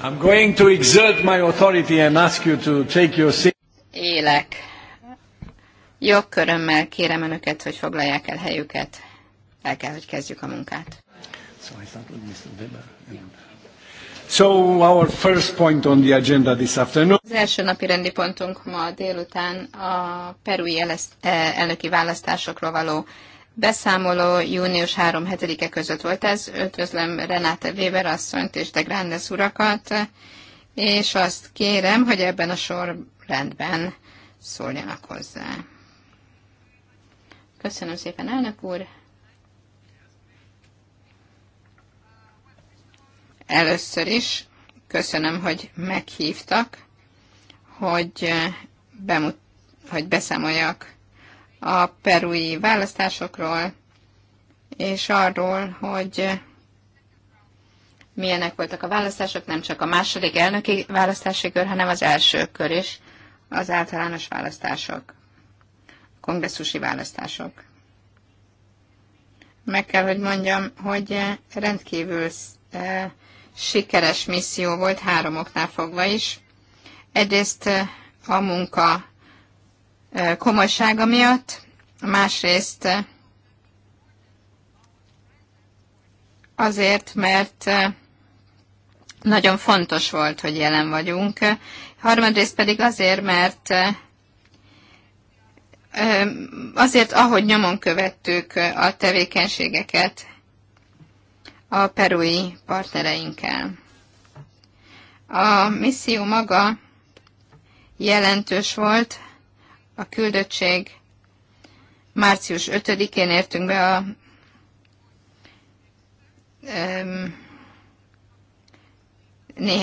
I'm going to exert my authority and ask you to take your seat. Élek. Jogkörömmel kérem önöket, hogy foglalják el helyüket. El kell, hogy kezdjük a munkát. So I start with Mr. Weber. So our first point on the agenda this afternoon. Az első napi rendi pontunk ma délután a perui eh, elnöki választásokról való beszámoló június 3-7-e között volt ez. Ötözlem Renáta Weber asszonyt és de Grandes urakat, és azt kérem, hogy ebben a sorrendben szóljanak hozzá. Köszönöm szépen, elnök úr! Először is köszönöm, hogy meghívtak, hogy, bemut- hogy beszámoljak a perui választásokról, és arról, hogy milyenek voltak a választások, nem csak a második elnöki választási kör, hanem az első kör is, az általános választások, kongresszusi választások. Meg kell, hogy mondjam, hogy rendkívül eh, sikeres misszió volt három oknál fogva is. Egyrészt eh, a munka komolysága miatt, másrészt azért, mert nagyon fontos volt, hogy jelen vagyunk. Harmadrészt pedig azért, mert azért, ahogy nyomon követtük a tevékenységeket a perui partnereinkkel. A misszió maga jelentős volt, a küldöttség március 5-én értünk be a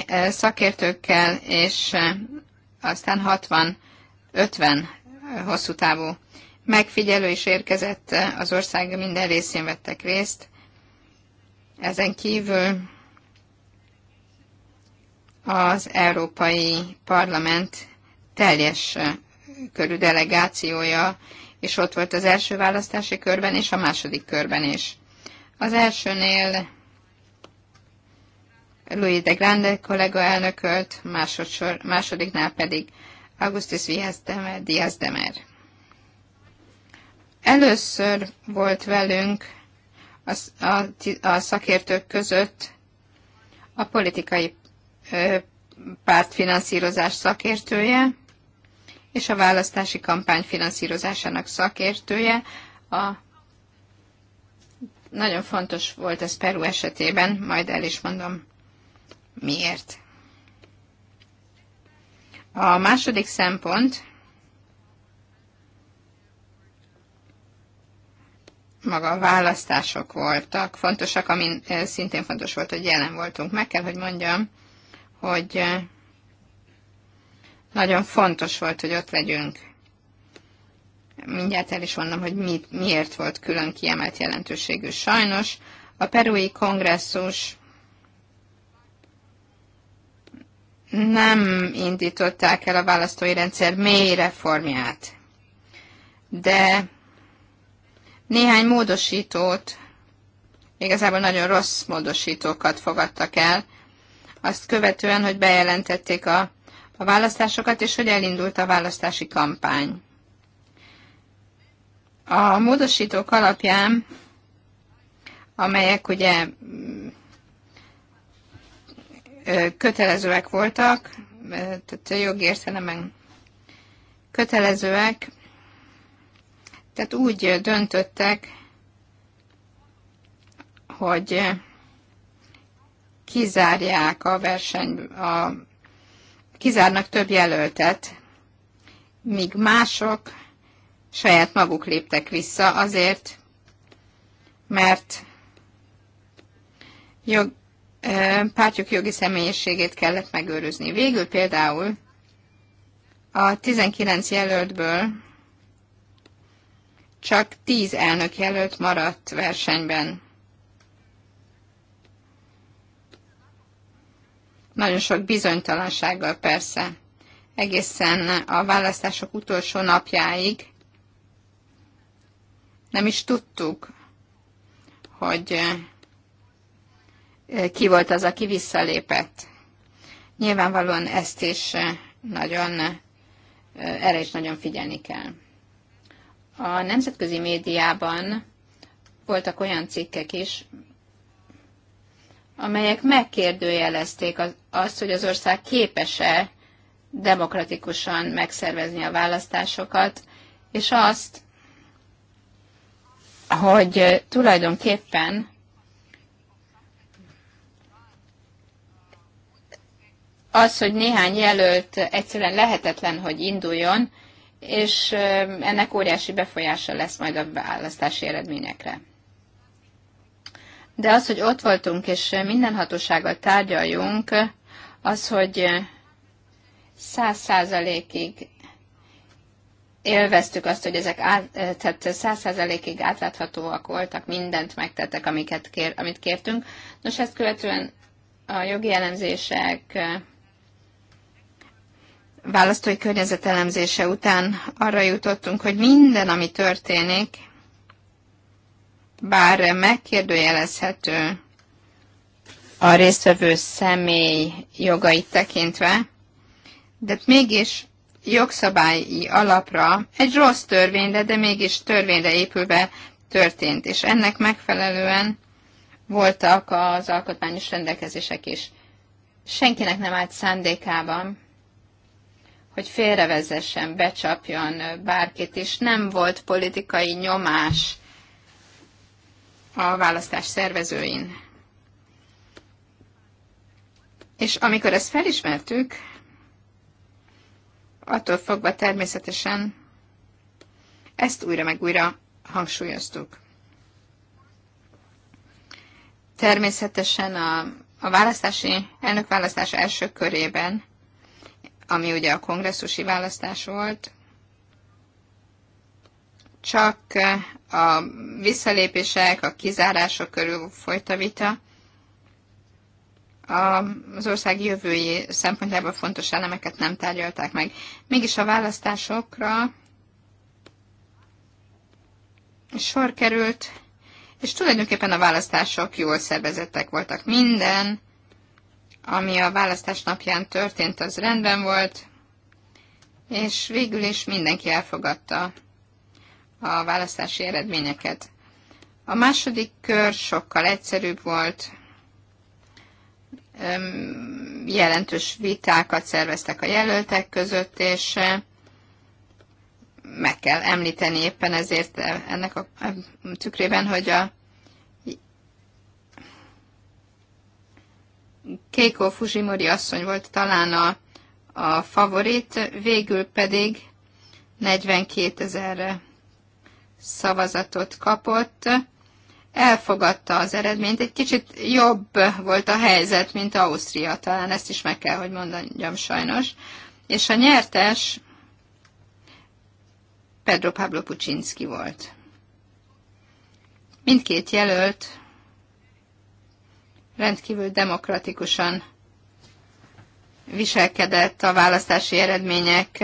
e, szakértőkkel, és e, aztán 60-50 hosszú távú megfigyelő is érkezett, e, az ország minden részén vettek részt. Ezen kívül az Európai Parlament teljes körű delegációja, és ott volt az első választási körben és a második körben is. Az elsőnél Louis de Grande kollega elnökölt, másodszor, másodiknál pedig Augustus Vias Demer, Diaz Demer. Először volt velünk a, a, a szakértők között a politikai ö, pártfinanszírozás szakértője, és a választási kampány finanszírozásának szakértője. A nagyon fontos volt ez Peru esetében, majd el is mondom miért. A második szempont maga a választások voltak fontosak, amin eh, szintén fontos volt, hogy jelen voltunk. Meg kell, hogy mondjam, hogy eh, nagyon fontos volt, hogy ott legyünk. Mindjárt el is mondom, hogy mi, miért volt külön kiemelt jelentőségű. Sajnos a perui kongresszus nem indították el a választói rendszer mély reformját, de néhány módosítót, igazából nagyon rossz módosítókat fogadtak el, azt követően, hogy bejelentették a a választásokat, és hogy elindult a választási kampány. A módosítók alapján, amelyek ugye kötelezőek voltak, tehát jogi értelemben kötelezőek, tehát úgy döntöttek, hogy kizárják a verseny, a kizárnak több jelöltet, míg mások saját maguk léptek vissza azért, mert jog, pártjuk jogi személyiségét kellett megőrizni. Végül például a 19 jelöltből csak 10 elnök jelölt maradt versenyben. Nagyon sok bizonytalansággal persze, egészen a választások utolsó napjáig nem is tudtuk, hogy eh, ki volt az, aki visszalépett. Nyilvánvalóan ezt is eh, nagyon, eh, erre is nagyon figyelni kell. A nemzetközi médiában voltak olyan cikkek is, amelyek megkérdőjelezték azt, hogy az ország képes-e demokratikusan megszervezni a választásokat, és azt, hogy tulajdonképpen az, hogy néhány jelölt egyszerűen lehetetlen, hogy induljon, és ennek óriási befolyása lesz majd a választási eredményekre. De az, hogy ott voltunk és minden hatósággal tárgyaljunk, az, hogy száz százalékig élveztük azt, hogy ezek át, tehát száz százalékig átláthatóak voltak, mindent megtettek, amiket kér, amit kértünk. Nos, ezt követően a jogi elemzések, választói környezetelemzése után arra jutottunk, hogy minden, ami történik, bár megkérdőjelezhető a résztvevő személy jogait tekintve, de mégis jogszabályi alapra egy rossz törvényre, de mégis törvényre épülve történt, és ennek megfelelően voltak az alkotmányos rendelkezések is. Senkinek nem állt szándékában, hogy félrevezessen, becsapjon bárkit is. Nem volt politikai nyomás a választás szervezőin. És amikor ezt felismertük, attól fogva természetesen ezt újra meg újra hangsúlyoztuk. Természetesen a, a választási, elnökválasztás első körében, ami ugye a kongresszusi választás volt, csak a visszalépések, a kizárások körül folyt a vita. Az ország jövői szempontjából fontos elemeket nem tárgyalták meg. Mégis a választásokra sor került, és tulajdonképpen a választások jól szervezettek voltak. Minden, ami a választás napján történt, az rendben volt, és végül is mindenki elfogadta a választási eredményeket. A második kör sokkal egyszerűbb volt, jelentős vitákat szerveztek a jelöltek között, és meg kell említeni éppen ezért ennek a tükrében, hogy a Keiko Fujimori asszony volt talán a, a favorit, végül pedig 42 ezerre szavazatot kapott. Elfogadta az eredményt. Egy kicsit jobb volt a helyzet, mint Ausztria, talán ezt is meg kell, hogy mondjam sajnos. És a nyertes Pedro Pablo Puczynski volt. Mindkét jelölt rendkívül demokratikusan viselkedett a választási eredmények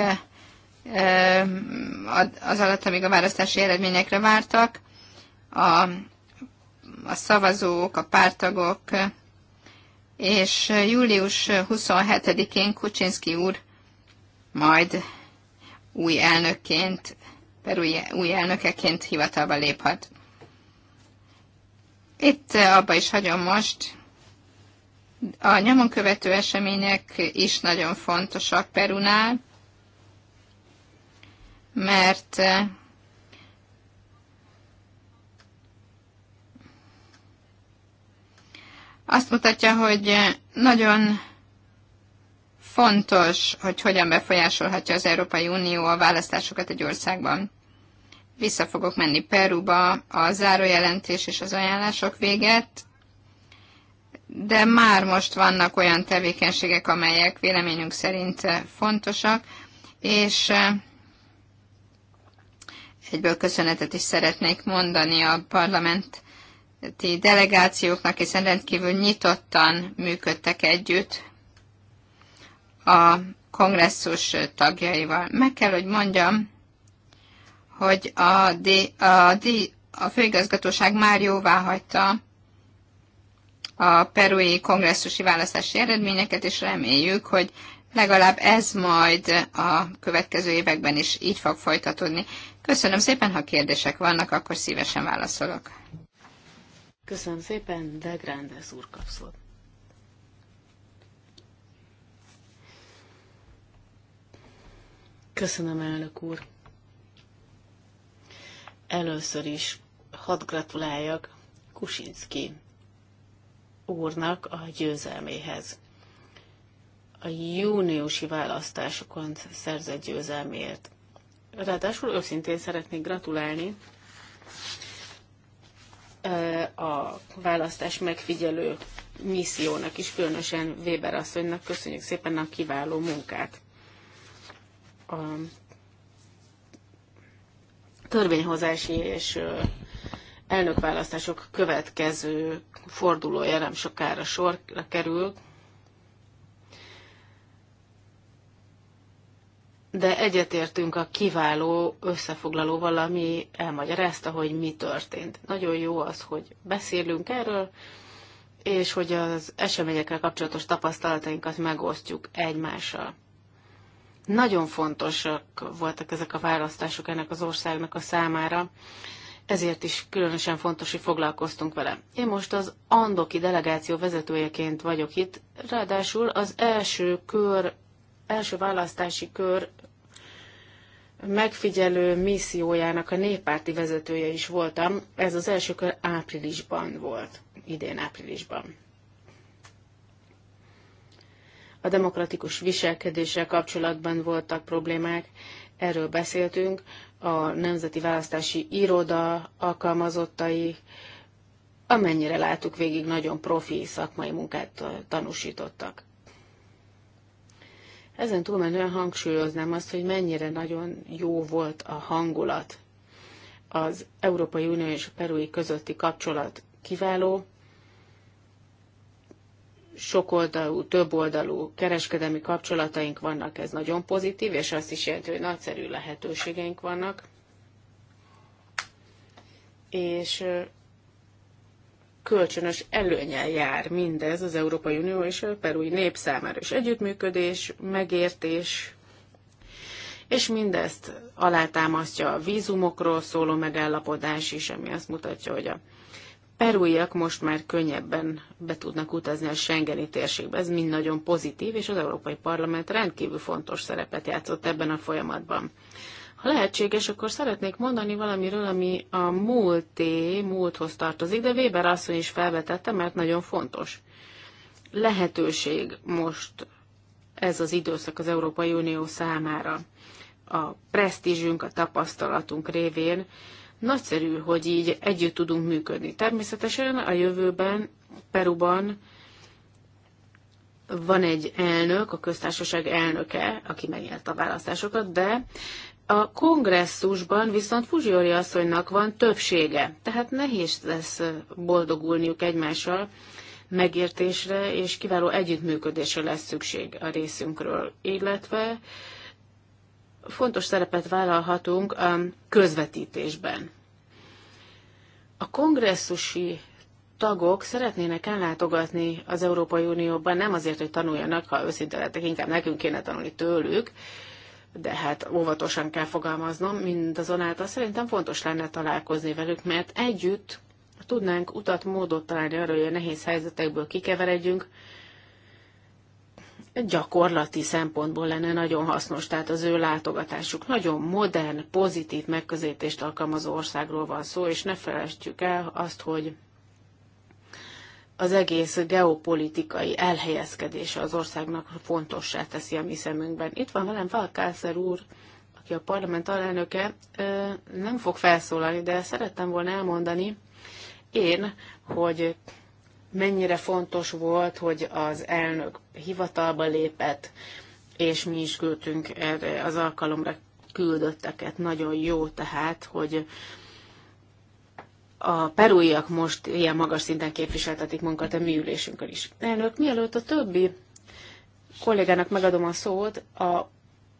az alatt, amíg a választási eredményekre vártak, a, a szavazók, a pártagok, és július 27-én Kuczynski úr majd új elnökként, perui új elnökeként hivatalba léphat. Itt abba is hagyom most. A nyomon követő események is nagyon fontosak Perunál mert eh, azt mutatja, hogy eh, nagyon fontos, hogy hogyan befolyásolhatja az Európai Unió a választásokat egy országban. Vissza fogok menni Peruba, a zárójelentés és az ajánlások véget, de már most vannak olyan tevékenységek, amelyek véleményünk szerint eh, fontosak, és egyből köszönetet is szeretnék mondani a parlamenti delegációknak, hiszen rendkívül nyitottan működtek együtt a kongresszus tagjaival. Meg kell, hogy mondjam, hogy a, D, a, D, a főigazgatóság már jóvá hagyta a perui kongresszusi választási eredményeket, és reméljük, hogy legalább ez majd a következő években is így fog folytatódni. Köszönöm szépen, ha kérdések vannak, akkor szívesen válaszolok. Köszönöm szépen, de Grandes úr kapszol. Köszönöm, elnök úr. Először is hadd gratuláljak Kusinski úrnak a győzelméhez. A júniusi választásokon szerzett győzelmért Ráadásul őszintén szeretnék gratulálni a választás megfigyelő missziónak is, különösen Weber asszonynak köszönjük szépen a kiváló munkát. A törvényhozási és elnökválasztások következő fordulója nem sokára sorra kerül, de egyetértünk a kiváló összefoglalóval, ami elmagyarázta, hogy mi történt. Nagyon jó az, hogy beszélünk erről, és hogy az eseményekkel kapcsolatos tapasztalatainkat megosztjuk egymással. Nagyon fontosak voltak ezek a választások ennek az országnak a számára, ezért is különösen fontos, hogy foglalkoztunk vele. Én most az Andoki delegáció vezetőjeként vagyok itt, ráadásul az első kör első választási kör megfigyelő missziójának a néppárti vezetője is voltam. Ez az első kör áprilisban volt, idén áprilisban. A demokratikus viselkedéssel kapcsolatban voltak problémák, erről beszéltünk, a Nemzeti Választási Iroda alkalmazottai, amennyire láttuk végig, nagyon profi szakmai munkát tanúsítottak. Ezen túlmenően hangsúlyoznám azt, hogy mennyire nagyon jó volt a hangulat. Az Európai Unió és a Perui közötti kapcsolat kiváló, sokoldalú, többoldalú kereskedelmi kapcsolataink vannak, ez nagyon pozitív, és azt is jelenti, hogy nagyszerű lehetőségeink vannak. És kölcsönös előnyel jár mindez az Európai Unió és a perui nép számára is együttműködés, megértés, és mindezt alátámasztja a vízumokról szóló megállapodás is, ami azt mutatja, hogy a peruiak most már könnyebben be tudnak utazni a Schengeni térségbe. Ez mind nagyon pozitív, és az Európai Parlament rendkívül fontos szerepet játszott ebben a folyamatban. Ha lehetséges, akkor szeretnék mondani valamiről, ami a múlté, múlthoz tartozik, de Weber asszony is felvetette, mert nagyon fontos. Lehetőség most ez az időszak az Európai Unió számára. A presztízsünk, a tapasztalatunk révén nagyszerű, hogy így együtt tudunk működni. Természetesen a jövőben Peruban van egy elnök, a köztársaság elnöke, aki megnyerte a választásokat, de a kongresszusban viszont Fuzsiori asszonynak van többsége, tehát nehéz lesz boldogulniuk egymással, megértésre és kiváló együttműködésre lesz szükség a részünkről, illetve fontos szerepet vállalhatunk a közvetítésben. A kongresszusi tagok szeretnének ellátogatni az Európai Unióban, nem azért, hogy tanuljanak, ha őszinte lettek, inkább nekünk kéne tanulni tőlük, de hát óvatosan kell fogalmaznom, mindazonáltal szerintem fontos lenne találkozni velük, mert együtt tudnánk utat, módot találni arra, hogy a nehéz helyzetekből kikeveredjünk, gyakorlati szempontból lenne nagyon hasznos, tehát az ő látogatásuk. Nagyon modern, pozitív megközelítést alkalmazó országról van szó, és ne felejtjük el azt, hogy az egész geopolitikai elhelyezkedése az országnak fontossá teszi a mi szemünkben. Itt van velem Valkászer úr, aki a parlament alelnöke, nem fog felszólalni, de szerettem volna elmondani én, hogy mennyire fontos volt, hogy az elnök hivatalba lépett, és mi is küldtünk erre az alkalomra küldötteket. Nagyon jó tehát, hogy a perúiak most ilyen magas szinten képviseltetik munkat a mi ülésünkön is. Elnök, mielőtt a többi kollégának megadom a szót, a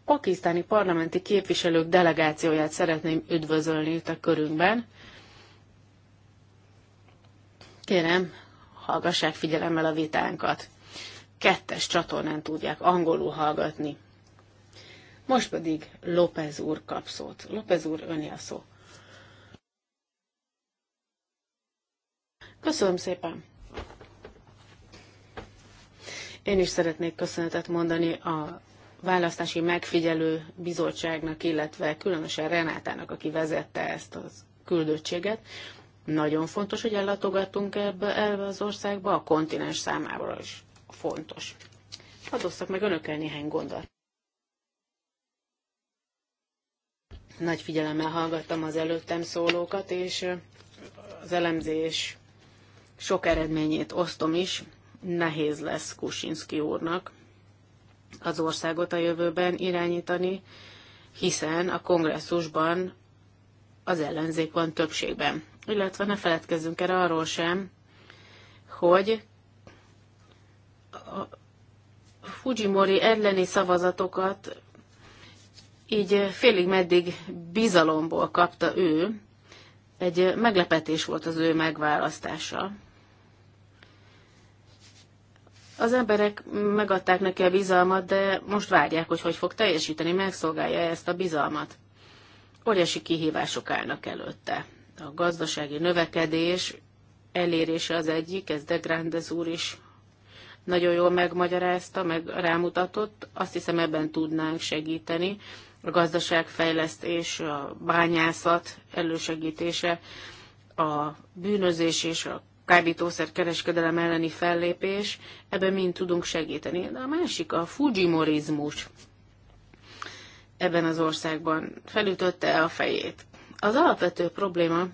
pakisztáni parlamenti képviselők delegációját szeretném üdvözölni itt a körünkben. Kérem, hallgassák figyelemmel a vitánkat. Kettes csatornán tudják angolul hallgatni. Most pedig López úr kap szót. López úr, öné a szó. Köszönöm szépen! Én is szeretnék köszönetet mondani a választási megfigyelő bizottságnak, illetve különösen Renátának, aki vezette ezt a küldöttséget. Nagyon fontos, hogy ellátogattunk ebbe, ebbe az országba, a kontinens számára is fontos. Hadd meg önökkel néhány gondot. Nagy figyelemmel hallgattam az előttem szólókat, és az elemzés sok eredményét osztom is, nehéz lesz Kusinski úrnak az országot a jövőben irányítani, hiszen a kongresszusban az ellenzék van többségben. Illetve ne feledkezzünk el arról sem, hogy a Fujimori elleni szavazatokat így félig meddig bizalomból kapta ő, egy meglepetés volt az ő megválasztása. Az emberek megadták neki a bizalmat, de most várják, hogy hogy fog teljesíteni, megszolgálja ezt a bizalmat. Óriási kihívások állnak előtte. A gazdasági növekedés elérése az egyik, ez de Grandes úr is nagyon jól megmagyarázta, meg rámutatott. Azt hiszem ebben tudnánk segíteni. A gazdaságfejlesztés, a bányászat elősegítése, a bűnözés és a kábítószer kereskedelem elleni fellépés, ebben mind tudunk segíteni. De a másik a fujimorizmus ebben az országban felütötte a fejét. Az alapvető probléma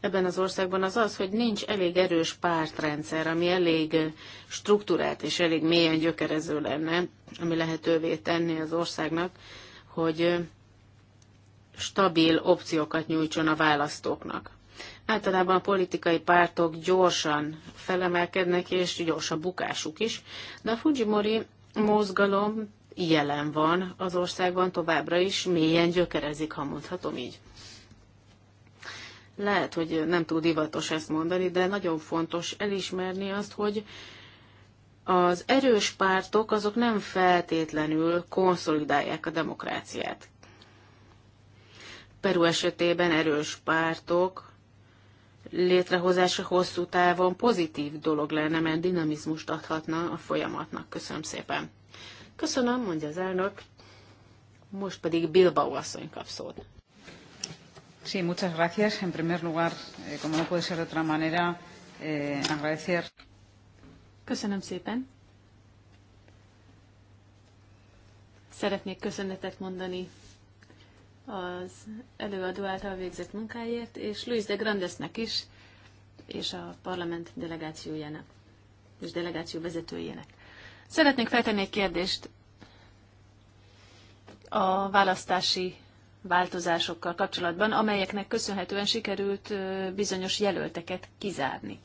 ebben az országban az az, hogy nincs elég erős pártrendszer, ami elég struktúrát és elég mélyen gyökerező lenne, ami lehetővé tenni az országnak, hogy stabil opciókat nyújtson a választóknak. Általában a politikai pártok gyorsan felemelkednek, és gyors a bukásuk is, de a Fujimori mozgalom jelen van az országban továbbra is, mélyen gyökerezik, ha mondhatom így. Lehet, hogy nem túl divatos ezt mondani, de nagyon fontos elismerni azt, hogy az erős pártok azok nem feltétlenül konszolidálják a demokráciát. Peru esetében erős pártok létrehozása hosszú távon pozitív dolog lenne, mert dinamizmust adhatna a folyamatnak. Köszönöm szépen. Köszönöm, mondja az elnök. Most pedig Bilbao asszony kap szót. Sí, muchas gracias. En primer lugar, eh, como no puede ser de otra manera, eh, agradecer. Köszönöm szépen. Szeretnék köszönetet mondani az előadó által végzett munkáért, és Luis de Grandesnek is, és a parlament delegációjának, és delegáció vezetőjének. Szeretnék feltenni egy kérdést a választási változásokkal kapcsolatban, amelyeknek köszönhetően sikerült bizonyos jelölteket kizárni.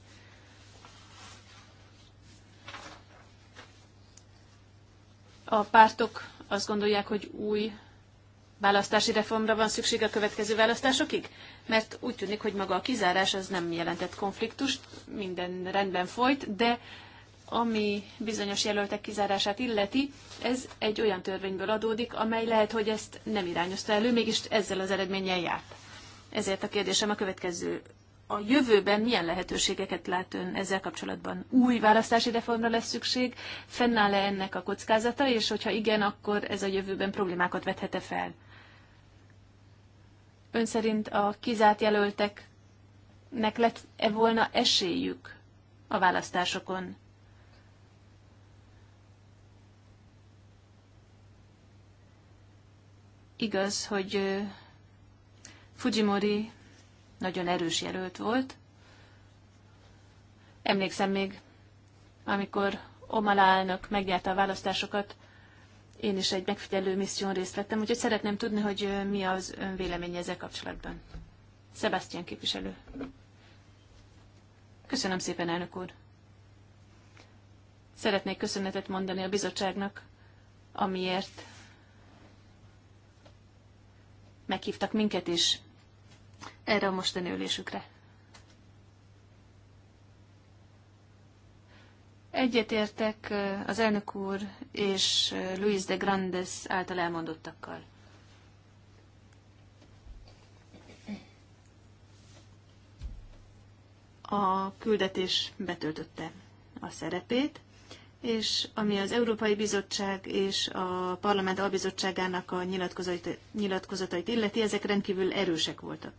A pártok azt gondolják, hogy új választási reformra van szükség a következő választásokig? Mert úgy tűnik, hogy maga a kizárás az nem jelentett konfliktust, minden rendben folyt, de ami bizonyos jelöltek kizárását illeti, ez egy olyan törvényből adódik, amely lehet, hogy ezt nem irányozta elő, mégis ezzel az eredménnyel járt. Ezért a kérdésem a következő. A jövőben milyen lehetőségeket lát ön ezzel kapcsolatban? Új választási reformra lesz szükség? Fennáll-e ennek a kockázata, és hogyha igen, akkor ez a jövőben problémákat vethete fel? Ön szerint a kizárt jelölteknek lett-e volna esélyük a választásokon? Igaz, hogy Fujimori nagyon erős jelölt volt. Emlékszem még, amikor Omala elnök megnyerte a választásokat, én is egy megfigyelő misszión részt vettem, úgyhogy szeretném tudni, hogy mi az ön véleménye ezzel kapcsolatban. Sebastian képviselő. Köszönöm szépen, elnök úr. Szeretnék köszönetet mondani a bizottságnak, amiért meghívtak minket is erre a mostani ülésükre. Egyetértek az elnök úr és Luis de Grandes által elmondottakkal. A küldetés betöltötte a szerepét, és ami az Európai Bizottság és a Parlament Albizottságának a nyilatkozatait, nyilatkozatait illeti, ezek rendkívül erősek voltak.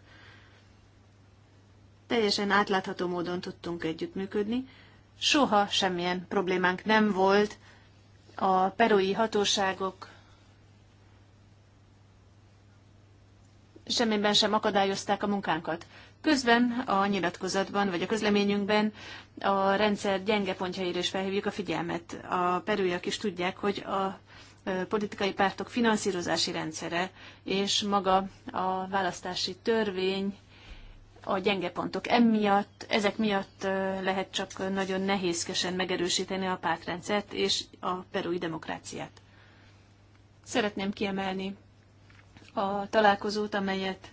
Teljesen átlátható módon tudtunk együttműködni, soha semmilyen problémánk nem volt. A perui hatóságok semmiben sem akadályozták a munkánkat. Közben a nyilatkozatban vagy a közleményünkben a rendszer gyenge pontjaira is felhívjuk a figyelmet. A perőiak is tudják, hogy a politikai pártok finanszírozási rendszere és maga a választási törvény a gyenge pontok. Emiatt, ezek miatt lehet csak nagyon nehézkesen megerősíteni a pártrendszert és a perui demokráciát. Szeretném kiemelni a találkozót, amelyet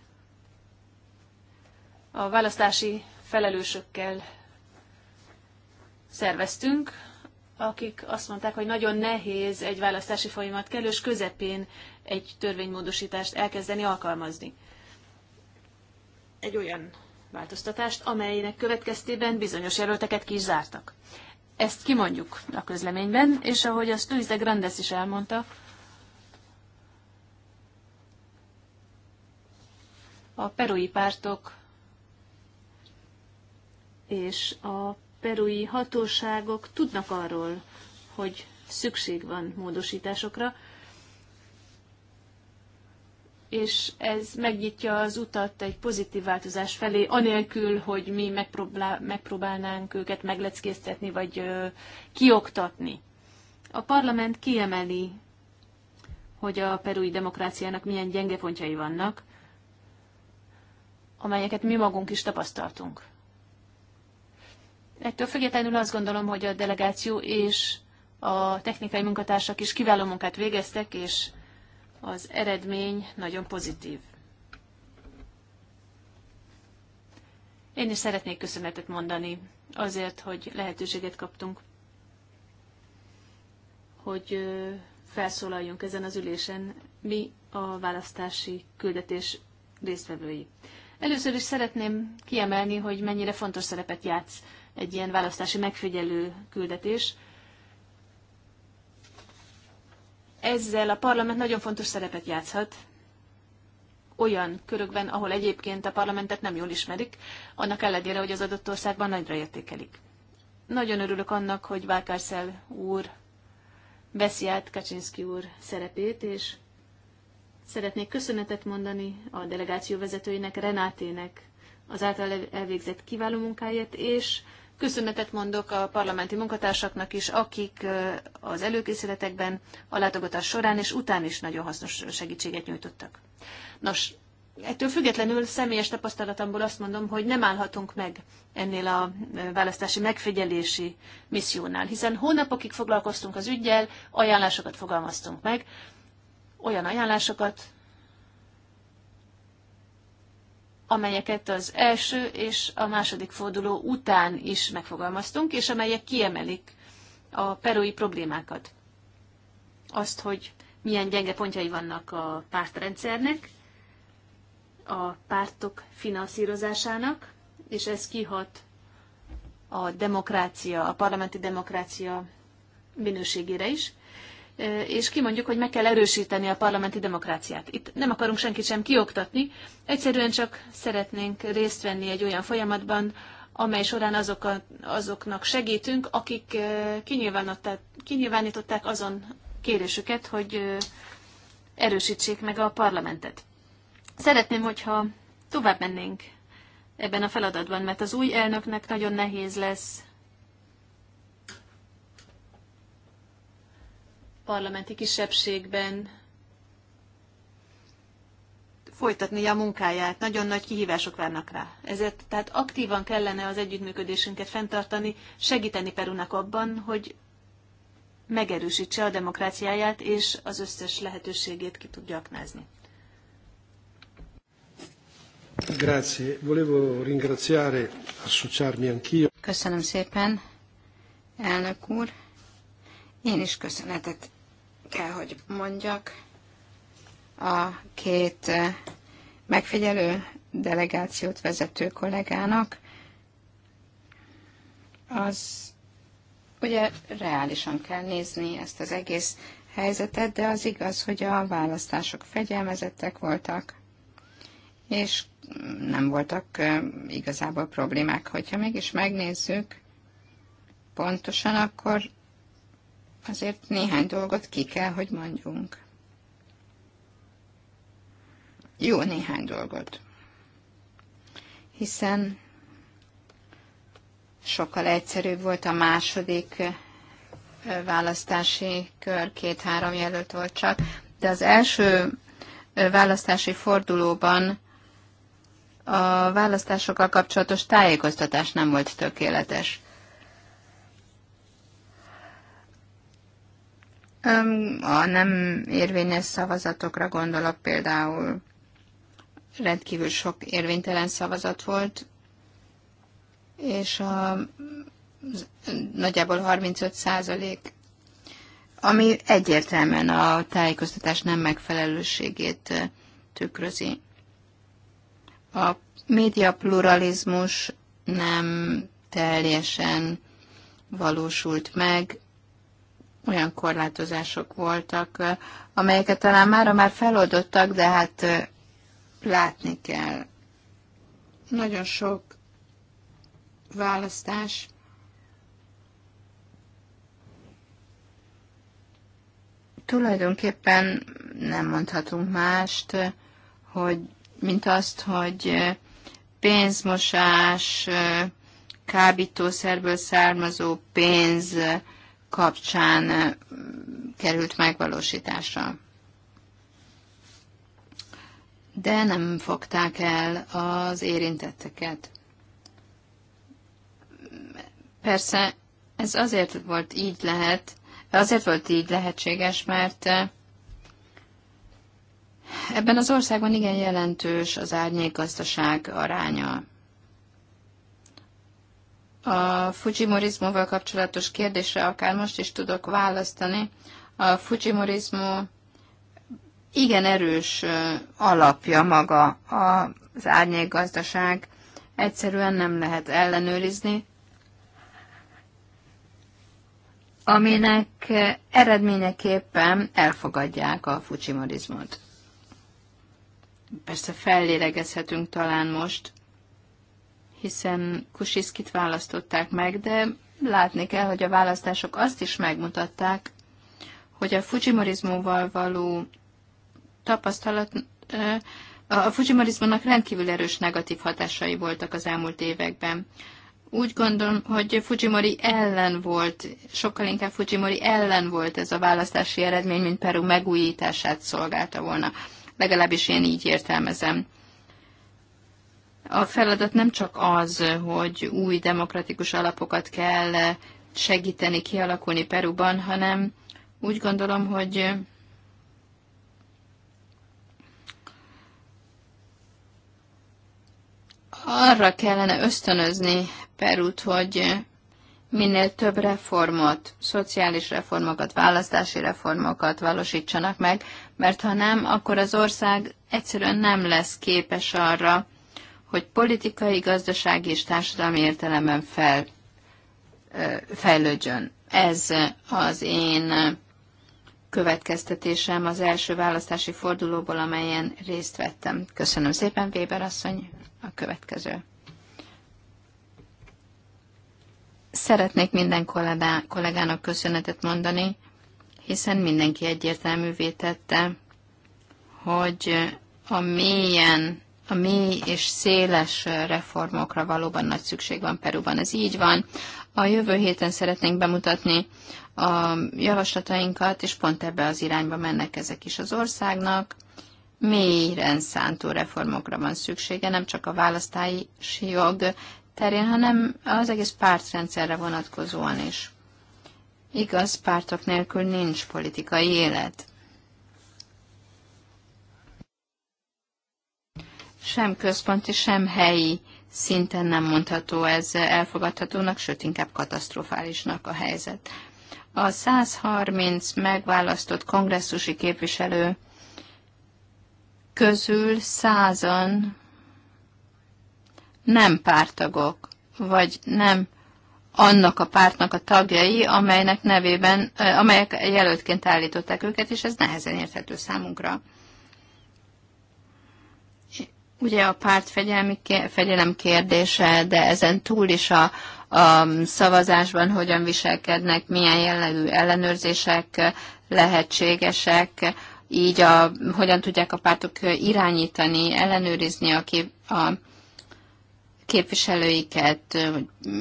a választási felelősökkel szerveztünk, akik azt mondták, hogy nagyon nehéz egy választási folyamat kellős közepén egy törvénymódosítást elkezdeni alkalmazni egy olyan változtatást, amelynek következtében bizonyos jelölteket ki is zártak. Ezt kimondjuk a közleményben, és ahogy azt Luis de Grandes is elmondta, a perui pártok és a perui hatóságok tudnak arról, hogy szükség van módosításokra, és ez megnyitja az utat egy pozitív változás felé, anélkül, hogy mi megpróbál, megpróbálnánk őket megleckéztetni, vagy ö, kioktatni. A parlament kiemeli, hogy a perui demokráciának milyen gyenge pontjai vannak, amelyeket mi magunk is tapasztaltunk. Ettől függetlenül azt gondolom, hogy a delegáció és a technikai munkatársak is kiváló munkát végeztek, és az eredmény nagyon pozitív. Én is szeretnék köszönetet mondani azért, hogy lehetőséget kaptunk, hogy felszólaljunk ezen az ülésen mi a választási küldetés résztvevői. Először is szeretném kiemelni, hogy mennyire fontos szerepet játsz egy ilyen választási megfigyelő küldetés, ezzel a parlament nagyon fontos szerepet játszhat olyan körökben, ahol egyébként a parlamentet nem jól ismerik, annak ellenére, hogy az adott országban nagyra értékelik. Nagyon örülök annak, hogy Vákárszel úr veszi át Kaczynszki úr szerepét, és szeretnék köszönetet mondani a delegáció vezetőinek, Renátének az által elvégzett kiváló munkáját, és Köszönetet mondok a parlamenti munkatársaknak is, akik az előkészületekben, a látogatás során és után is nagyon hasznos segítséget nyújtottak. Nos, ettől függetlenül személyes tapasztalatomból azt mondom, hogy nem állhatunk meg ennél a választási megfigyelési missziónál, hiszen hónapokig foglalkoztunk az ügyjel, ajánlásokat fogalmaztunk meg, olyan ajánlásokat, amelyeket az első és a második forduló után is megfogalmaztunk, és amelyek kiemelik a perui problémákat. Azt, hogy milyen gyenge pontjai vannak a pártrendszernek, a pártok finanszírozásának, és ez kihat a demokrácia, a parlamenti demokrácia minőségére is, és kimondjuk, hogy meg kell erősíteni a parlamenti demokráciát. Itt nem akarunk senkit sem kioktatni, egyszerűen csak szeretnénk részt venni egy olyan folyamatban, amely során a, azoknak segítünk, akik kinyilvánították azon kérésüket, hogy erősítsék meg a parlamentet. Szeretném, hogyha tovább mennénk ebben a feladatban, mert az új elnöknek nagyon nehéz lesz parlamenti kisebbségben folytatni a munkáját. Nagyon nagy kihívások várnak rá. Ezért tehát aktívan kellene az együttműködésünket fenntartani, segíteni Perunak abban, hogy megerősítse a demokráciáját, és az összes lehetőségét ki tudja aknázni. Grazie. Volevo ringraziare, associarmi anch'io. Köszönöm szépen, elnök úr. Én is köszönetet kell, hogy mondjak, a két eh, megfigyelő delegációt vezető kollégának, az ugye reálisan kell nézni ezt az egész helyzetet, de az igaz, hogy a választások fegyelmezettek voltak, és nem voltak eh, igazából problémák. Hogyha mégis megnézzük pontosan, akkor azért néhány dolgot ki kell, hogy mondjunk. Jó néhány dolgot. Hiszen sokkal egyszerűbb volt a második választási kör, két-három jelölt volt csak, de az első választási fordulóban a választásokkal kapcsolatos tájékoztatás nem volt tökéletes. A nem érvényes szavazatokra gondolok például rendkívül sok érvénytelen szavazat volt, és a, nagyjából 35 százalék, ami egyértelműen a tájékoztatás nem megfelelőségét tükrözi. A média pluralizmus nem teljesen valósult meg, olyan korlátozások voltak, amelyeket talán már, már feloldottak, de hát látni kell. Nagyon sok választás tulajdonképpen nem mondhatunk mást, hogy, mint azt, hogy pénzmosás, kábítószerből származó pénz, kapcsán került megvalósításra. De nem fogták el az érintetteket. Persze ez azért volt így lehet, azért volt így lehetséges, mert ebben az országban igen jelentős az árnyék gazdaság aránya a fujimorizmóval kapcsolatos kérdésre akár most is tudok választani. A fujimorizmó igen erős alapja maga az árnyékgazdaság. Egyszerűen nem lehet ellenőrizni, aminek eredményeképpen elfogadják a fujimorizmot. Persze fellélegezhetünk talán most, hiszen Kusiszkit választották meg, de látni kell, hogy a választások azt is megmutatták, hogy a fujimorizmóval való tapasztalat, a fujimorizmónak rendkívül erős negatív hatásai voltak az elmúlt években. Úgy gondolom, hogy Fujimori ellen volt, sokkal inkább Fujimori ellen volt ez a választási eredmény, mint Peru megújítását szolgálta volna. Legalábbis én így értelmezem a feladat nem csak az, hogy új demokratikus alapokat kell segíteni kialakulni Peruban, hanem úgy gondolom, hogy arra kellene ösztönözni Perút, hogy minél több reformot, szociális reformokat, választási reformokat valósítsanak meg, mert ha nem, akkor az ország egyszerűen nem lesz képes arra, hogy politikai, gazdasági és társadalmi értelemben fel, fejlődjön. Ez az én következtetésem az első választási fordulóból, amelyen részt vettem. Köszönöm szépen, Weber asszony, a következő. Szeretnék minden kollégának köszönetet mondani, hiszen mindenki egyértelművé tette, hogy a mélyen a mély és széles reformokra valóban nagy szükség van Perúban. Ez így van. A jövő héten szeretnénk bemutatni a javaslatainkat, és pont ebbe az irányba mennek ezek is az országnak. Mély szántó reformokra van szüksége, nem csak a választási jog terén, hanem az egész pártrendszerre vonatkozóan is. Igaz, pártok nélkül nincs politikai élet. sem központi, sem helyi szinten nem mondható ez elfogadhatónak, sőt inkább katasztrofálisnak a helyzet. A 130 megválasztott kongresszusi képviselő közül százan nem pártagok, vagy nem annak a pártnak a tagjai, amelynek nevében, amelyek jelöltként állították őket, és ez nehezen érthető számunkra. Ugye a párt fegyelmi, fegyelem kérdése, de ezen túl is a, a szavazásban hogyan viselkednek, milyen jellegű ellenőrzések lehetségesek, így a, hogyan tudják a pártok irányítani, ellenőrizni a, kép, a képviselőiket,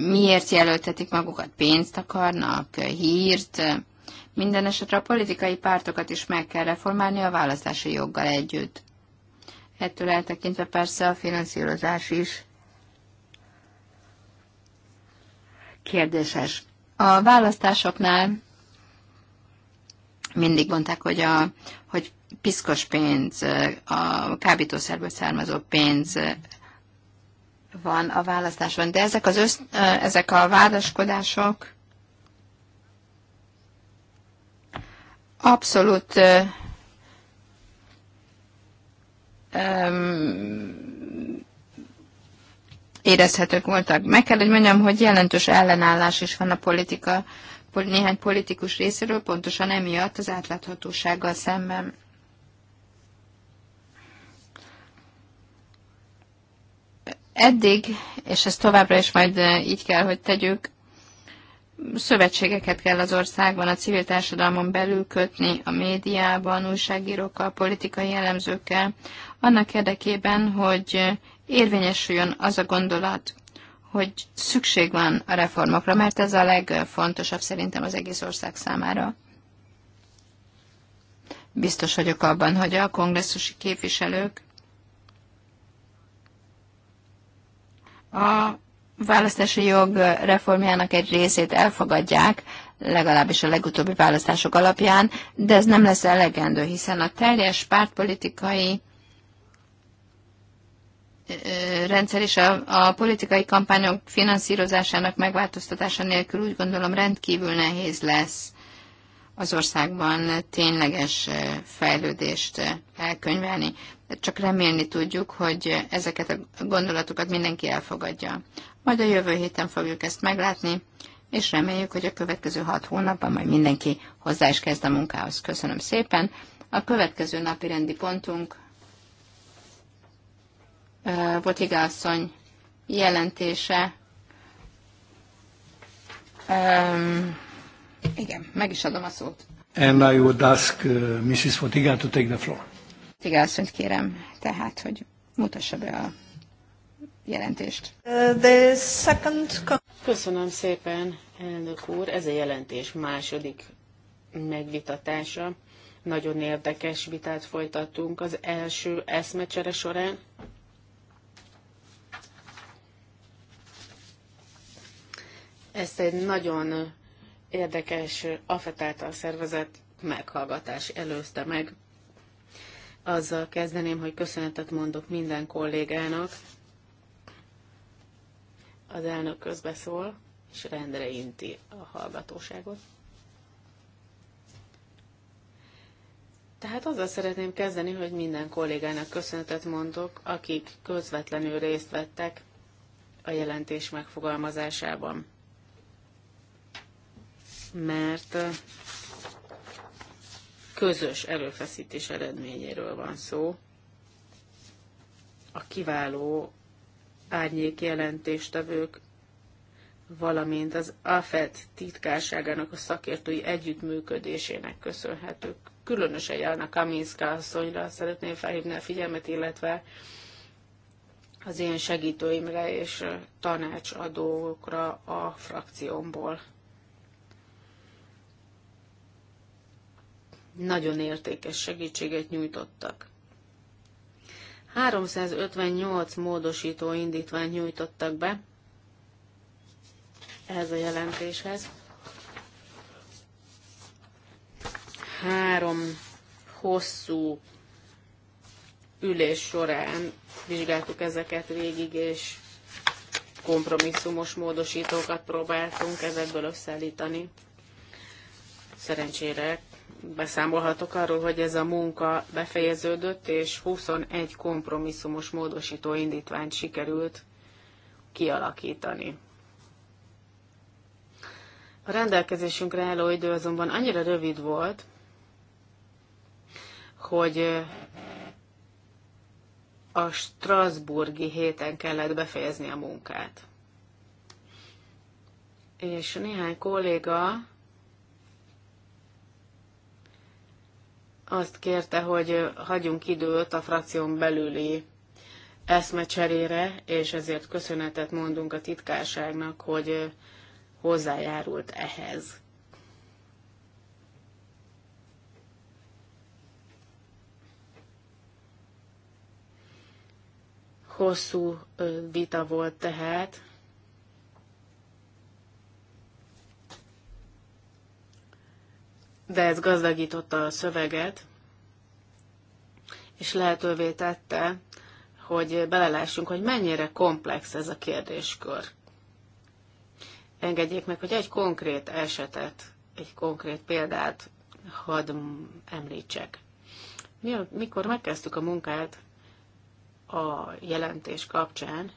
miért jelöltetik magukat, pénzt akarnak, hírt. Minden esetre a politikai pártokat is meg kell reformálni a választási joggal együtt. Ettől eltekintve persze a finanszírozás is kérdéses. A választásoknál mindig mondták, hogy, a, hogy piszkos pénz, a kábítószerből származó pénz van a választáson. De ezek, az össz, ezek a vádaskodások abszolút érezhetők voltak. Meg kell, hogy mondjam, hogy jelentős ellenállás is van a politika, néhány politikus részéről, pontosan emiatt az átláthatósággal szemben. Eddig, és ez továbbra is majd eh, így kell, hogy tegyük, szövetségeket kell az országban, a civil társadalmon belül kötni, a médiában, újságírókkal, politikai jellemzőkkel, annak érdekében, hogy érvényesüljön az a gondolat, hogy szükség van a reformokra, mert ez a legfontosabb szerintem az egész ország számára. Biztos vagyok abban, hogy a kongresszusi képviselők a választási jog reformjának egy részét elfogadják, legalábbis a legutóbbi választások alapján, de ez nem lesz elegendő, hiszen a teljes pártpolitikai rendszer és a, a politikai kampányok finanszírozásának megváltoztatása nélkül úgy gondolom rendkívül nehéz lesz az országban tényleges fejlődést elkönyvelni. Csak remélni tudjuk, hogy ezeket a gondolatokat mindenki elfogadja. Majd a jövő héten fogjuk ezt meglátni, és reméljük, hogy a következő hat hónapban majd mindenki hozzá is kezd a munkához. Köszönöm szépen! A következő napi rendi pontunk Botiga asszony jelentése. Um, igen, meg is adom a szót. And I would ask uh, Mrs. Fotiga to take the floor. Botiga asszonyt kérem tehát, hogy mutassa be a jelentést. Uh, the second... Köszönöm szépen, elnök úr. Ez a jelentés második megvitatása. Nagyon érdekes vitát folytattunk az első eszmecsere során, Ezt egy nagyon érdekes afetáltal szervezett meghallgatás előzte meg. Azzal kezdeném, hogy köszönetet mondok minden kollégának. Az elnök közbeszól, és rendre inti a hallgatóságot. Tehát azzal szeretném kezdeni, hogy minden kollégának köszönetet mondok, akik közvetlenül részt vettek a jelentés megfogalmazásában mert közös erőfeszítés eredményéről van szó. A kiváló árnyék jelentéstevők, valamint az AFET titkárságának a szakértői együttműködésének köszönhetők. Különösen Jana Kaminska asszonyra szeretném felhívni a figyelmet, illetve az én segítőimre és tanácsadókra a frakciómból. nagyon értékes segítséget nyújtottak. 358 módosító indítványt nyújtottak be ehhez a jelentéshez. Három hosszú ülés során vizsgáltuk ezeket végig, és kompromisszumos módosítókat próbáltunk ezekből összeállítani. Szerencsére beszámolhatok arról, hogy ez a munka befejeződött, és 21 kompromisszumos módosító indítványt sikerült kialakítani. A rendelkezésünkre álló idő azonban annyira rövid volt, hogy a Strasburgi héten kellett befejezni a munkát. És néhány kolléga azt kérte, hogy hagyjunk időt a frakción belüli eszmecserére, és ezért köszönetet mondunk a titkárságnak, hogy hozzájárult ehhez. Hosszú vita volt tehát, de ez gazdagította a szöveget, és lehetővé tette, hogy belelássunk, hogy mennyire komplex ez a kérdéskör. Engedjék meg, hogy egy konkrét esetet, egy konkrét példát hadd említsek. Mikor megkezdtük a munkát a jelentés kapcsán,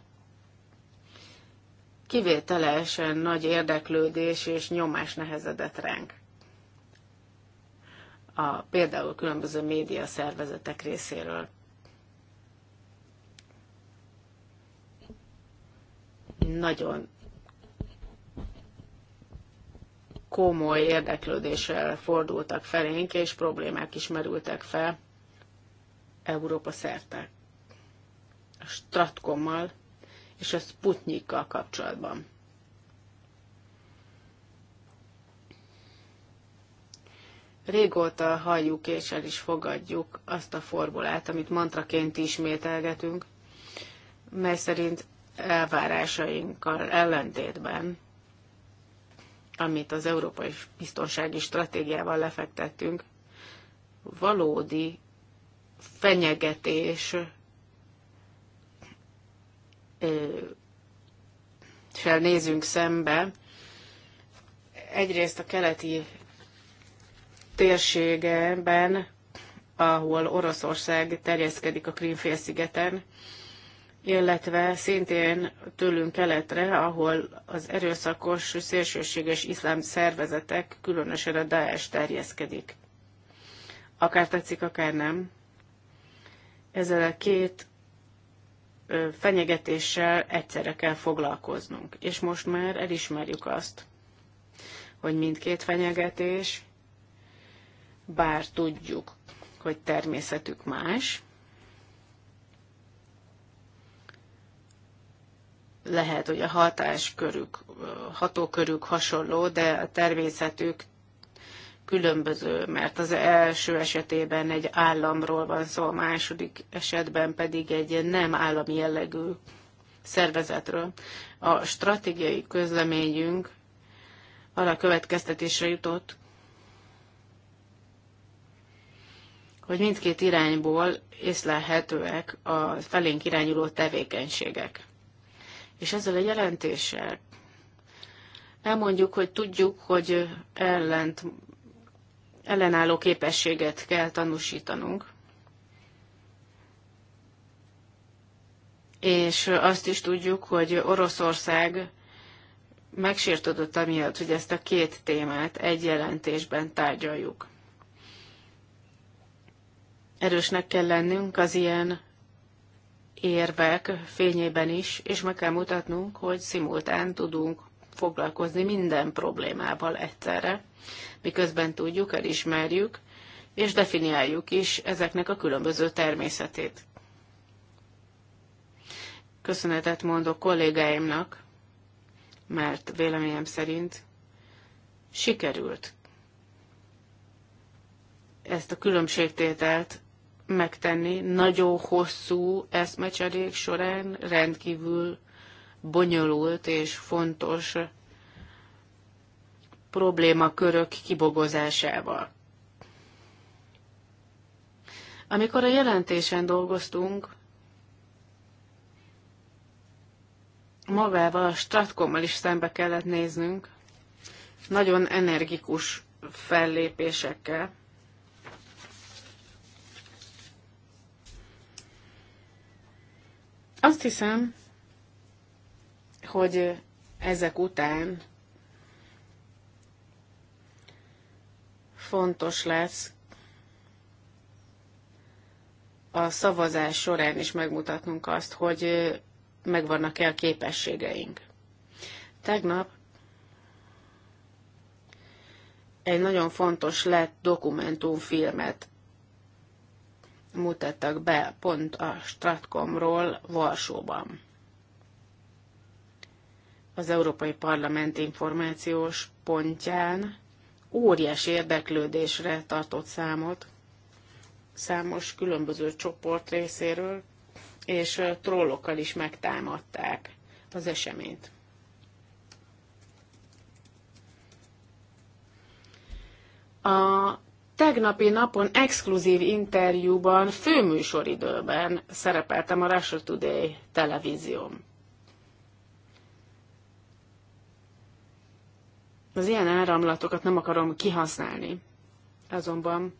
kivételesen nagy érdeklődés és nyomás nehezedett ránk a, például különböző média szervezetek részéről. Nagyon komoly érdeklődéssel fordultak felénk, és problémák is merültek fel Európa szerte. A Stratkommal és a Sputnikkal kapcsolatban. Régóta halljuk és el is fogadjuk azt a formulát, amit mantraként ismételgetünk, mely szerint elvárásainkkal ellentétben, amit az Európai Biztonsági Stratégiával lefektettünk, valódi fenyegetés fel nézünk szembe. Egyrészt a keleti térségeben, ahol Oroszország terjeszkedik a Krímfélszigeten, illetve szintén tőlünk keletre, ahol az erőszakos, szélsőséges iszlám szervezetek, különösen a Daesh terjeszkedik. Akár tetszik, akár nem. Ezzel a két fenyegetéssel egyszerre kell foglalkoznunk. És most már elismerjük azt, hogy mindkét fenyegetés bár tudjuk, hogy természetük más, lehet, hogy a hatáskörük, hatókörük hasonló, de a természetük különböző, mert az első esetében egy államról van szó, a második esetben pedig egy nem állami jellegű szervezetről. A stratégiai közleményünk arra következtetésre jutott, hogy mindkét irányból észlelhetőek a felénk irányuló tevékenységek. És ezzel a jelentéssel elmondjuk, hogy tudjuk, hogy ellent, ellenálló képességet kell tanúsítanunk, és azt is tudjuk, hogy Oroszország megsértődött amiatt, hogy ezt a két témát egy jelentésben tárgyaljuk. Erősnek kell lennünk az ilyen érvek fényében is, és meg kell mutatnunk, hogy szimultán tudunk foglalkozni minden problémával egyszerre, miközben tudjuk, elismerjük, és definiáljuk is ezeknek a különböző természetét. Köszönetet mondok kollégáimnak, mert véleményem szerint sikerült ezt a különbségtételt megtenni nagyon hosszú eszmecserék során rendkívül bonyolult és fontos problémakörök kibogozásával. Amikor a jelentésen dolgoztunk, magával a Stratkommal is szembe kellett néznünk, nagyon energikus fellépésekkel. Azt hiszem, hogy ezek után fontos lesz a szavazás során is megmutatnunk azt, hogy megvannak-e a képességeink. Tegnap egy nagyon fontos lett dokumentumfilmet mutattak be pont a Stratkomról Varsóban. Az Európai Parlament információs pontján óriás érdeklődésre tartott számot számos különböző csoport részéről, és trollokkal is megtámadták az eseményt. A tegnapi napon exkluzív interjúban, főműsoridőben szerepeltem a Russia Today televízióm. Az ilyen áramlatokat nem akarom kihasználni. Azonban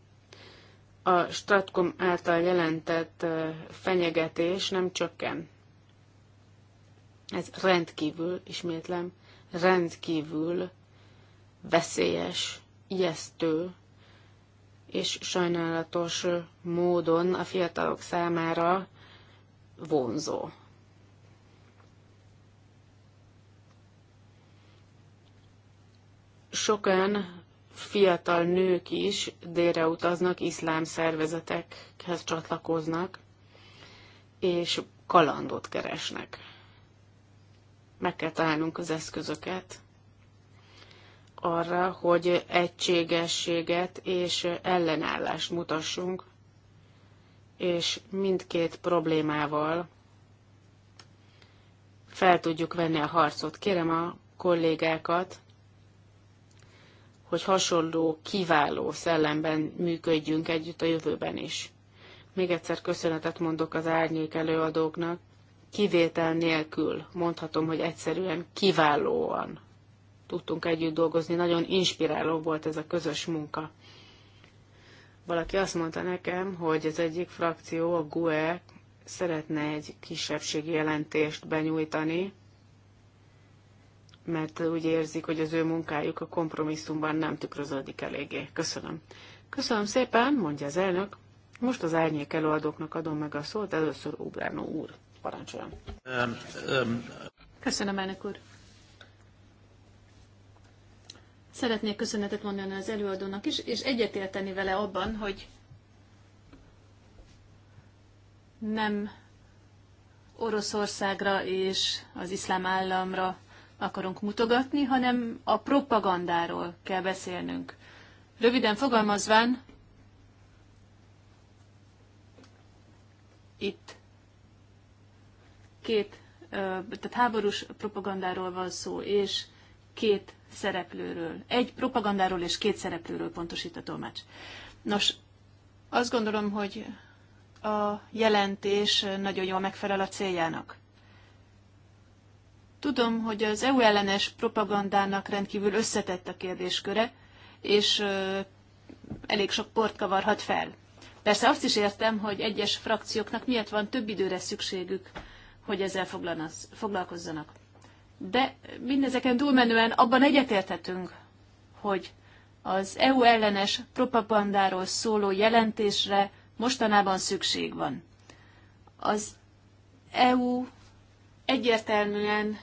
a Stratcom által jelentett fenyegetés nem csökken. Ez rendkívül, ismétlem, rendkívül veszélyes, ijesztő és sajnálatos módon a fiatalok számára vonzó. Sokan fiatal nők is délre utaznak, iszlám szervezetekhez csatlakoznak, és kalandot keresnek. Meg kell találnunk az eszközöket, arra, hogy egységességet és ellenállást mutassunk, és mindkét problémával fel tudjuk venni a harcot. Kérem a kollégákat, hogy hasonló, kiváló szellemben működjünk együtt a jövőben is. Még egyszer köszönetet mondok az árnyék előadóknak. Kivétel nélkül mondhatom, hogy egyszerűen kiválóan tudtunk együtt dolgozni, nagyon inspiráló volt ez a közös munka. Valaki azt mondta nekem, hogy az egyik frakció, a GUE, szeretne egy kisebbségi jelentést benyújtani, mert úgy érzik, hogy az ő munkájuk a kompromisszumban nem tükröződik eléggé. Köszönöm. Köszönöm szépen, mondja az elnök. Most az árnyék előadóknak adom meg a szót, először Ubránó úr. Parancsoljon. Um, um. Köszönöm, elnök úr. Szeretnék köszönetet mondani az előadónak is, és egyetérteni vele abban, hogy nem Oroszországra és az iszlám államra akarunk mutogatni, hanem a propagandáról kell beszélnünk. Röviden fogalmazván, itt két, tehát háborús propagandáról van szó, és két szereplőről, egy propagandáról és két szereplőről pontosít a tolmács. Nos, azt gondolom, hogy a jelentés nagyon jól megfelel a céljának. Tudom, hogy az EU ellenes propagandának rendkívül összetett a kérdésköre, és elég sok port kavarhat fel. Persze azt is értem, hogy egyes frakcióknak miért van több időre szükségük, hogy ezzel foglalkozzanak. De mindezeken túlmenően abban egyetérthetünk, hogy az EU ellenes propagandáról szóló jelentésre mostanában szükség van. Az EU egyértelműen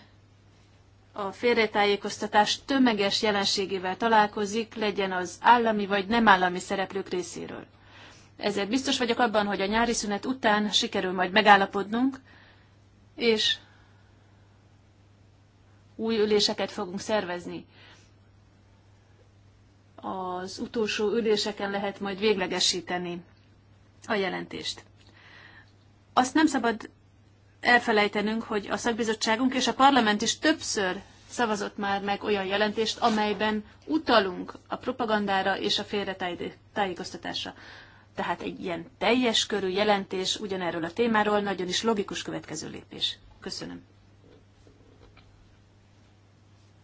a félretájékoztatás tömeges jelenségével találkozik, legyen az állami vagy nem állami szereplők részéről. Ezért biztos vagyok abban, hogy a nyári szünet után sikerül majd megállapodnunk, és új üléseket fogunk szervezni. Az utolsó üléseken lehet majd véglegesíteni a jelentést. Azt nem szabad elfelejtenünk, hogy a szakbizottságunk és a parlament is többször szavazott már meg olyan jelentést, amelyben utalunk a propagandára és a félretájékoztatásra. Tehát egy ilyen teljes körű jelentés ugyanerről a témáról nagyon is logikus következő lépés. Köszönöm.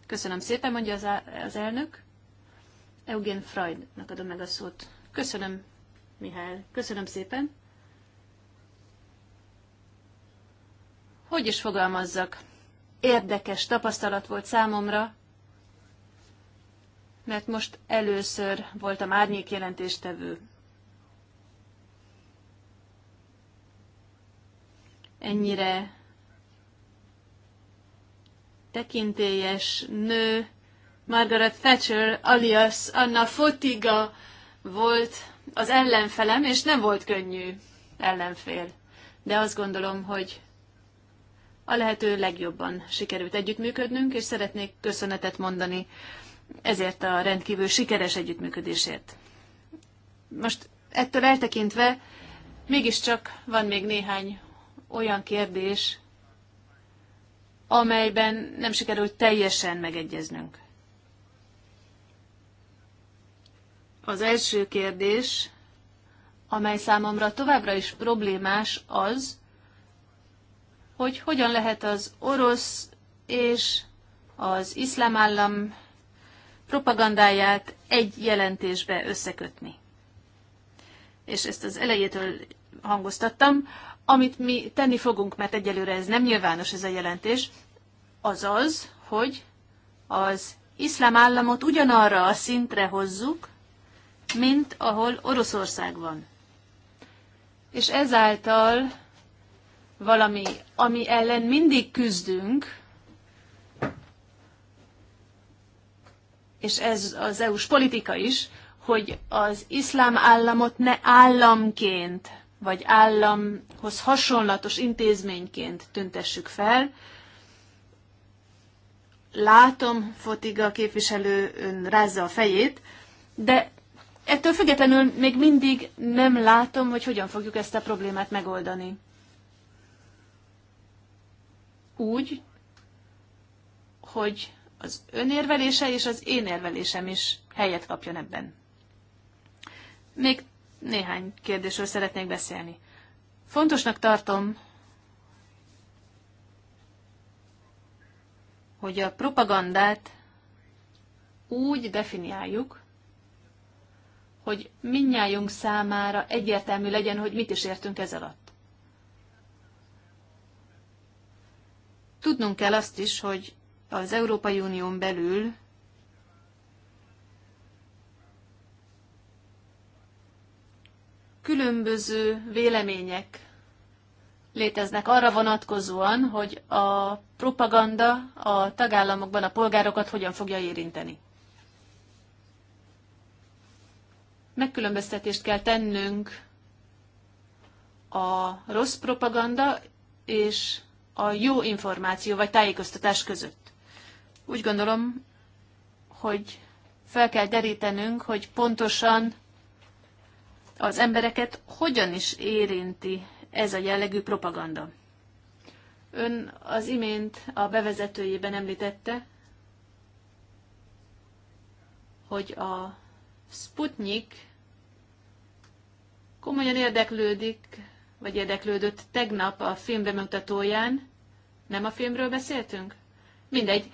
Köszönöm szépen, mondja az, az elnök. Eugen Freudnak adom meg a szót. Köszönöm, Mihály. Köszönöm szépen. Hogy is fogalmazzak? Érdekes tapasztalat volt számomra, mert most először voltam árnyékjelentéstevő. jelentéstevő. Ennyire tekintélyes nő, Margaret Thatcher alias Anna Fotiga volt az ellenfelem, és nem volt könnyű ellenfél. De azt gondolom, hogy a lehető legjobban sikerült együttműködnünk, és szeretnék köszönetet mondani ezért a rendkívül sikeres együttműködésért. Most ettől eltekintve mégiscsak van még néhány olyan kérdés, amelyben nem sikerült teljesen megegyeznünk. Az első kérdés, amely számomra továbbra is problémás, az, hogy hogyan lehet az orosz és az iszlám állam propagandáját egy jelentésbe összekötni. És ezt az elejétől hangoztattam. Amit mi tenni fogunk, mert egyelőre ez nem nyilvános ez a jelentés, az az, hogy az iszlám államot ugyanarra a szintre hozzuk, mint ahol Oroszország van. És ezáltal valami, ami ellen mindig küzdünk, és ez az EU-s politika is, hogy az iszlám államot ne államként vagy államhoz hasonlatos intézményként tüntessük fel. Látom, Fotiga képviselő ön rázza a fejét, de ettől függetlenül még mindig nem látom, hogy hogyan fogjuk ezt a problémát megoldani. Úgy, hogy az önérvelése és az én érvelésem is helyet kapjon ebben. Még néhány kérdésről szeretnék beszélni. Fontosnak tartom, hogy a propagandát úgy definiáljuk, hogy minnyájunk számára egyértelmű legyen, hogy mit is értünk ez alatt. Tudnunk kell azt is, hogy az Európai Unión belül különböző vélemények léteznek arra vonatkozóan, hogy a propaganda a tagállamokban a polgárokat hogyan fogja érinteni. Megkülönböztetést kell tennünk a rossz propaganda és a jó információ vagy tájékoztatás között. Úgy gondolom, hogy fel kell derítenünk, hogy pontosan az embereket hogyan is érinti ez a jellegű propaganda. Ön az imént a bevezetőjében említette, hogy a Sputnik komolyan érdeklődik, vagy érdeklődött tegnap a film bemutatóján. Nem a filmről beszéltünk? Mindegy.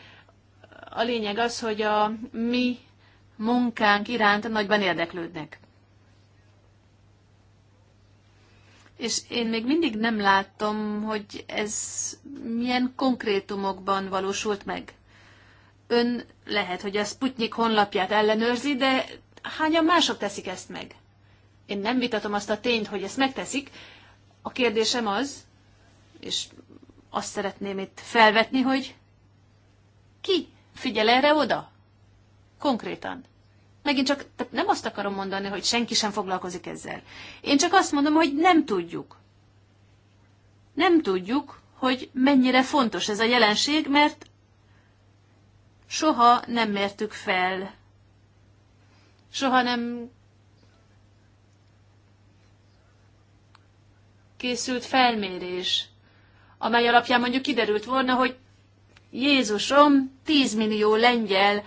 A lényeg az, hogy a mi munkánk iránt nagyban érdeklődnek. és én még mindig nem látom, hogy ez milyen konkrétumokban valósult meg. Ön lehet, hogy a Sputnik honlapját ellenőrzi, de hányan mások teszik ezt meg? Én nem vitatom azt a tényt, hogy ezt megteszik. A kérdésem az, és azt szeretném itt felvetni, hogy ki figyel erre oda? Konkrétan. Megint csak tehát nem azt akarom mondani, hogy senki sem foglalkozik ezzel. Én csak azt mondom, hogy nem tudjuk. Nem tudjuk, hogy mennyire fontos ez a jelenség, mert soha nem mértük fel. Soha nem készült felmérés, amely alapján mondjuk kiderült volna, hogy Jézusom, 10 millió lengyel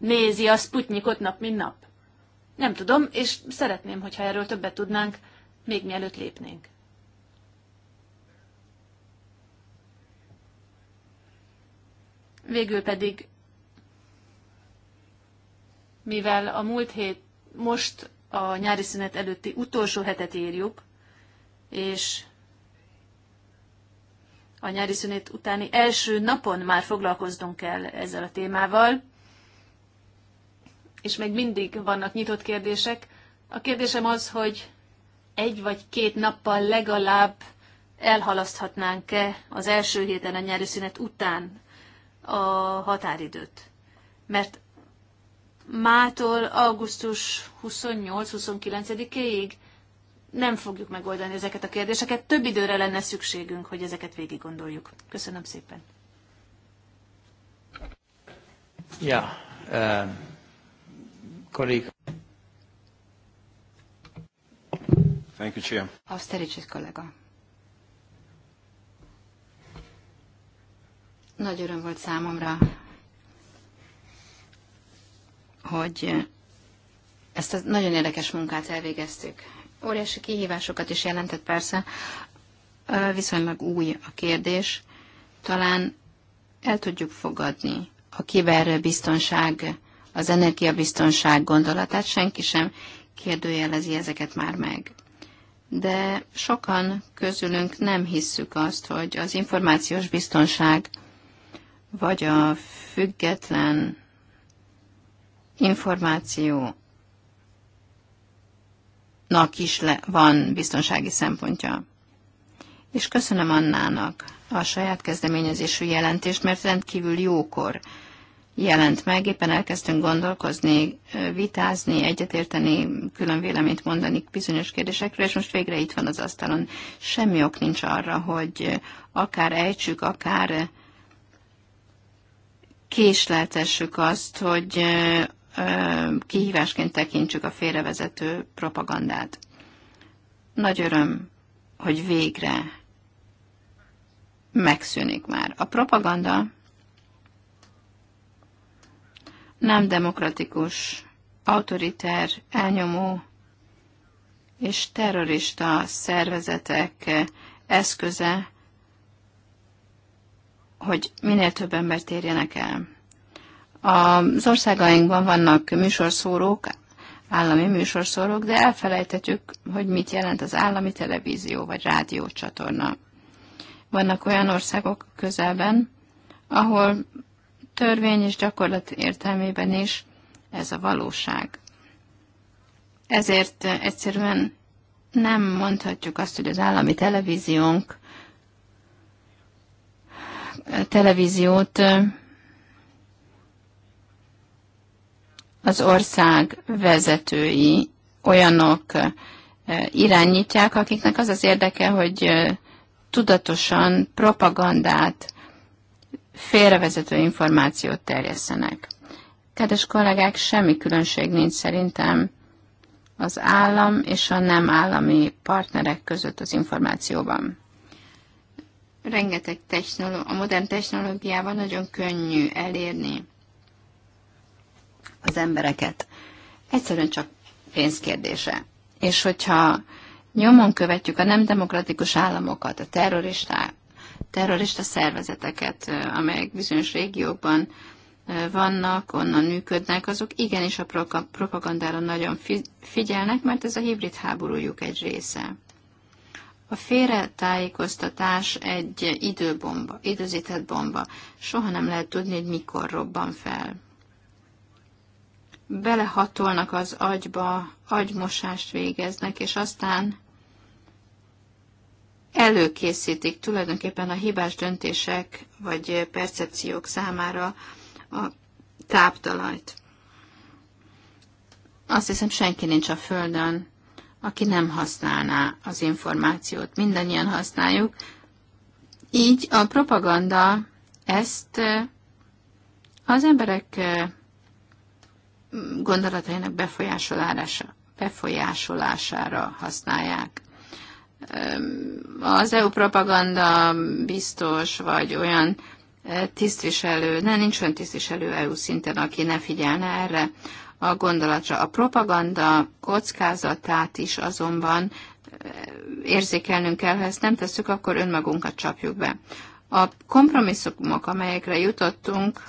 nézi a Sputnikot nap mint nap? Nem tudom, és szeretném, hogyha erről többet tudnánk, még mielőtt lépnénk. Végül pedig, mivel a múlt hét, most a nyári szünet előtti utolsó hetet írjuk, és a nyári szünet utáni első napon már foglalkoznunk kell ezzel a témával, és még mindig vannak nyitott kérdések. A kérdésem az, hogy egy vagy két nappal legalább elhalaszthatnánk-e az első héten a nyári szünet után a határidőt. Mert mától augusztus 28-29-éig nem fogjuk megoldani ezeket a kérdéseket. Több időre lenne szükségünk, hogy ezeket végig gondoljuk. Köszönöm szépen. Ja, yeah, um... Kolléga. Thank you, Chair. Austericsit kollega. Nagy öröm volt számomra, hogy ezt a nagyon érdekes munkát elvégeztük. Óriási kihívásokat is jelentett persze, viszonylag új a kérdés. Talán el tudjuk fogadni a kiberbiztonság az energiabiztonság gondolatát, senki sem kérdőjelezi ezeket már meg. De sokan közülünk nem hisszük azt, hogy az információs biztonság vagy a független információnak is le, van biztonsági szempontja. És köszönöm Annának a saját kezdeményezésű jelentést, mert rendkívül jókor jelent meg. Éppen elkezdtünk gondolkozni, vitázni, egyetérteni, külön véleményt mondani bizonyos kérdésekről, és most végre itt van az asztalon. Semmi ok nincs arra, hogy akár ejtsük, akár késleltessük azt, hogy kihívásként tekintsük a félrevezető propagandát. Nagy öröm, hogy végre megszűnik már. A propaganda nem demokratikus, autoriter, elnyomó és terrorista szervezetek eszköze, hogy minél több embert érjenek el. Az országainkban vannak műsorszórók, állami műsorszórók, de elfelejtetjük, hogy mit jelent az állami televízió vagy rádiócsatorna. Vannak olyan országok közelben, ahol törvény és gyakorlat értelmében is ez a valóság. Ezért egyszerűen nem mondhatjuk azt, hogy az állami televíziónk televíziót az ország vezetői olyanok irányítják, akiknek az az érdeke, hogy tudatosan propagandát félrevezető információt terjesztenek. Kedves kollégák, semmi különbség nincs szerintem az állam és a nem állami partnerek között az információban. Rengeteg technoló- a modern technológiával nagyon könnyű elérni az embereket. Egyszerűen csak pénzkérdése. És hogyha nyomon követjük a nem demokratikus államokat, a terroristák, terrorista szervezeteket, amelyek bizonyos régiókban vannak, onnan működnek, azok igenis a propagandára nagyon figyelnek, mert ez a hibrid háborújuk egy része. A félretájékoztatás egy időbomba, időzített bomba. Soha nem lehet tudni, hogy mikor robban fel. Belehatolnak az agyba, agymosást végeznek, és aztán előkészítik tulajdonképpen a hibás döntések vagy percepciók számára a táptalajt. Azt hiszem, senki nincs a Földön, aki nem használná az információt. Mindannyian használjuk. Így a propaganda ezt az emberek gondolatainak befolyásolására, befolyásolására használják az EU propaganda biztos, vagy olyan tisztviselő, ne, nincs olyan tisztviselő EU szinten, aki ne figyelne erre a gondolatra. A propaganda kockázatát is azonban érzékelnünk kell, ha ezt nem tesszük, akkor önmagunkat csapjuk be. A kompromisszumok, amelyekre jutottunk,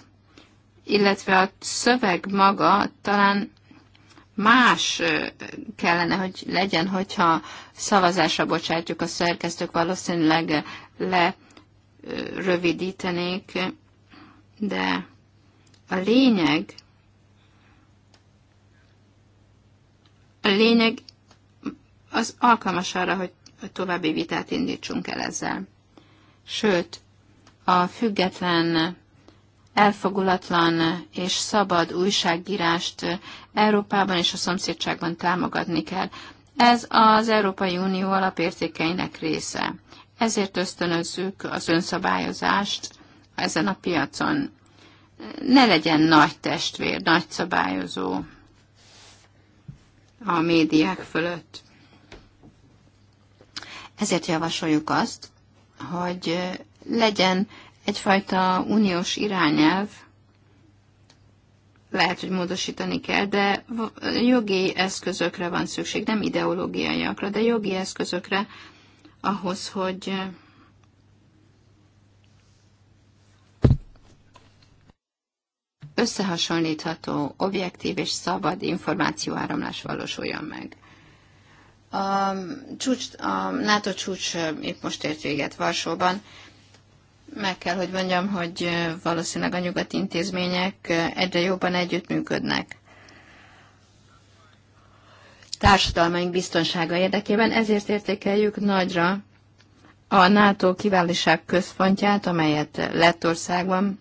illetve a szöveg maga talán más kellene, hogy legyen, hogyha szavazásra bocsátjuk a szerkesztők, valószínűleg le rövidítenék, de a lényeg a lényeg az alkalmas arra, hogy további vitát indítsunk el ezzel. Sőt, a független elfogulatlan és szabad újságírást Európában és a szomszédságban támogatni kell. Ez az Európai Unió alapértékeinek része. Ezért ösztönözzük az önszabályozást ezen a piacon. Ne legyen nagy testvér, nagy szabályozó a médiák fölött. Ezért javasoljuk azt, hogy legyen egyfajta uniós irányelv, lehet, hogy módosítani kell, de jogi eszközökre van szükség, nem ideológiaiakra, de jogi eszközökre ahhoz, hogy eh, összehasonlítható, objektív és szabad információáramlás valósuljon meg. A, csúcs, a NATO csúcs eh, épp most ért véget Varsóban, meg kell, hogy mondjam, hogy valószínűleg a nyugati intézmények egyre jobban együttműködnek társadalmaink biztonsága érdekében, ezért értékeljük nagyra a NATO kiválóság központját, amelyet Lettországban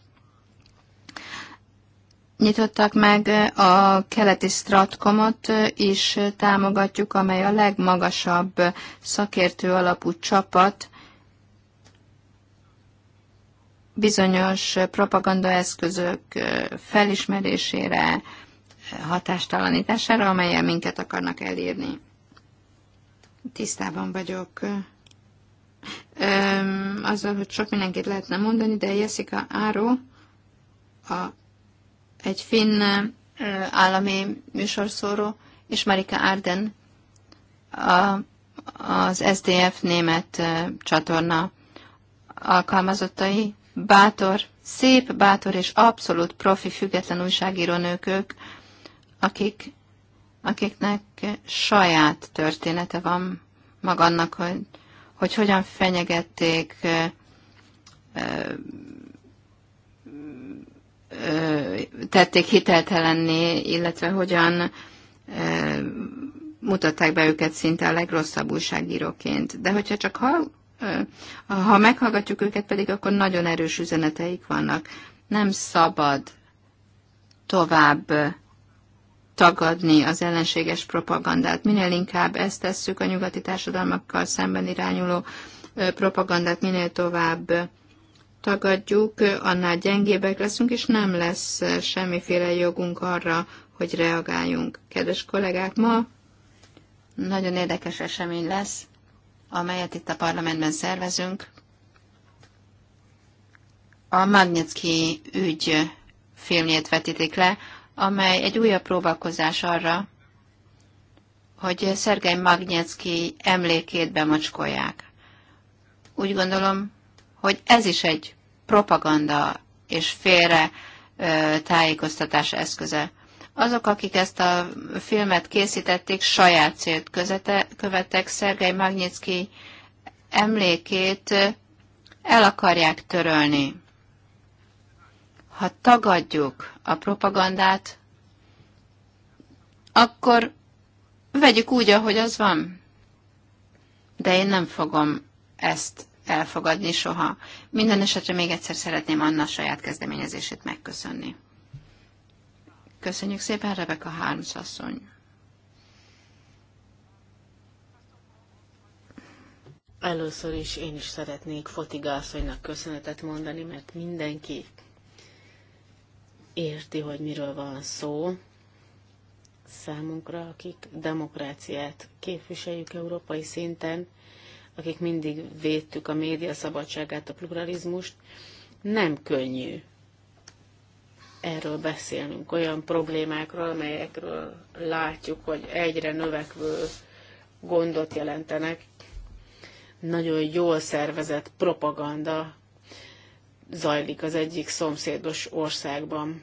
nyitottak meg, a keleti stratkomot is támogatjuk, amely a legmagasabb szakértő alapú csapat bizonyos propagandaeszközök felismerésére, hatástalanítására, amelyen minket akarnak elérni. Tisztában vagyok azzal, hogy sok mindenkit lehetne mondani, de Jessica Áró, a, egy finn állami műsorszóró, és Marika Arden, a, az SDF német csatorna alkalmazottai bátor, szép, bátor és abszolút profi független újságíró ők, akik, akiknek saját története van magannak, hogy, hogy hogyan fenyegették tették hiteltelenni, illetve hogyan mutatták be őket szinte a legrosszabb újságíróként. De hogyha csak ha meghallgatjuk őket pedig, akkor nagyon erős üzeneteik vannak. Nem szabad tovább tagadni az ellenséges propagandát. Minél inkább ezt tesszük a nyugati társadalmakkal szemben irányuló propagandát, minél tovább tagadjuk, annál gyengébbek leszünk, és nem lesz semmiféle jogunk arra, hogy reagáljunk. Kedves kollégák, ma nagyon érdekes esemény lesz amelyet itt a parlamentben szervezünk, a Magnitsky ügy filmjét vetítik le, amely egy újabb próbálkozás arra, hogy Szergej Magnyecki emlékét bemocskolják. Úgy gondolom, hogy ez is egy propaganda és félre tájékoztatás eszköze. Azok, akik ezt a filmet készítették, saját célt közete, követek Szergei Magnyitszki emlékét el akarják törölni. Ha tagadjuk a propagandát, akkor vegyük úgy, ahogy az van. De én nem fogom ezt elfogadni soha. Minden esetre még egyszer szeretném Anna saját kezdeményezését megköszönni. Köszönjük szépen, Rebeka Harms asszony. Először is én is szeretnék Fotiga asszonynak köszönetet mondani, mert mindenki érti, hogy miről van szó. Számunkra, akik demokráciát képviseljük európai szinten, akik mindig védtük a média szabadságát, a pluralizmust, nem könnyű erről beszélnünk, olyan problémákról, amelyekről látjuk, hogy egyre növekvő gondot jelentenek. Nagyon jól szervezett propaganda zajlik az egyik szomszédos országban.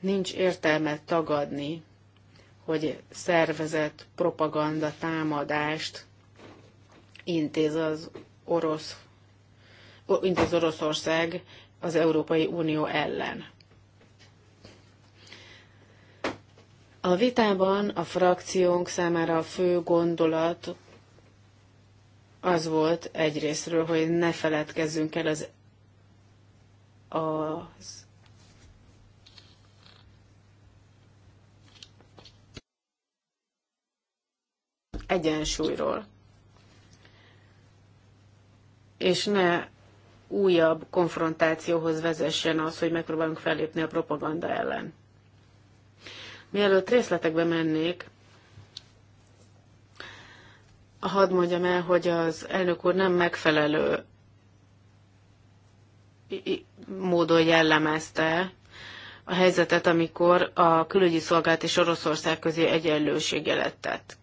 Nincs értelme tagadni, hogy szervezett propaganda támadást intéz az orosz, intéz Oroszország az Európai Unió ellen A vitában a frakciónk számára a fő gondolat az volt egyrésztről, hogy ne feledkezzünk el az, az egyensúlyról. És ne újabb konfrontációhoz vezessen az, hogy megpróbálunk fellépni a propaganda ellen. Mielőtt részletekbe mennék, hadd mondjam el, hogy az elnök úr nem megfelelő módon jellemezte a helyzetet, amikor a külügyi szolgált és Oroszország közé egyenlőség tett.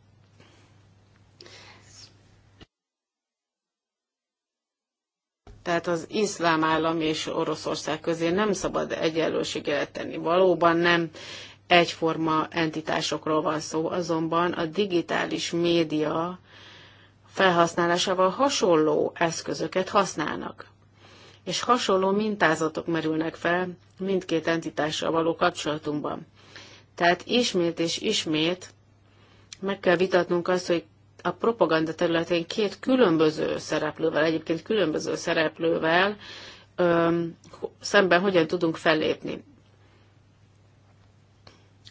Tehát az iszlám állam és Oroszország közé nem szabad egyenlőséget tenni. Valóban nem egyforma entitásokról van szó, azonban a digitális média felhasználásával hasonló eszközöket használnak. És hasonló mintázatok merülnek fel mindkét entitással való kapcsolatunkban. Tehát ismét és ismét meg kell vitatnunk azt, hogy a propaganda területén két különböző szereplővel, egyébként különböző szereplővel öm, szemben hogyan tudunk fellépni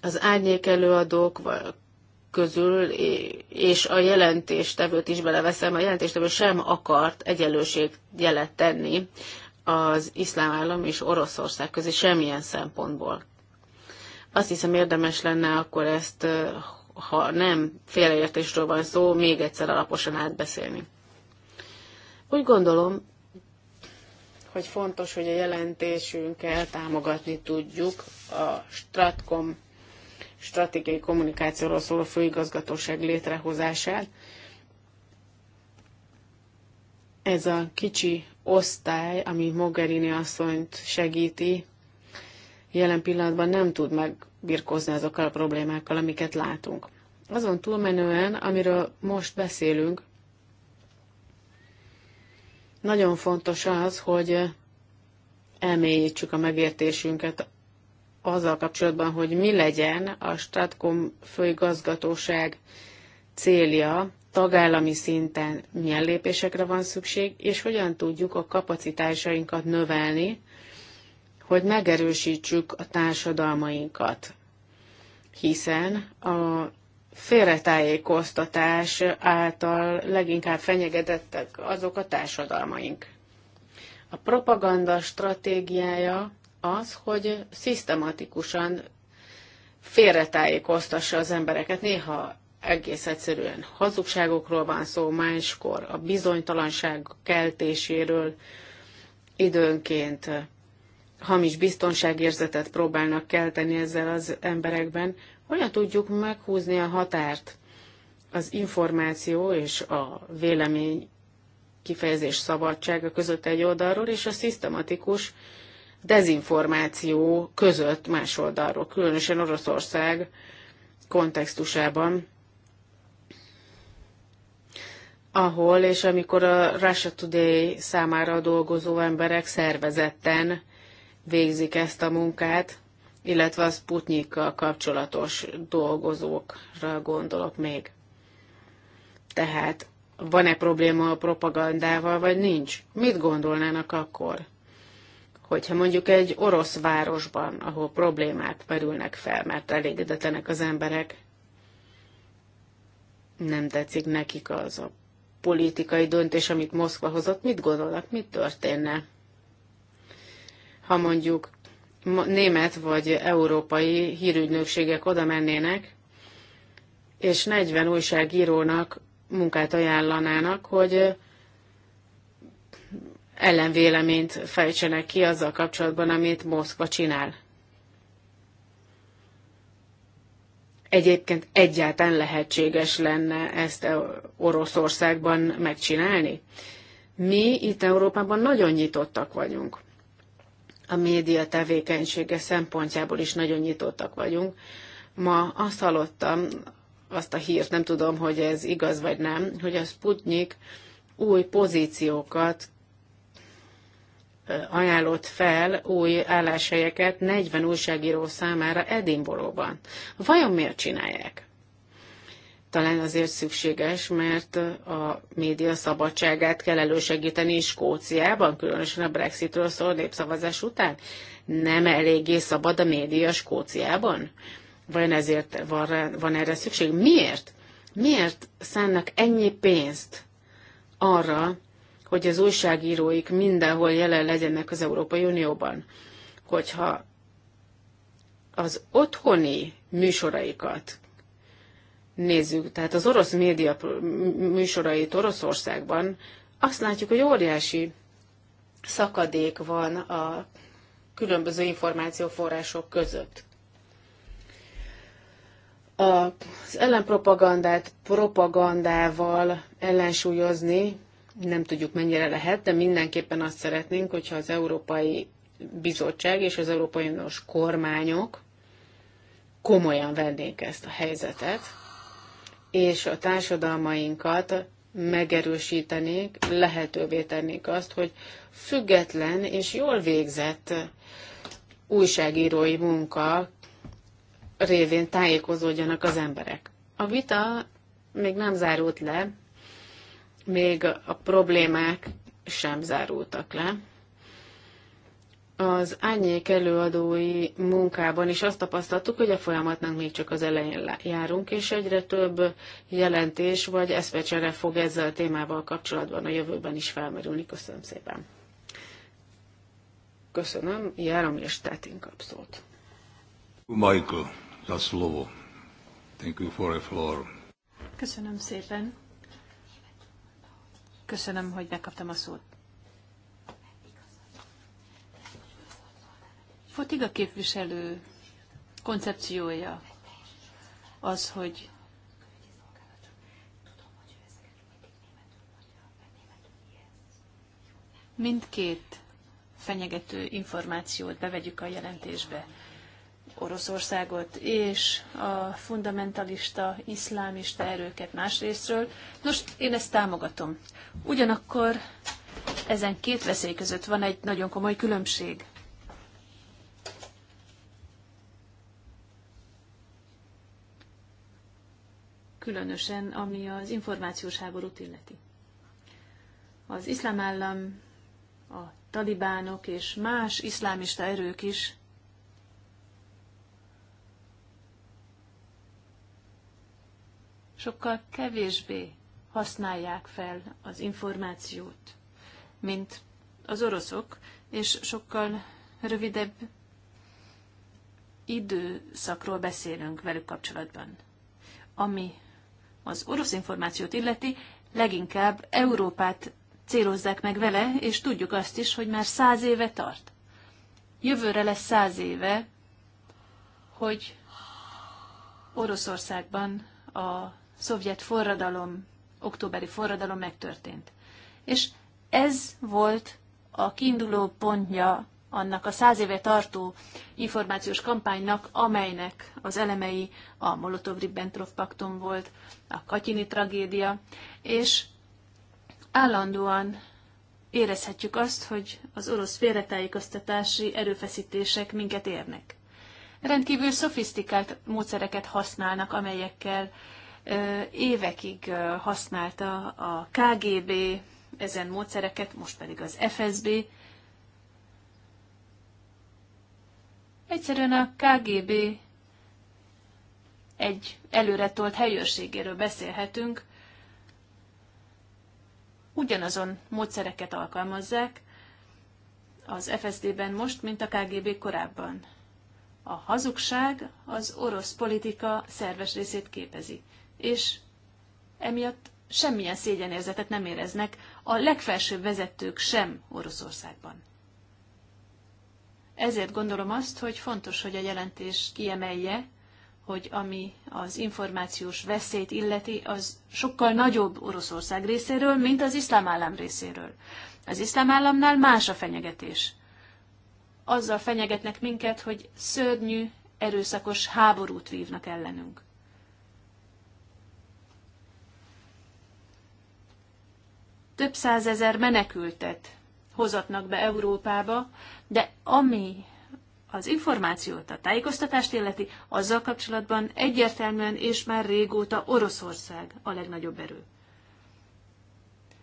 az árnyék előadók közül, és a jelentéstevőt is beleveszem, a jelentéstevő sem akart egyenlőség jelet tenni az iszlám állam és Oroszország közé semmilyen szempontból. Azt hiszem érdemes lenne akkor ezt, ha nem félreértésről van szó, még egyszer alaposan átbeszélni. Úgy gondolom, hogy fontos, hogy a jelentésünkkel támogatni tudjuk a Stratcom stratégiai kommunikációról szóló főigazgatóság létrehozását. Ez a kicsi osztály, ami Mogherini asszonyt segíti, jelen pillanatban nem tud megbirkózni azokkal a problémákkal, amiket látunk. Azon túlmenően, amiről most beszélünk, nagyon fontos az, hogy elmélyítsük a megértésünket azzal kapcsolatban, hogy mi legyen a Stratkom főigazgatóság célja, tagállami szinten milyen lépésekre van szükség, és hogyan tudjuk a kapacitásainkat növelni, hogy megerősítsük a társadalmainkat. Hiszen a félretájékoztatás által leginkább fenyegetettek azok a társadalmaink. A propaganda stratégiája az, hogy szisztematikusan félretájékoztassa az embereket. Néha egész egyszerűen hazugságokról van szó, máskor a bizonytalanság keltéséről időnként hamis biztonságérzetet próbálnak kelteni ezzel az emberekben. Hogyan tudjuk meghúzni a határt az információ és a vélemény kifejezés szabadsága között egy oldalról, és a szisztematikus dezinformáció között más oldalról, különösen Oroszország kontextusában, ahol és amikor a Russia Today számára dolgozó emberek szervezetten végzik ezt a munkát, illetve a Sputnikkal kapcsolatos dolgozókra gondolok még. Tehát van-e probléma a propagandával, vagy nincs? Mit gondolnának akkor? hogyha mondjuk egy orosz városban, ahol problémák merülnek fel, mert elégedetlenek az emberek, nem tetszik nekik az a politikai döntés, amit Moszkva hozott, mit gondolnak, mit történne? Ha mondjuk német vagy európai hírügynökségek oda mennének, és 40 újságírónak munkát ajánlanának, hogy ellenvéleményt fejtsenek ki azzal kapcsolatban, amit Moszkva csinál. Egyébként egyáltalán lehetséges lenne ezt e Oroszországban megcsinálni? Mi itt Európában nagyon nyitottak vagyunk. A média tevékenysége szempontjából is nagyon nyitottak vagyunk. Ma azt hallottam, azt a hírt, nem tudom, hogy ez igaz vagy nem, hogy a Sputnik új pozíciókat ajánlott fel új álláshelyeket 40 újságíró számára edinboróban. Vajon miért csinálják? Talán azért szükséges, mert a média szabadságát kell elősegíteni Skóciában, különösen a Brexitről szól népszavazás után. Nem eléggé szabad a média Skóciában? Vajon ezért van, van erre szükség? Miért? Miért szánnak ennyi pénzt arra, hogy az újságíróik mindenhol jelen legyenek az Európai Unióban. Hogyha az otthoni műsoraikat nézzük, tehát az orosz média műsorait Oroszországban, azt látjuk, hogy óriási szakadék van a különböző információforrások között. Az ellenpropagandát propagandával ellensúlyozni nem tudjuk mennyire lehet, de mindenképpen azt szeretnénk, hogyha az Európai Bizottság és az Európai Uniós kormányok komolyan vennék ezt a helyzetet, és a társadalmainkat megerősítenék, lehetővé tennék azt, hogy független és jól végzett újságírói munka révén tájékozódjanak az emberek. A vita még nem zárult le, még a problémák sem zárultak le. Az ányék előadói munkában is azt tapasztaltuk, hogy a folyamatnak még csak az elején járunk, és egyre több jelentés vagy eszvecsere fog ezzel a témával kapcsolatban a jövőben is felmerülni. Köszönöm szépen. Köszönöm, járom és Tetin kapszót. Michael, that's Thank you for the floor. Köszönöm szépen. Köszönöm, hogy megkaptam a szót. Fotiga képviselő koncepciója az, hogy mindkét fenyegető információt bevegyük a jelentésbe. Oroszországot és a fundamentalista, iszlámista erőket másrésztről. Nos, én ezt támogatom. Ugyanakkor ezen két veszély között van egy nagyon komoly különbség. Különösen, ami az információs háborút illeti. Az iszlám állam, a talibánok és más iszlámista erők is sokkal kevésbé használják fel az információt, mint az oroszok, és sokkal rövidebb időszakról beszélünk velük kapcsolatban. Ami az orosz információt illeti, leginkább Európát célozzák meg vele, és tudjuk azt is, hogy már száz éve tart. Jövőre lesz száz éve, hogy Oroszországban a szovjet forradalom, októberi forradalom megtörtént. És ez volt a kiinduló pontja annak a száz éve tartó információs kampánynak, amelynek az elemei a Molotov-Ribbentrop paktum volt, a Katyini tragédia, és állandóan érezhetjük azt, hogy az orosz félretájékoztatási erőfeszítések minket érnek. Rendkívül szofisztikált módszereket használnak, amelyekkel évekig használta a KGB ezen módszereket, most pedig az FSB. Egyszerűen a KGB egy előretolt helyőrségéről beszélhetünk. Ugyanazon módszereket alkalmazzák az FSD-ben most, mint a KGB korábban. A hazugság az orosz politika szerves részét képezi és emiatt semmilyen szégyenérzetet nem éreznek a legfelsőbb vezetők sem Oroszországban. Ezért gondolom azt, hogy fontos, hogy a jelentés kiemelje, hogy ami az információs veszélyt illeti, az sokkal nagyobb Oroszország részéről, mint az iszlám állam részéről. Az iszlám államnál más a fenyegetés. Azzal fenyegetnek minket, hogy szörnyű, erőszakos háborút vívnak ellenünk. több százezer menekültet hozatnak be Európába, de ami az információt, a tájékoztatást illeti, azzal kapcsolatban egyértelműen és már régóta Oroszország a legnagyobb erő.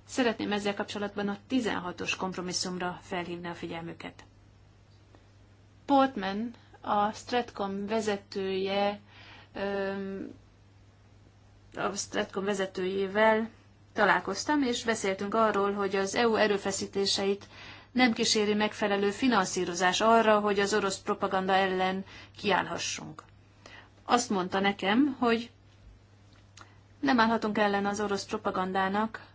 Szeretném ezzel kapcsolatban a 16-os kompromisszumra felhívni a figyelmüket. Portman, a Stratcom vezetője, a Stratcom vezetőjével találkoztam, és beszéltünk arról, hogy az EU erőfeszítéseit nem kíséri megfelelő finanszírozás arra, hogy az orosz propaganda ellen kiállhassunk. Azt mondta nekem, hogy nem állhatunk ellen az orosz propagandának,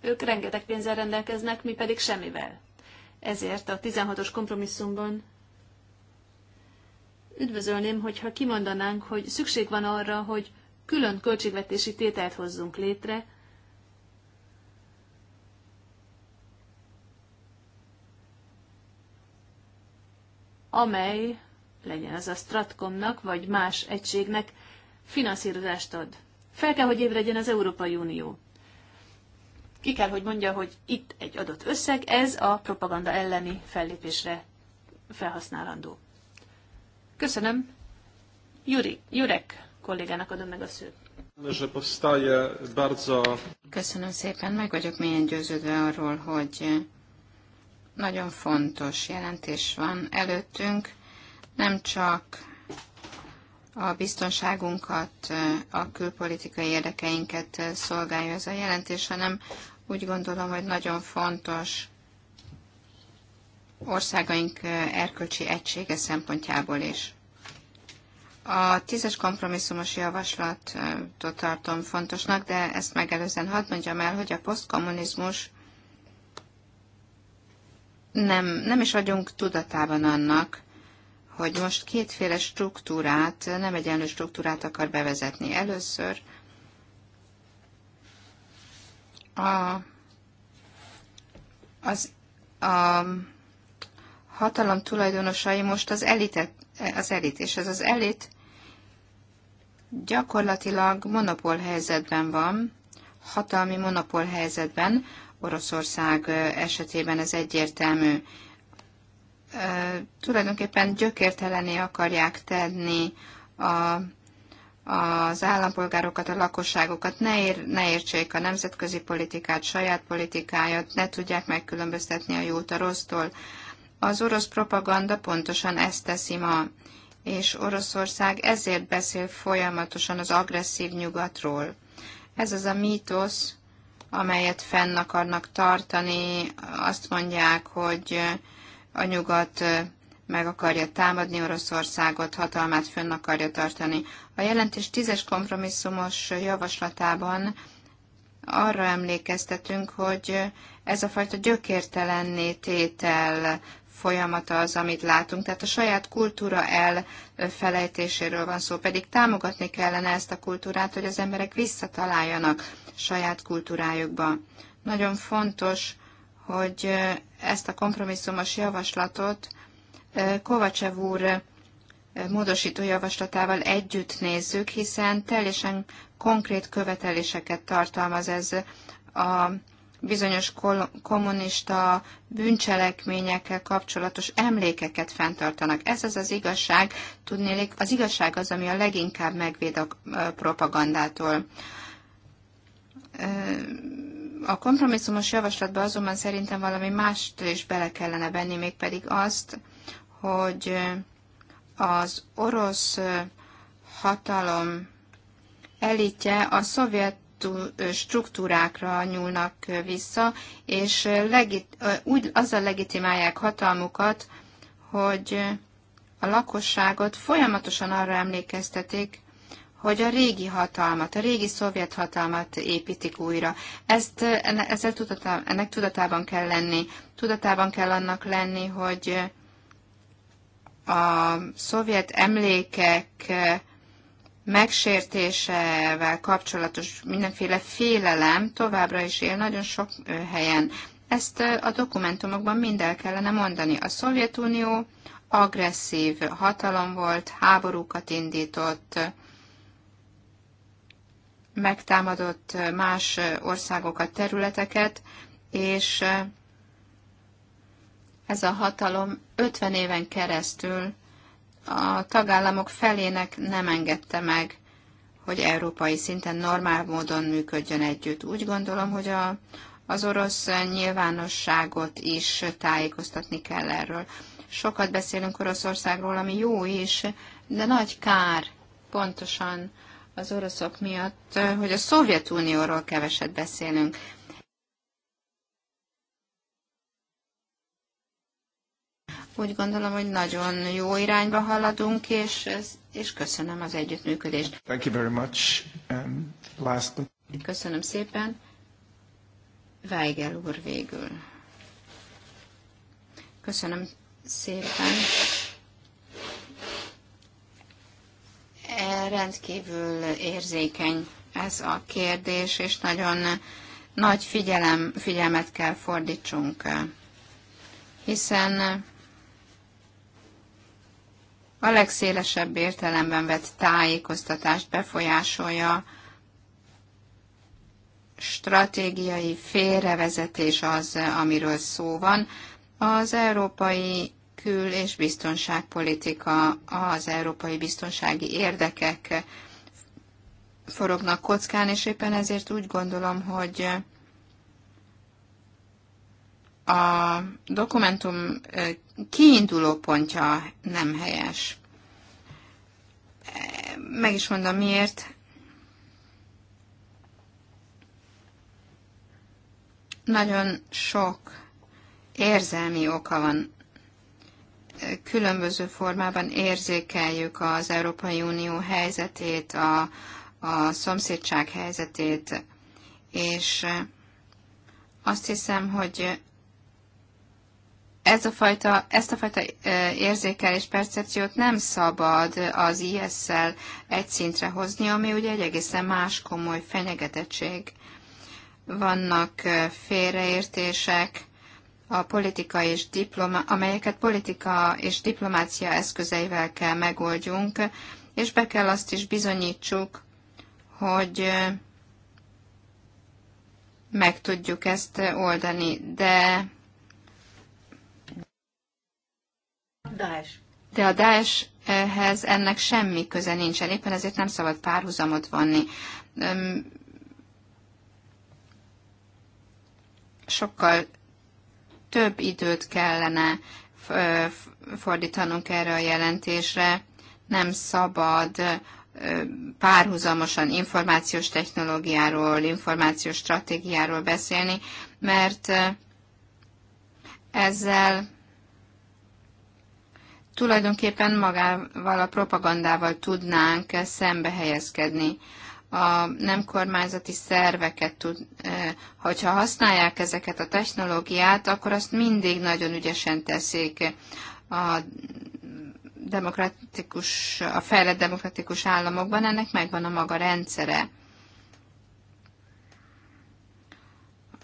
ők rengeteg pénzzel rendelkeznek, mi pedig semmivel. Ezért a 16-os kompromisszumban üdvözölném, hogyha kimondanánk, hogy szükség van arra, hogy külön költségvetési tételt hozzunk létre, amely legyen az a Stratcomnak vagy más egységnek finanszírozást ad. Fel kell, hogy ébredjen az Európai Unió. Ki kell, hogy mondja, hogy itt egy adott összeg, ez a propaganda elleni fellépésre felhasználandó. Köszönöm. Juri, Jurek kollégának adom meg a szót. Köszönöm szépen, meg vagyok milyen győződve arról, hogy nagyon fontos jelentés van előttünk, nem csak a biztonságunkat, a külpolitikai érdekeinket szolgálja ez a jelentés, hanem úgy gondolom, hogy nagyon fontos országaink erkölcsi egysége szempontjából is. A tízes kompromisszumos javaslatot tartom fontosnak, de ezt megelőzően hadd mondjam el, hogy a posztkommunizmus nem, nem is vagyunk tudatában annak, hogy most kétféle struktúrát, nem egyenlő struktúrát akar bevezetni. Először a, az, a hatalom tulajdonosai most az, elitet, az elit, és ez az elit gyakorlatilag monopól helyzetben van, hatalmi monopól helyzetben, Oroszország esetében ez egyértelmű. Tulajdonképpen gyökértelené akarják tenni a, az állampolgárokat, a lakosságokat, ne, ér, ne értsék a nemzetközi politikát, saját politikáját, ne tudják megkülönböztetni a jót a rossztól. Az orosz propaganda pontosan ezt teszi ma, és Oroszország ezért beszél folyamatosan az agresszív nyugatról. Ez az a mítosz, amelyet fenn akarnak tartani, azt mondják, hogy a nyugat meg akarja támadni Oroszországot, hatalmát fönn akarja tartani. A jelentés tízes kompromisszumos javaslatában arra emlékeztetünk, hogy ez a fajta gyökértelenné tétel folyamata az, amit látunk. Tehát a saját kultúra elfelejtéséről van szó, pedig támogatni kellene ezt a kultúrát, hogy az emberek visszataláljanak saját kultúrájukba. Nagyon fontos, hogy ezt a kompromisszumos javaslatot Kovacsev úr módosító javaslatával együtt nézzük, hiszen teljesen konkrét követeléseket tartalmaz ez a bizonyos kommunista bűncselekményekkel kapcsolatos emlékeket fenntartanak. Ez az az igazság, tudnélik, az igazság az, ami a leginkább megvéd a propagandától. A kompromisszumos javaslatban azonban szerintem valami mást is bele kellene venni, mégpedig azt, hogy az orosz hatalom elitje a szovjet struktúrákra nyúlnak vissza, és legit, úgy azzal legitimálják hatalmukat, hogy a lakosságot folyamatosan arra emlékeztetik, hogy a régi hatalmat, a régi szovjet hatalmat építik újra. Ezt, ezzel tudatá, ennek tudatában kell lenni. Tudatában kell annak lenni, hogy a szovjet emlékek megsértésevel kapcsolatos mindenféle félelem továbbra is él nagyon sok helyen. Ezt a dokumentumokban mind el kellene mondani. A Szovjetunió agresszív hatalom volt, háborúkat indított, megtámadott más országokat, területeket, és ez a hatalom 50 éven keresztül a tagállamok felének nem engedte meg, hogy európai szinten normál módon működjön együtt. Úgy gondolom, hogy a, az orosz nyilvánosságot is tájékoztatni kell erről. Sokat beszélünk Oroszországról, ami jó is, de nagy kár pontosan az oroszok miatt, hogy a Szovjetunióról keveset beszélünk. Úgy gondolom, hogy nagyon jó irányba haladunk, és, és köszönöm az együttműködést. Thank you very much. And lastly... Köszönöm szépen. Weigel úr végül. Köszönöm szépen. E, rendkívül érzékeny ez a kérdés, és nagyon nagy figyelem, figyelmet kell fordítsunk, hiszen a legszélesebb értelemben vett tájékoztatást befolyásolja, stratégiai félrevezetés az, amiről szó van. Az európai kül- és biztonságpolitika, az európai biztonsági érdekek forognak kockán, és éppen ezért úgy gondolom, hogy a dokumentum kiinduló pontja nem helyes. Meg is mondom miért. Nagyon sok érzelmi oka van. Különböző formában érzékeljük az Európai Unió helyzetét, a, a szomszédság helyzetét, és azt hiszem, hogy ez a fajta, ezt a fajta érzékelés, percepciót nem szabad az IS-szel egy szintre hozni, ami ugye egy egészen más komoly fenyegetettség. Vannak félreértések, a politika és diploma, amelyeket politika és diplomácia eszközeivel kell megoldjunk, és be kell azt is bizonyítsuk, hogy meg tudjuk ezt oldani, de Daesh. De a daesh ehhez ennek semmi köze nincsen, éppen ezért nem szabad párhuzamot vonni. Sokkal több időt kellene fordítanunk erre a jelentésre. Nem szabad párhuzamosan információs technológiáról, információs stratégiáról beszélni, mert ezzel tulajdonképpen magával a propagandával tudnánk szembe helyezkedni. A nem kormányzati szerveket tud, eh, hogyha használják ezeket a technológiát, akkor azt mindig nagyon ügyesen teszik. A demokratikus, a fejlett demokratikus államokban ennek megvan a maga rendszere.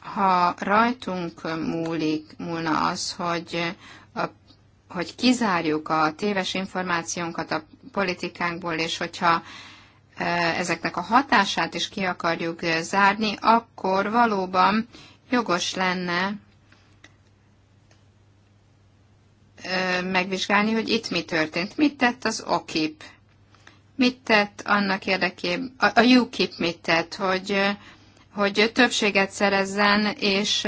Ha rajtunk múlik, múlna az, hogy hogy kizárjuk a téves információnkat a politikánkból, és hogyha ezeknek a hatását is ki akarjuk zárni, akkor valóban jogos lenne megvizsgálni, hogy itt mi történt. Mit tett az OKIP? Mit tett annak érdekében, a UKIP mit tett, hogy, hogy többséget szerezzen, és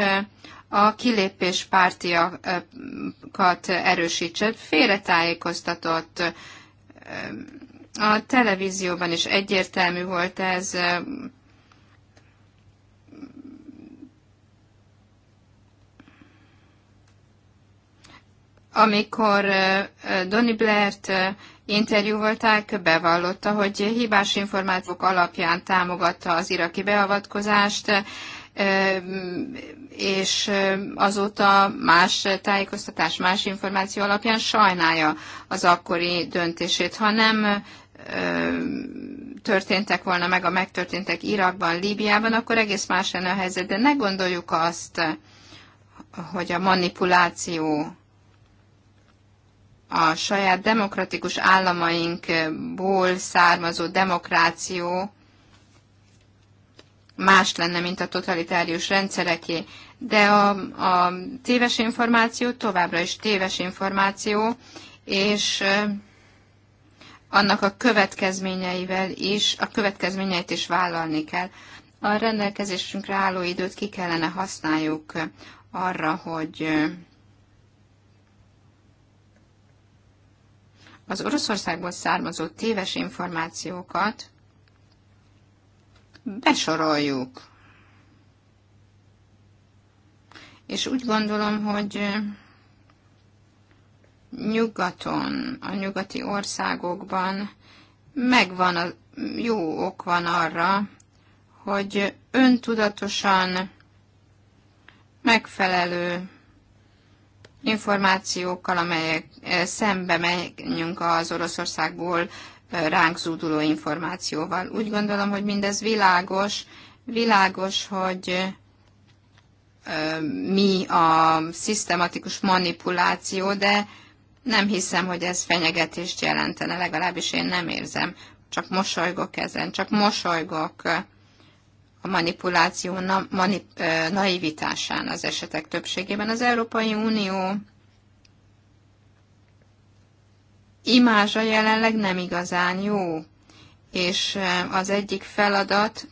a kilépés pártiakat erősítse. Félretájékoztatott a televízióban is egyértelmű volt ez. Amikor Donny Blair-t interjú volták, bevallotta, hogy hibás információk alapján támogatta az iraki beavatkozást, és azóta más tájékoztatás, más információ alapján sajnálja az akkori döntését. Ha nem történtek volna meg a megtörténtek Irakban, Líbiában, akkor egész más lenne a helyzet. De ne gondoljuk azt, hogy a manipuláció a saját demokratikus államainkból származó demokráció, más lenne, mint a totalitárius rendszereké. De a, a téves információ továbbra is téves információ, és annak a következményeivel is, a következményeit is vállalni kell. A rendelkezésünkre álló időt ki kellene használjuk arra, hogy az Oroszországból származó téves információkat besoroljuk. És úgy gondolom, hogy nyugaton, a nyugati országokban megvan a jó ok van arra, hogy öntudatosan megfelelő információkkal, amelyek eh, szembe menjünk az Oroszországból ránk zúduló információval. Úgy gondolom, hogy mindez világos, világos, hogy mi a szisztematikus manipuláció, de nem hiszem, hogy ez fenyegetést jelentene, legalábbis én nem érzem. Csak mosolygok ezen, csak mosolygok a manipuláció na, manip, naivitásán az esetek többségében. Az Európai Unió imázsa jelenleg nem igazán jó, és az egyik feladat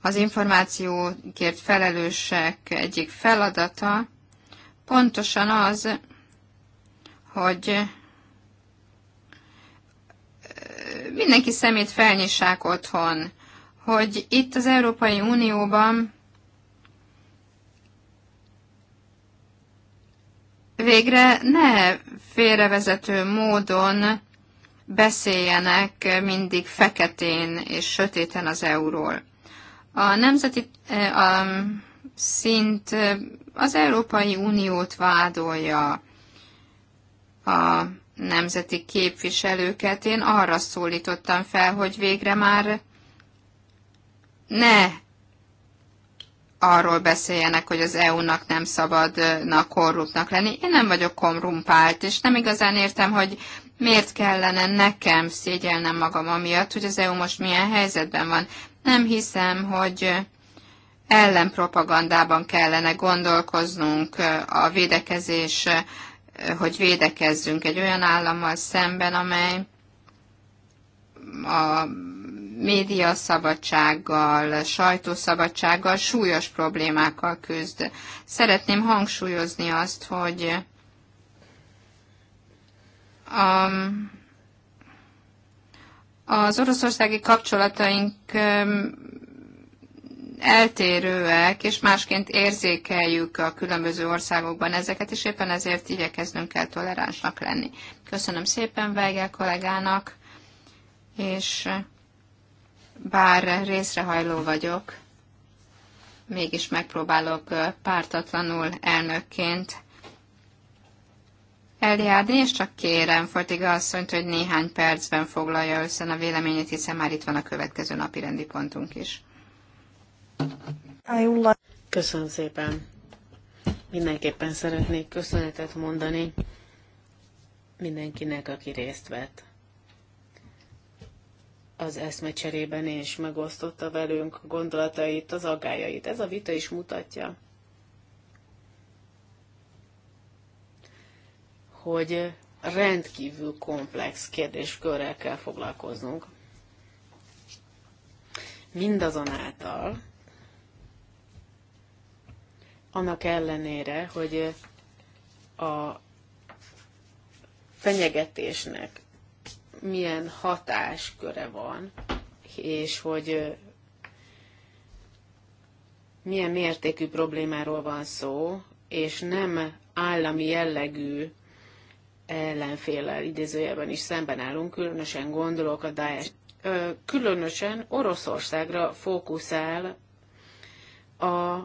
az információkért felelősek egyik feladata pontosan az, hogy mindenki szemét felnyissák otthon, hogy itt az Európai Unióban végre ne félrevezető módon beszéljenek mindig feketén és sötéten az euról. A nemzeti e, a szint e, az Európai Uniót vádolja a nemzeti képviselőket. Én arra szólítottam fel, hogy végre már ne arról beszéljenek, hogy az EU-nak nem szabadna korruptnak lenni. Én nem vagyok korrumpált, és nem igazán értem, hogy miért kellene nekem szégyelnem magam amiatt, hogy az EU most milyen helyzetben van. Nem hiszem, hogy ellenpropagandában kellene gondolkoznunk a védekezés, hogy védekezzünk egy olyan állammal szemben, amely a médiaszabadsággal, sajtószabadsággal, súlyos problémákkal küzd. Szeretném hangsúlyozni azt, hogy a, um, az oroszországi kapcsolataink um, eltérőek, és másként érzékeljük a különböző országokban ezeket, és éppen ezért igyekeznünk kell toleránsnak lenni. Köszönöm szépen Weigel kollégának, és bár részrehajló vagyok, mégis megpróbálok pártatlanul elnökként eljárni, és csak kérem Fortiga asszonyt, hogy néhány percben foglalja össze a véleményét, hiszen már itt van a következő napi rendi pontunk is. Köszönöm szépen. Mindenképpen szeretnék köszönetet mondani mindenkinek, aki részt vett az eszmecserében és megosztotta velünk gondolatait, az aggájait. Ez a vita is mutatja, hogy rendkívül komplex kérdéskörrel kell foglalkoznunk. Mindazonáltal, annak ellenére, hogy a fenyegetésnek milyen hatásköre van, és hogy milyen mértékű problémáról van szó, és nem állami jellegű ellenfélel idézőjelben is szemben állunk, különösen gondolok a Daesh. Különösen Oroszországra fókuszál a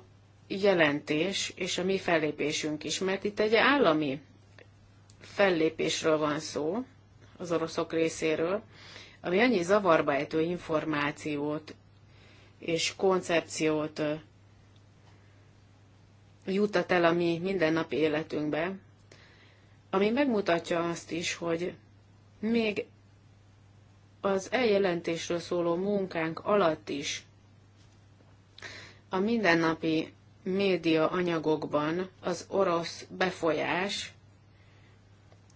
jelentés és a mi fellépésünk is, mert itt egy állami fellépésről van szó, az oroszok részéről, ami annyi zavarba ejtő információt és koncepciót jutat el a mi mindennapi életünkbe, ami megmutatja azt is, hogy még az eljelentésről szóló munkánk alatt is a mindennapi média anyagokban az orosz befolyás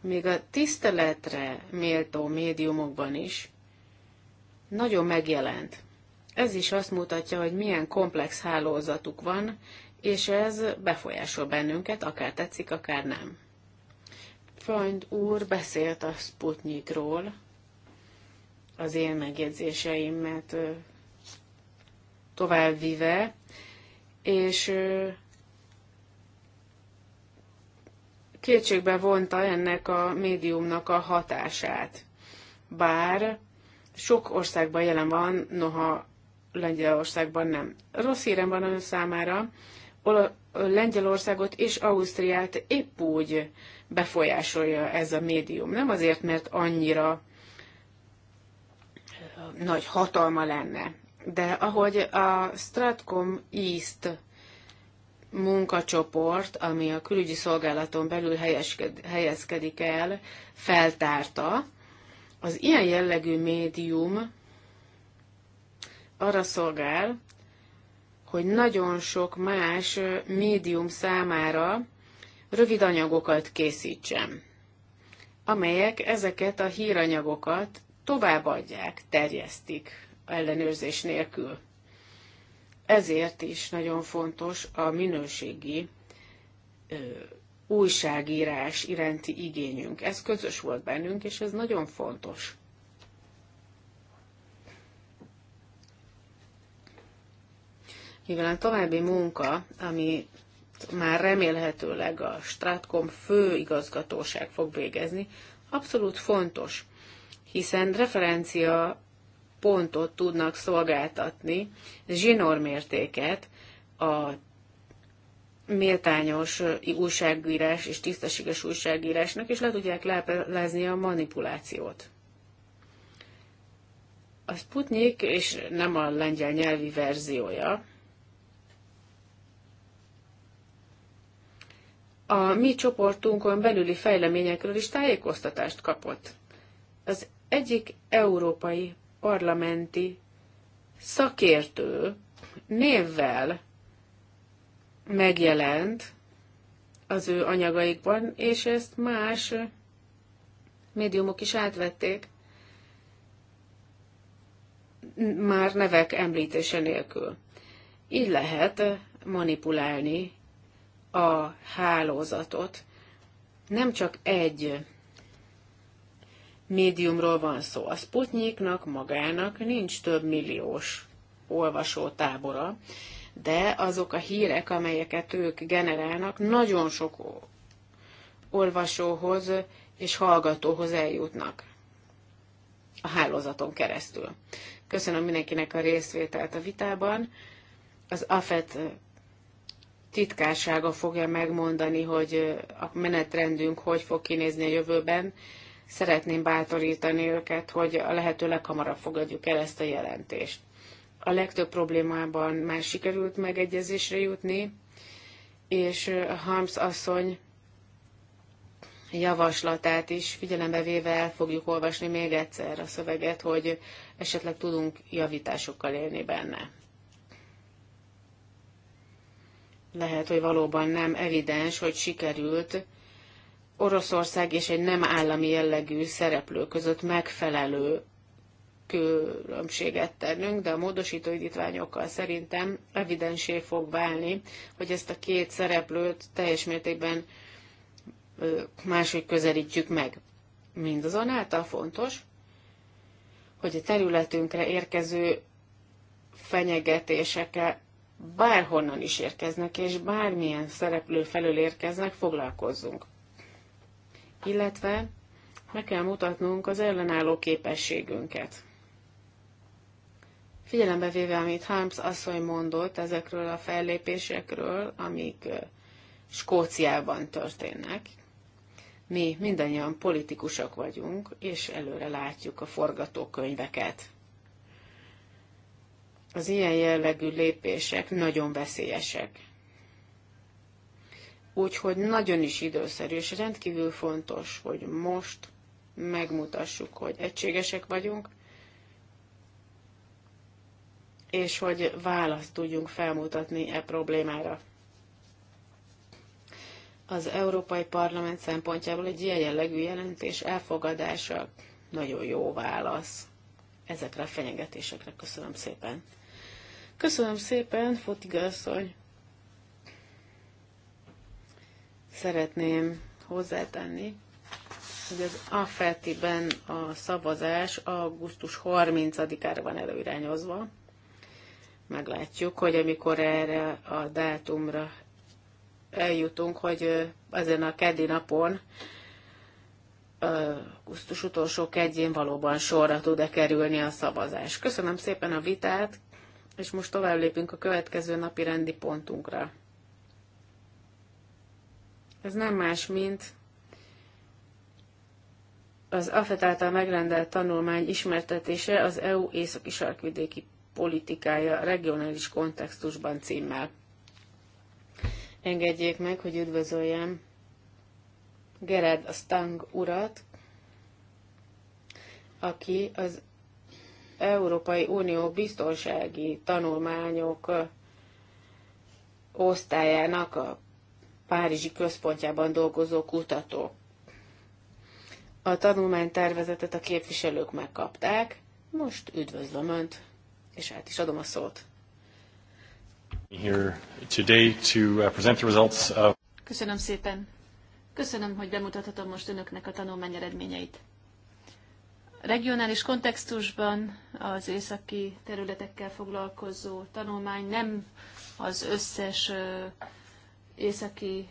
még a tiszteletre méltó médiumokban is nagyon megjelent. Ez is azt mutatja, hogy milyen komplex hálózatuk van, és ez befolyásol bennünket, akár tetszik, akár nem. Freund úr beszélt a Sputnikról, az én megjegyzéseimet továbbvive, és kétségbe vonta ennek a médiumnak a hatását. Bár sok országban jelen van, noha Lengyelországban nem. Rossz hírem van ön számára, Lengyelországot és Ausztriát épp úgy befolyásolja ez a médium. Nem azért, mert annyira nagy hatalma lenne, de ahogy a Stratcom East munkacsoport, ami a külügyi szolgálaton belül helyezkedik el, feltárta. Az ilyen jellegű médium arra szolgál, hogy nagyon sok más médium számára rövid anyagokat készítsem, amelyek ezeket a híranyagokat továbbadják, terjesztik ellenőrzés nélkül ezért is nagyon fontos a minőségi ö, újságírás iránti igényünk. Ez közös volt bennünk, és ez nagyon fontos. Mivel a további munka, ami már remélhetőleg a Stratcom főigazgatóság fog végezni, abszolút fontos, hiszen referencia pontot tudnak szolgáltatni, zsinór a méltányos újságírás és tisztességes újságírásnak, és le tudják leplezni a manipulációt. A Sputnik, és nem a lengyel nyelvi verziója, a mi csoportunkon belüli fejleményekről is tájékoztatást kapott. Az egyik európai parlamenti szakértő névvel megjelent az ő anyagaikban, és ezt más médiumok is átvették, már nevek említése nélkül. Így lehet manipulálni a hálózatot. Nem csak egy médiumról van szó. A Sputniknak magának nincs több milliós olvasótábora, de azok a hírek, amelyeket ők generálnak, nagyon sok olvasóhoz és hallgatóhoz eljutnak a hálózaton keresztül. Köszönöm mindenkinek a részvételt a vitában. Az AFET titkársága fogja megmondani, hogy a menetrendünk hogy fog kinézni a jövőben. Szeretném bátorítani őket, hogy a lehető leghamarabb fogadjuk el ezt a jelentést. A legtöbb problémában már sikerült megegyezésre jutni, és Harms asszony javaslatát is figyelembe véve el fogjuk olvasni még egyszer a szöveget, hogy esetleg tudunk javításokkal élni benne. Lehet, hogy valóban nem evidens, hogy sikerült Oroszország és egy nem állami jellegű szereplő között megfelelő különbséget tennünk, de a módosító indítványokkal szerintem evidensé fog válni, hogy ezt a két szereplőt teljes mértékben máshogy közelítjük meg. Mindazonáltal fontos, hogy a területünkre érkező fenyegetésekkel bárhonnan is érkeznek, és bármilyen szereplő felől érkeznek, foglalkozzunk illetve meg kell mutatnunk az ellenálló képességünket. Figyelembe véve, amit Harms asszony mondott ezekről a fellépésekről, amik Skóciában történnek, mi mindannyian politikusok vagyunk, és előre látjuk a forgatókönyveket. Az ilyen jellegű lépések nagyon veszélyesek. Úgyhogy nagyon is időszerű, és rendkívül fontos, hogy most megmutassuk, hogy egységesek vagyunk, és hogy választ tudjunk felmutatni e problémára. Az Európai Parlament szempontjából egy ilyen jellegű jelentés elfogadása nagyon jó válasz ezekre a fenyegetésekre. Köszönöm szépen. Köszönöm szépen, Fotiga asszony. Szeretném hozzátenni, hogy az AFETI-ben a szavazás augusztus 30-ára van előirányozva. Meglátjuk, hogy amikor erre a dátumra eljutunk, hogy ezen a keddi napon, augusztus utolsó kedjén valóban sorra tud-e kerülni a szavazás. Köszönöm szépen a vitát, és most tovább lépünk a következő napi rendi pontunkra. Ez nem más, mint az AFET által megrendelt tanulmány ismertetése az EU északi sarkvidéki politikája regionális kontextusban címmel. Engedjék meg, hogy üdvözöljem a Stang urat, aki az Európai Unió biztonsági tanulmányok osztályának a Párizsi központjában dolgozó kutató. A tanulmánytervezetet a képviselők megkapták, most üdvözlöm Önt, és át is adom a szót. Here today to uh, present the results of... Köszönöm szépen. Köszönöm, hogy bemutathatom most Önöknek a tanulmány eredményeit. Regionális kontextusban az északi területekkel foglalkozó tanulmány nem az összes északi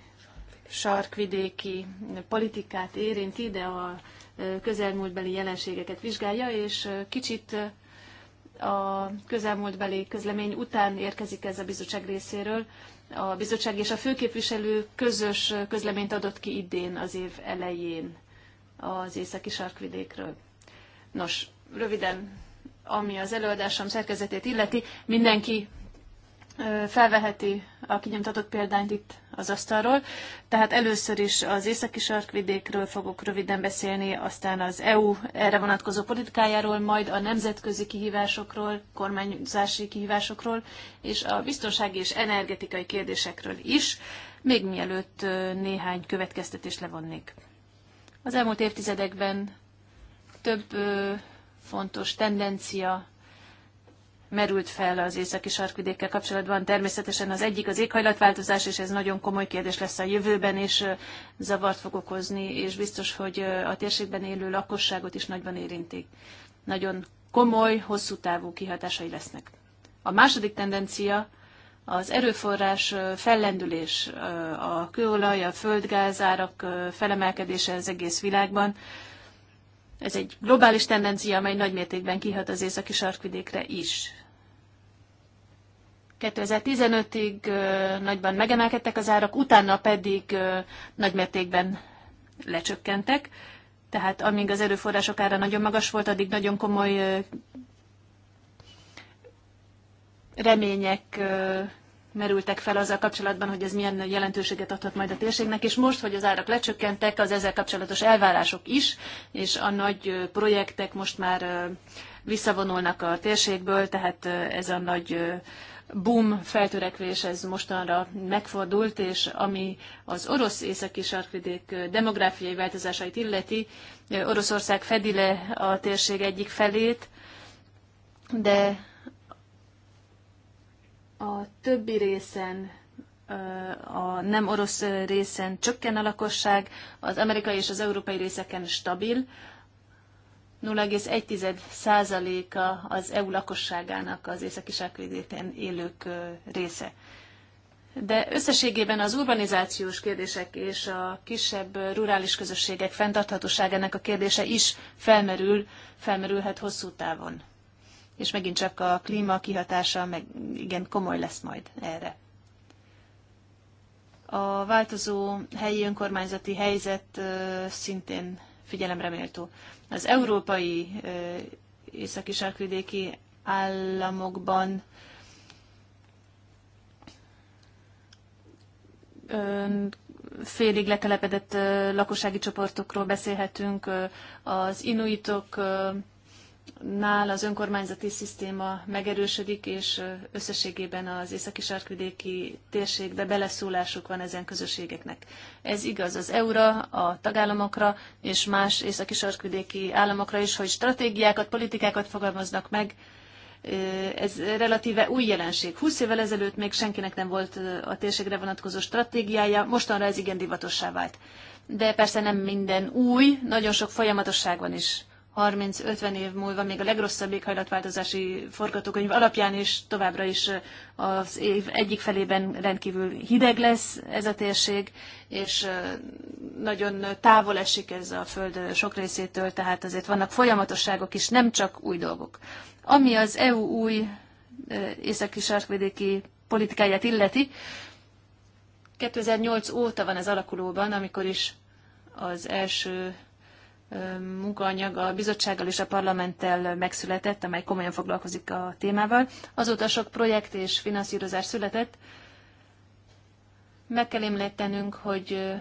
sarkvidéki politikát érinti, de a közelmúltbeli jelenségeket vizsgálja, és kicsit a közelmúltbeli közlemény után érkezik ez a bizottság részéről. A bizottság és a főképviselő közös közleményt adott ki idén az év elején az északi sarkvidékről. Nos, röviden, ami az előadásom szerkezetét illeti, mindenki felveheti a kinyomtatott példányt itt az asztalról. Tehát először is az északi sarkvidékről fogok röviden beszélni, aztán az EU erre vonatkozó politikájáról, majd a nemzetközi kihívásokról, kormányzási kihívásokról, és a biztonsági és energetikai kérdésekről is, még mielőtt néhány következtetést levonnék. Az elmúlt évtizedekben több fontos tendencia merült fel az északi sarkvidékkel kapcsolatban. Természetesen az egyik az éghajlatváltozás, és ez nagyon komoly kérdés lesz a jövőben, és zavart fog okozni, és biztos, hogy a térségben élő lakosságot is nagyban érinti. Nagyon komoly, hosszú távú kihatásai lesznek. A második tendencia az erőforrás fellendülés, a kőolaj, a földgázárak felemelkedése az egész világban. Ez egy globális tendencia, amely nagymértékben kihat az északi sarkvidékre is. 2015-ig nagyban megemelkedtek az árak, utána pedig nagymértékben lecsökkentek. Tehát amíg az erőforrások ára nagyon magas volt, addig nagyon komoly remények merültek fel azzal kapcsolatban, hogy ez milyen jelentőséget adhat majd a térségnek, és most, hogy az árak lecsökkentek, az ezzel kapcsolatos elvárások is, és a nagy projektek most már visszavonulnak a térségből, tehát ez a nagy boom feltörekvés ez mostanra megfordult, és ami az orosz északi sarkvidék demográfiai változásait illeti, Oroszország fedi le a térség egyik felét, de a többi részen a nem orosz részen csökken a lakosság, az amerikai és az európai részeken stabil, 0,1%-a az EU lakosságának az északi sárkvidéken élők része. De összességében az urbanizációs kérdések és a kisebb rurális közösségek fenntarthatóságának a kérdése is felmerül, felmerülhet hosszú távon. És megint csak a klíma kihatása meg igen komoly lesz majd erre. A változó helyi önkormányzati helyzet szintén figyelemre méltó. Az európai északi sarkvidéki államokban félig letelepedett lakossági csoportokról beszélhetünk, az inuitok nál az önkormányzati szisztéma megerősödik, és összességében az északi sarkvidéki térségbe beleszólásuk van ezen közösségeknek. Ez igaz az EU-ra, a tagállamokra és más északi sarkvidéki államokra is, hogy stratégiákat, politikákat fogalmaznak meg. Ez relatíve új jelenség. 20 évvel ezelőtt még senkinek nem volt a térségre vonatkozó stratégiája, mostanra ez igen divatossá vált. De persze nem minden új, nagyon sok folyamatosság van is 30-50 év múlva még a legrosszabb éghajlatváltozási forgatókönyv alapján is továbbra is az év egyik felében rendkívül hideg lesz ez a térség, és nagyon távol esik ez a Föld sok részétől, tehát azért vannak folyamatosságok is, nem csak új dolgok. Ami az EU új északi sarkvidéki politikáját illeti, 2008 óta van ez alakulóban, amikor is az első munkaanyag a bizottsággal és a parlamenttel megszületett, amely komolyan foglalkozik a témával. Azóta sok projekt és finanszírozás született. Meg kell említenünk, hogy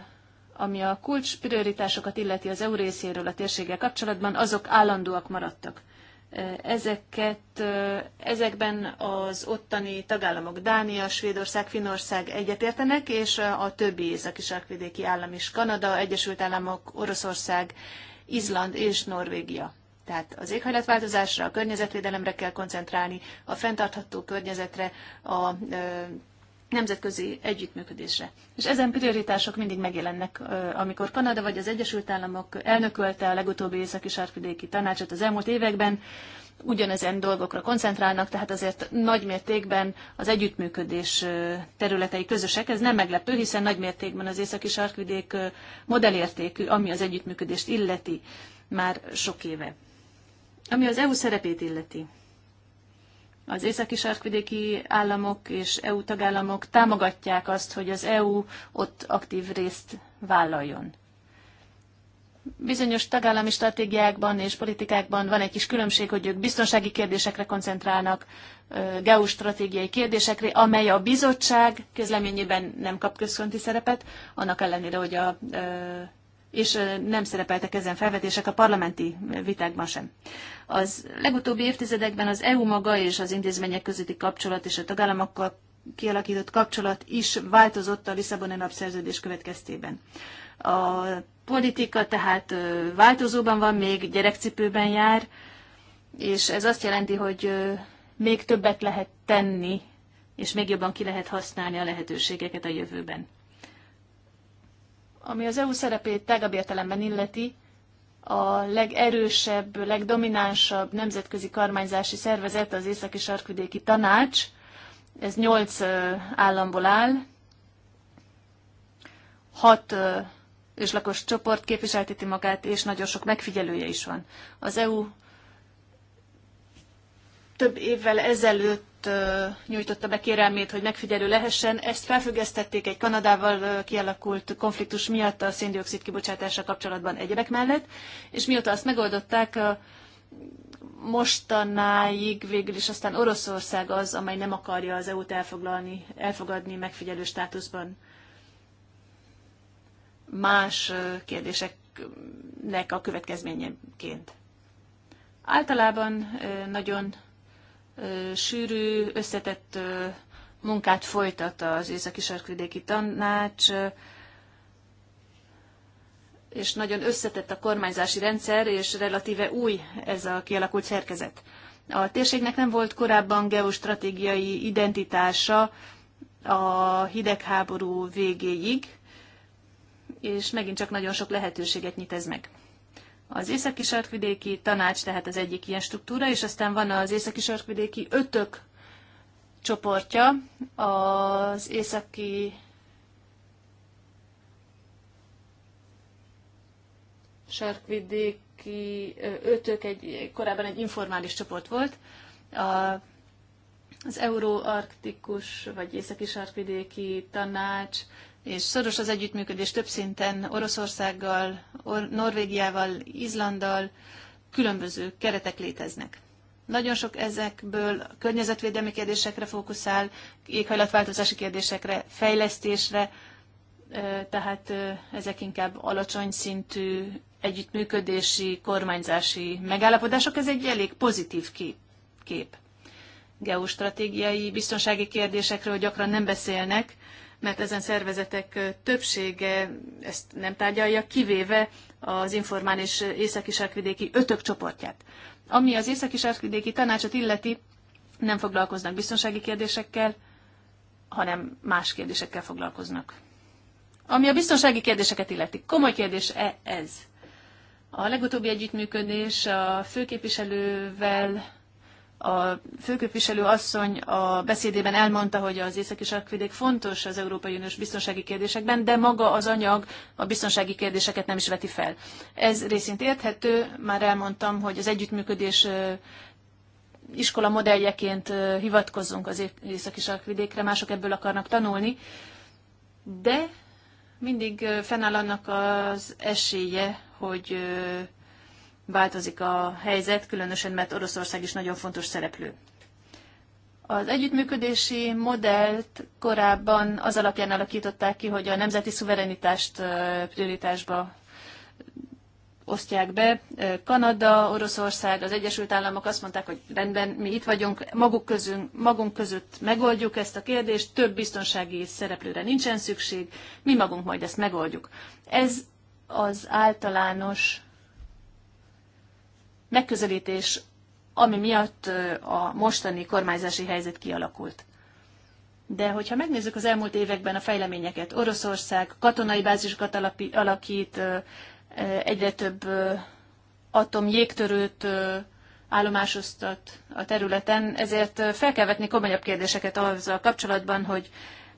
ami a kulcs prioritásokat illeti az EU részéről a térséggel kapcsolatban, azok állandóak maradtak. Ezeket, ezekben az ottani tagállamok Dánia, Svédország, Finnország egyetértenek, és a többi északi sarkvidéki állam is, Kanada, Egyesült Államok, Oroszország Izland és Norvégia. Tehát az éghajlatváltozásra, a környezetvédelemre kell koncentrálni, a fenntartható környezetre, a nemzetközi együttműködésre. És ezen prioritások mindig megjelennek, amikor Kanada vagy az Egyesült Államok elnökölte a legutóbbi északi sárvidéki tanácsot az elmúlt években ugyanezen dolgokra koncentrálnak, tehát azért nagy mértékben az együttműködés területei közösek. Ez nem meglepő, hiszen nagy mértékben az északi sarkvidék modellértékű, ami az együttműködést illeti már sok éve. Ami az EU szerepét illeti. Az északi sarkvidéki államok és EU tagállamok támogatják azt, hogy az EU ott aktív részt vállaljon bizonyos tagállami stratégiákban és politikákban van egy kis különbség, hogy ők biztonsági kérdésekre koncentrálnak, geostratégiai kérdésekre, amely a bizottság közleményében nem kap központi szerepet, annak ellenére, hogy a és nem szerepeltek ezen felvetések a parlamenti vitákban sem. Az legutóbbi évtizedekben az EU maga és az intézmények közötti kapcsolat és a tagállamokkal kialakított kapcsolat is változott a Lisszaboni napszerződés következtében. A politika tehát változóban van, még gyerekcipőben jár, és ez azt jelenti, hogy még többet lehet tenni, és még jobban ki lehet használni a lehetőségeket a jövőben. Ami az EU szerepét tágabb értelemben illeti, a legerősebb, legdominánsabb nemzetközi kormányzási szervezet az Északi Sarkvidéki Tanács. Ez nyolc államból áll, hat őslakos csoport képviselteti magát, és nagyon sok megfigyelője is van. Az EU több évvel ezelőtt nyújtotta be kérelmét, hogy megfigyelő lehessen. Ezt felfüggesztették egy Kanadával kialakult konfliktus miatt a széndiokszid kibocsátása kapcsolatban egyebek mellett, és mióta azt megoldották, mostanáig végül is aztán Oroszország az, amely nem akarja az EU-t elfoglalni, elfogadni megfigyelő státuszban más kérdéseknek a következményeként. Általában nagyon sűrű, összetett munkát folytat az északi sarkvidéki tanács, és nagyon összetett a kormányzási rendszer, és relatíve új ez a kialakult szerkezet. A térségnek nem volt korábban geostratégiai identitása a hidegháború végéig, és megint csak nagyon sok lehetőséget nyit ez meg. Az északi sarkvidéki tanács tehát az egyik ilyen struktúra, és aztán van az északi sarkvidéki ötök csoportja, az északi sarkvidéki ötök egy, korábban egy informális csoport volt, a, az Euróarktikus vagy északi sarkvidéki tanács és szoros az együttműködés több szinten Oroszországgal, Or- Norvégiával, Izlanddal, különböző keretek léteznek. Nagyon sok ezekből környezetvédelmi kérdésekre fókuszál, éghajlatváltozási kérdésekre, fejlesztésre, tehát ezek inkább alacsony szintű együttműködési, kormányzási megállapodások. Ez egy elég pozitív kép. kép. Geostratégiai, biztonsági kérdésekről gyakran nem beszélnek, mert ezen szervezetek többsége ezt nem tárgyalja, kivéve az informális északi sárkvidéki ötök csoportját. Ami az északi sárkvidéki tanácsot illeti, nem foglalkoznak biztonsági kérdésekkel, hanem más kérdésekkel foglalkoznak. Ami a biztonsági kérdéseket illeti, komoly kérdés-e ez? A legutóbbi együttműködés a főképviselővel a főképviselő asszony a beszédében elmondta, hogy az északi sarkvidék fontos az Európai Uniós biztonsági kérdésekben, de maga az anyag a biztonsági kérdéseket nem is veti fel. Ez részint érthető, már elmondtam, hogy az együttműködés iskola modelljeként hivatkozzunk az északi sarkvidékre, mások ebből akarnak tanulni, de mindig fennáll annak az esélye, hogy változik a helyzet, különösen mert Oroszország is nagyon fontos szereplő. Az együttműködési modellt korábban az alapján alakították ki, hogy a nemzeti szuverenitást prioritásba osztják be. Kanada, Oroszország, az Egyesült Államok azt mondták, hogy rendben, mi itt vagyunk, maguk közünk, magunk között megoldjuk ezt a kérdést, több biztonsági szereplőre nincsen szükség, mi magunk majd ezt megoldjuk. Ez az általános megközelítés, ami miatt a mostani kormányzási helyzet kialakult. De hogyha megnézzük az elmúlt években a fejleményeket, Oroszország katonai bázisokat alakít, egyre több atomjégtörőt állomásoztat a területen, ezért fel kell vetni komolyabb kérdéseket azzal kapcsolatban, hogy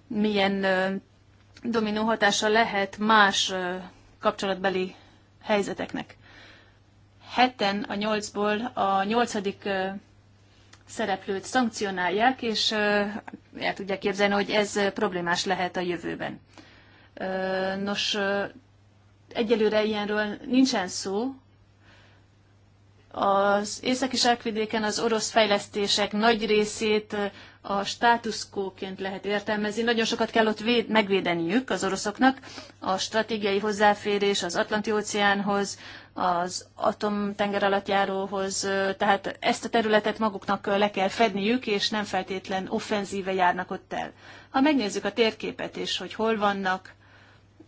milyen dominó hatása lehet más kapcsolatbeli helyzeteknek heten a nyolcból a nyolcadik szereplőt szankcionálják, és el tudják képzelni, hogy ez problémás lehet a jövőben. Nos, egyelőre ilyenről nincsen szó, az északi sarkvidéken az orosz fejlesztések nagy részét a státuszkóként lehet értelmezni. Nagyon sokat kell ott véd, megvédeniük az oroszoknak. A stratégiai hozzáférés az Atlanti-óceánhoz, az atomtenger alatt járóhoz, tehát ezt a területet maguknak le kell fedniük, és nem feltétlen offenzíve járnak ott el. Ha megnézzük a térképet és hogy hol vannak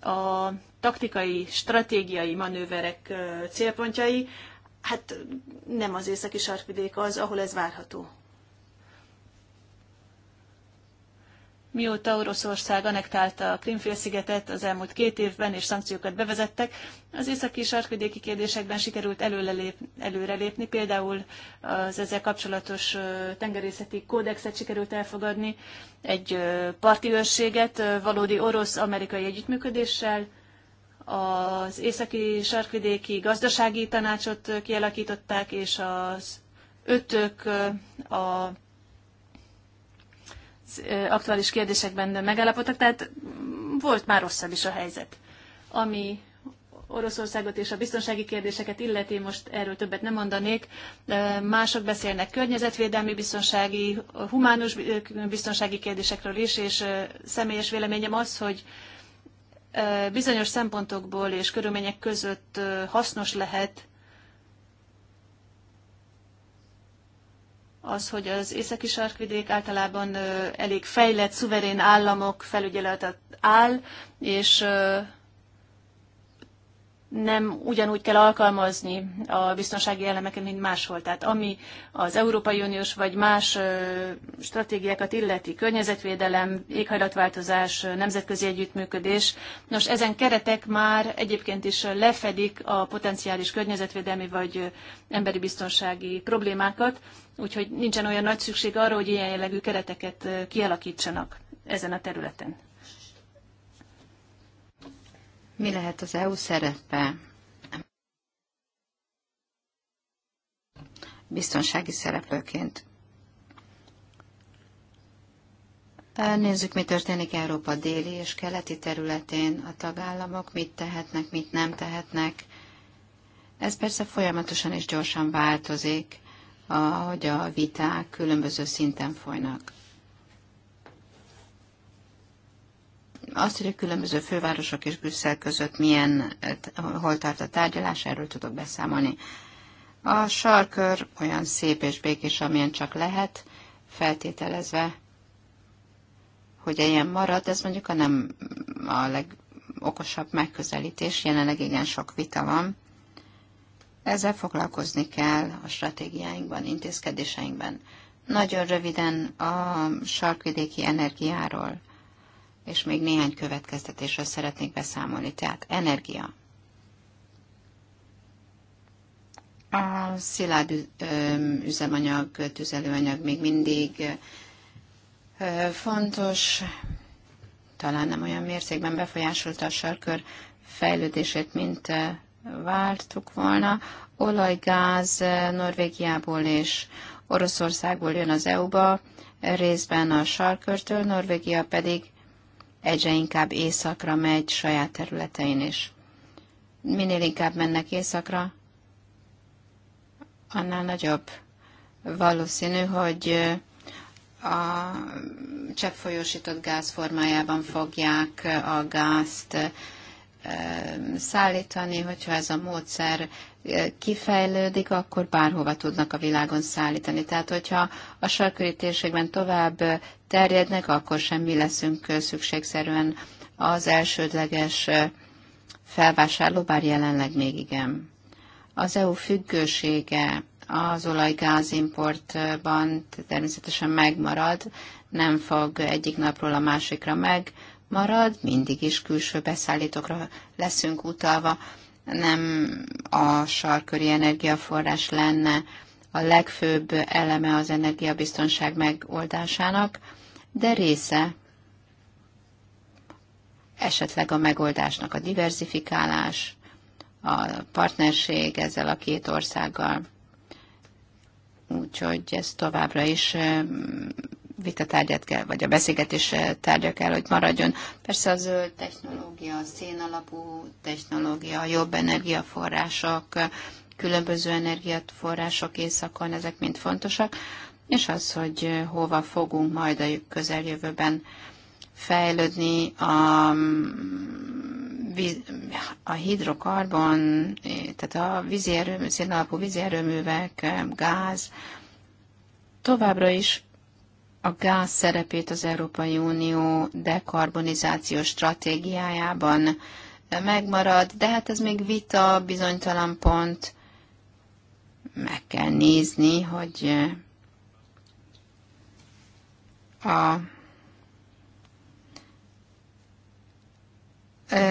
a taktikai, stratégiai manőverek célpontjai, hát nem az északi sarkvidék az, ahol ez várható. Mióta Oroszország anektálta a Krimfélszigetet az elmúlt két évben, és szankciókat bevezettek, az északi sarkvidéki kérdésekben sikerült előlelép, előrelépni, például az ezzel kapcsolatos tengerészeti kódexet sikerült elfogadni, egy parti őrséget valódi orosz-amerikai együttműködéssel, az északi sarkvidéki gazdasági tanácsot kialakították, és az ötök a aktuális kérdésekben megállapodtak, tehát volt már rosszabb is a helyzet. Ami Oroszországot és a biztonsági kérdéseket illeti, most erről többet nem mondanék. Mások beszélnek környezetvédelmi, biztonsági, humánus biztonsági kérdésekről is, és személyes véleményem az, hogy bizonyos szempontokból és körülmények között hasznos lehet az, hogy az északi sarkvidék általában elég fejlett, szuverén államok felügyelete áll, és nem ugyanúgy kell alkalmazni a biztonsági elemeket, mint máshol. Tehát ami az Európai Uniós vagy más stratégiákat illeti, környezetvédelem, éghajlatváltozás, nemzetközi együttműködés, nos ezen keretek már egyébként is lefedik a potenciális környezetvédelmi vagy emberi biztonsági problémákat, úgyhogy nincsen olyan nagy szükség arra, hogy ilyen jellegű kereteket kialakítsanak ezen a területen. Mi lehet az EU szerepe? Biztonsági szereplőként. Nézzük, mi történik Európa déli és keleti területén, a tagállamok mit tehetnek, mit nem tehetnek. Ez persze folyamatosan és gyorsan változik, ahogy a viták különböző szinten folynak. Azt, hogy a különböző fővárosok és Brüsszel között milyen, hol tart a tárgyalás, erről tudok beszámolni. A sarkör olyan szép és békés, amilyen csak lehet, feltételezve, hogy ilyen marad, ez mondjuk a nem a legokosabb megközelítés, jelenleg igen sok vita van. Ezzel foglalkozni kell a stratégiáinkban, intézkedéseinkben. Nagyon röviden a sarkvidéki energiáról és még néhány következtetésről szeretnék beszámolni. Tehát energia. A szilárd üzemanyag, tüzelőanyag még mindig fontos, talán nem olyan mértékben befolyásolta a sarkör fejlődését, mint vártuk volna. Olajgáz Norvégiából és Oroszországból jön az EU-ba, részben a sarkörtől, Norvégia pedig egyre inkább északra megy saját területein is. Minél inkább mennek északra, annál nagyobb valószínű, hogy a cseppfolyósított gáz formájában fogják a gázt szállítani, hogyha ez a módszer kifejlődik, akkor bárhova tudnak a világon szállítani. Tehát, hogyha a sarköri térségben tovább terjednek, akkor sem mi leszünk szükségszerűen az elsődleges felvásárló, bár jelenleg még igen. Az EU függősége az olajgázimportban természetesen megmarad, nem fog egyik napról a másikra megmarad, mindig is külső beszállítókra leszünk utalva nem a sarköri energiaforrás lenne a legfőbb eleme az energiabiztonság megoldásának, de része esetleg a megoldásnak a diversifikálás, a partnerség ezzel a két országgal. Úgyhogy ez továbbra is vitatárgyát kell, vagy a beszélgetés eh, tárgya kell, hogy maradjon. Persze a zöld technológia, a szén alapú technológia, a jobb energiaforrások, eh, különböző energiaforrások északon, ezek mind fontosak, és az, hogy eh, hova fogunk majd a közeljövőben fejlődni a, mm, a hidrokarbon, tehát a vízierőmű, alapú vízierőművek, gáz, továbbra is a gáz szerepét az Európai Unió dekarbonizációs stratégiájában megmarad, de hát ez még vita, bizonytalan pont. Meg kell nézni, hogy a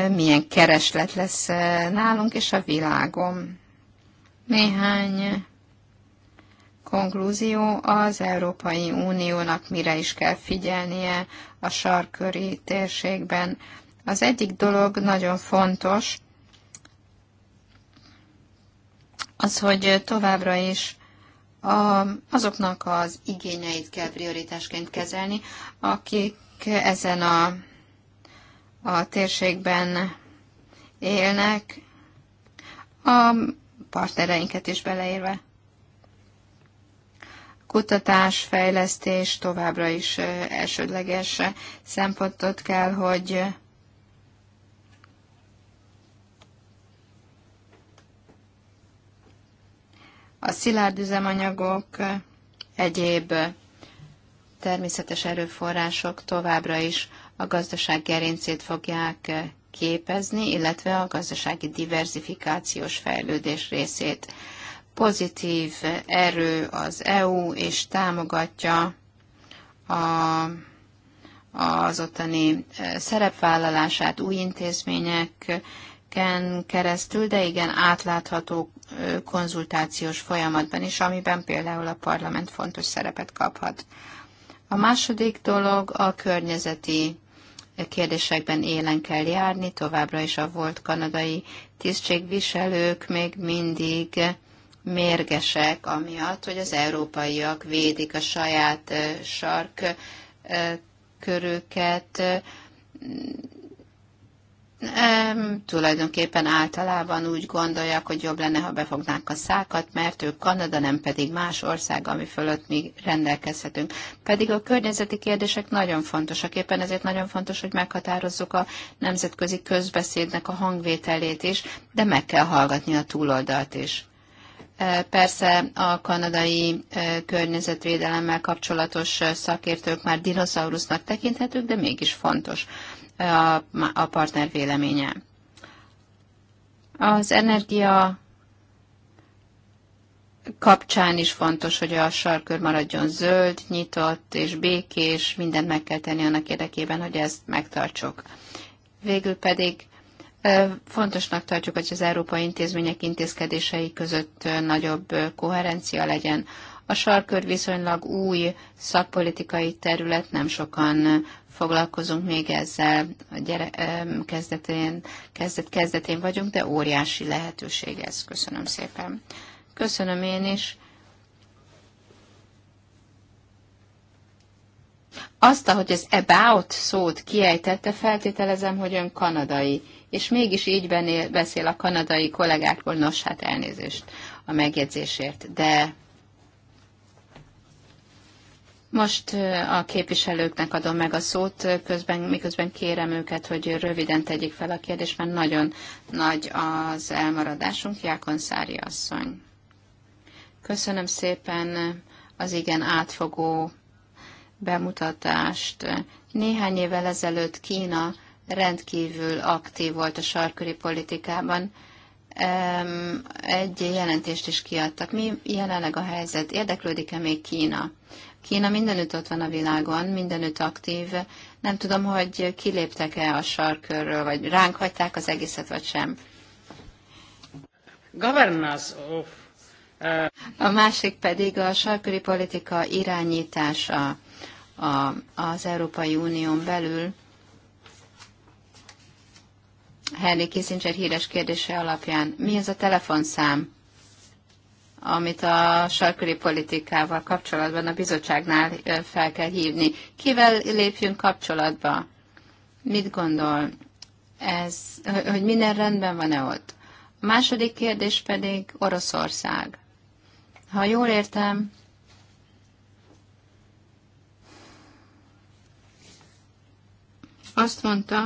milyen kereslet lesz nálunk és a világon. Néhány Konklúzió az Európai Uniónak mire is kell figyelnie a sarköri térségben. Az egyik dolog nagyon fontos, az, hogy továbbra is a, azoknak az igényeit kell prioritásként kezelni, akik ezen a, a térségben élnek, a partnereinket is beleérve kutatás, fejlesztés továbbra is elsődleges szempontot kell, hogy a szilárd üzemanyagok, egyéb természetes erőforrások továbbra is a gazdaság gerincét fogják képezni, illetve a gazdasági diversifikációs fejlődés részét pozitív erő az EU, és támogatja a, az ottani e, szerepvállalását új intézményeken keresztül, de igen, átlátható e, konzultációs folyamatban is, amiben például a parlament fontos szerepet kaphat. A második dolog a környezeti kérdésekben élen kell járni, továbbra is a volt kanadai tisztségviselők még mindig mérgesek, amiatt, hogy az európaiak védik a saját sark körüket. Nem, tulajdonképpen általában úgy gondolják, hogy jobb lenne, ha befognánk a szákat, mert ők Kanada, nem pedig más ország, ami fölött mi rendelkezhetünk. Pedig a környezeti kérdések nagyon fontosak, éppen ezért nagyon fontos, hogy meghatározzuk a nemzetközi közbeszédnek a hangvételét is, de meg kell hallgatni a túloldalt is. E, persze a kanadai e, környezetvédelemmel kapcsolatos e, szakértők már dinoszaurusznak tekinthetők, de mégis fontos a partner véleménye. Az energia kapcsán is fontos, hogy a sarkör maradjon zöld, nyitott és békés, mindent meg kell tenni annak érdekében, hogy ezt megtartsuk. Végül pedig Fontosnak tartjuk, hogy az európai intézmények intézkedései között nagyobb koherencia legyen. A sarkör viszonylag új szakpolitikai terület, nem sokan foglalkozunk még ezzel, a gyere, kezdetén, kezdet, kezdetén vagyunk, de óriási lehetőség ez. Köszönöm szépen. Köszönöm én is. Azt, ahogy az about szót kiejtette, feltételezem, hogy ön kanadai és mégis így beszél a kanadai kollégákról, nos, hát elnézést a megjegyzésért. De most a képviselőknek adom meg a szót, közben, miközben kérem őket, hogy röviden tegyék fel a kérdést, mert nagyon nagy az elmaradásunk. Jákon Szári asszony. Köszönöm szépen az igen átfogó bemutatást. Néhány évvel ezelőtt Kína rendkívül aktív volt a sarköri politikában. Egy jelentést is kiadtak. Mi jelenleg a helyzet? Érdeklődik-e még Kína? Kína mindenütt ott van a világon, mindenütt aktív. Nem tudom, hogy kiléptek-e a sarkörről, vagy ránk hagyták az egészet, vagy sem. Governance of uh, a másik pedig a sarköri politika irányítása az Európai Unión belül Henry Kissinger híres kérdése alapján. Mi ez a telefonszám, amit a sarköri politikával kapcsolatban a bizottságnál fel kell hívni? Kivel lépjünk kapcsolatba? Mit gondol? Ez, hogy minden rendben van-e ott? A második kérdés pedig Oroszország. Ha jól értem, azt mondta,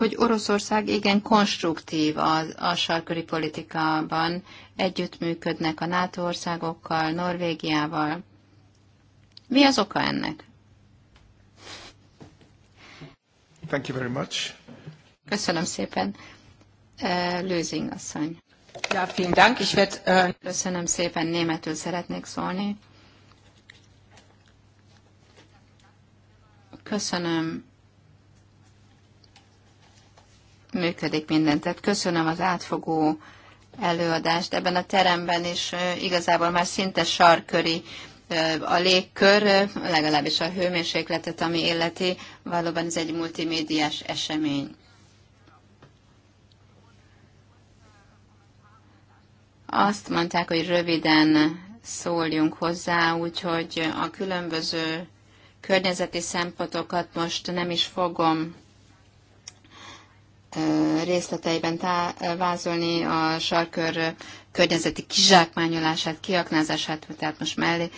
hogy Oroszország igen konstruktív a, a sarköri politikában, együttműködnek a NATO országokkal, Norvégiával. Mi az oka ennek? Thank you very much. Köszönöm szépen. Lőzing asszony. Ja, vielen Dank. Ich werd, uh... Köszönöm szépen, németül szeretnék szólni. Köszönöm működik minden. Tehát köszönöm az átfogó előadást ebben a teremben, és igazából már szinte sarköri a légkör, legalábbis a hőmérsékletet, ami életi, valóban ez egy multimédiás esemény. Azt mondták, hogy röviden szóljunk hozzá, úgyhogy a különböző környezeti szempontokat most nem is fogom részleteiben tá- vázolni a sarkör környezeti kizsákmányolását, kiaknázását, tehát most mellé,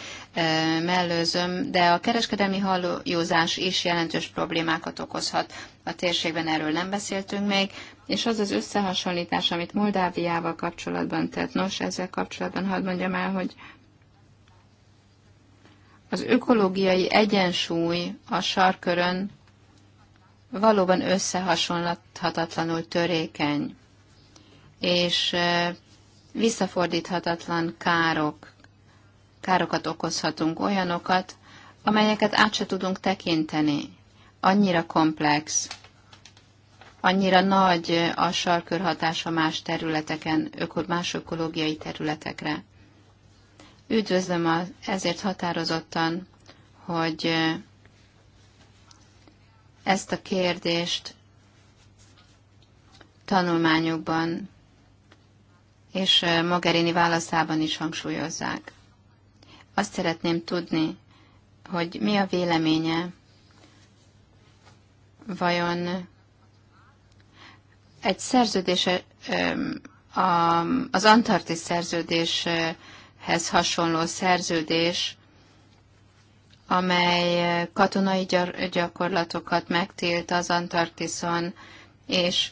mellőzöm, de a kereskedelmi hajózás is jelentős problémákat okozhat. A térségben erről nem beszéltünk még, és az az összehasonlítás, amit Moldáviával kapcsolatban tett, nos, ezzel kapcsolatban hadd mondjam el, hogy az ökológiai egyensúly a sarkörön valóban összehasonlathatatlanul törékeny, és visszafordíthatatlan károk, károkat okozhatunk, olyanokat, amelyeket át se tudunk tekinteni. Annyira komplex, annyira nagy a sarkörhatása más területeken, más ökológiai területekre. Üdvözlöm ezért határozottan, hogy ezt a kérdést tanulmányokban és Mogherini válaszában is hangsúlyozzák. Azt szeretném tudni, hogy mi a véleménye, vajon egy szerződés, az Antarktisz szerződéshez hasonló szerződés amely eh, katonai gyakorlatokat megtilt az Antarktiszon, és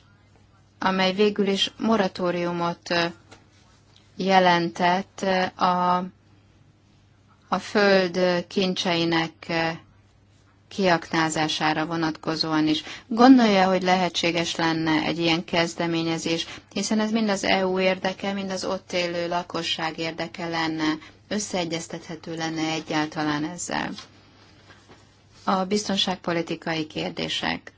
amely végül is moratóriumot eh, jelentett eh, a, a föld kincseinek kiaknázására vonatkozóan is. Gondolja, hogy lehetséges lenne egy ilyen kezdeményezés, hiszen ez mind az EU érdeke, mind az ott élő lakosság érdeke lenne, összeegyeztethető lenne egyáltalán ezzel a biztonságpolitikai kérdések.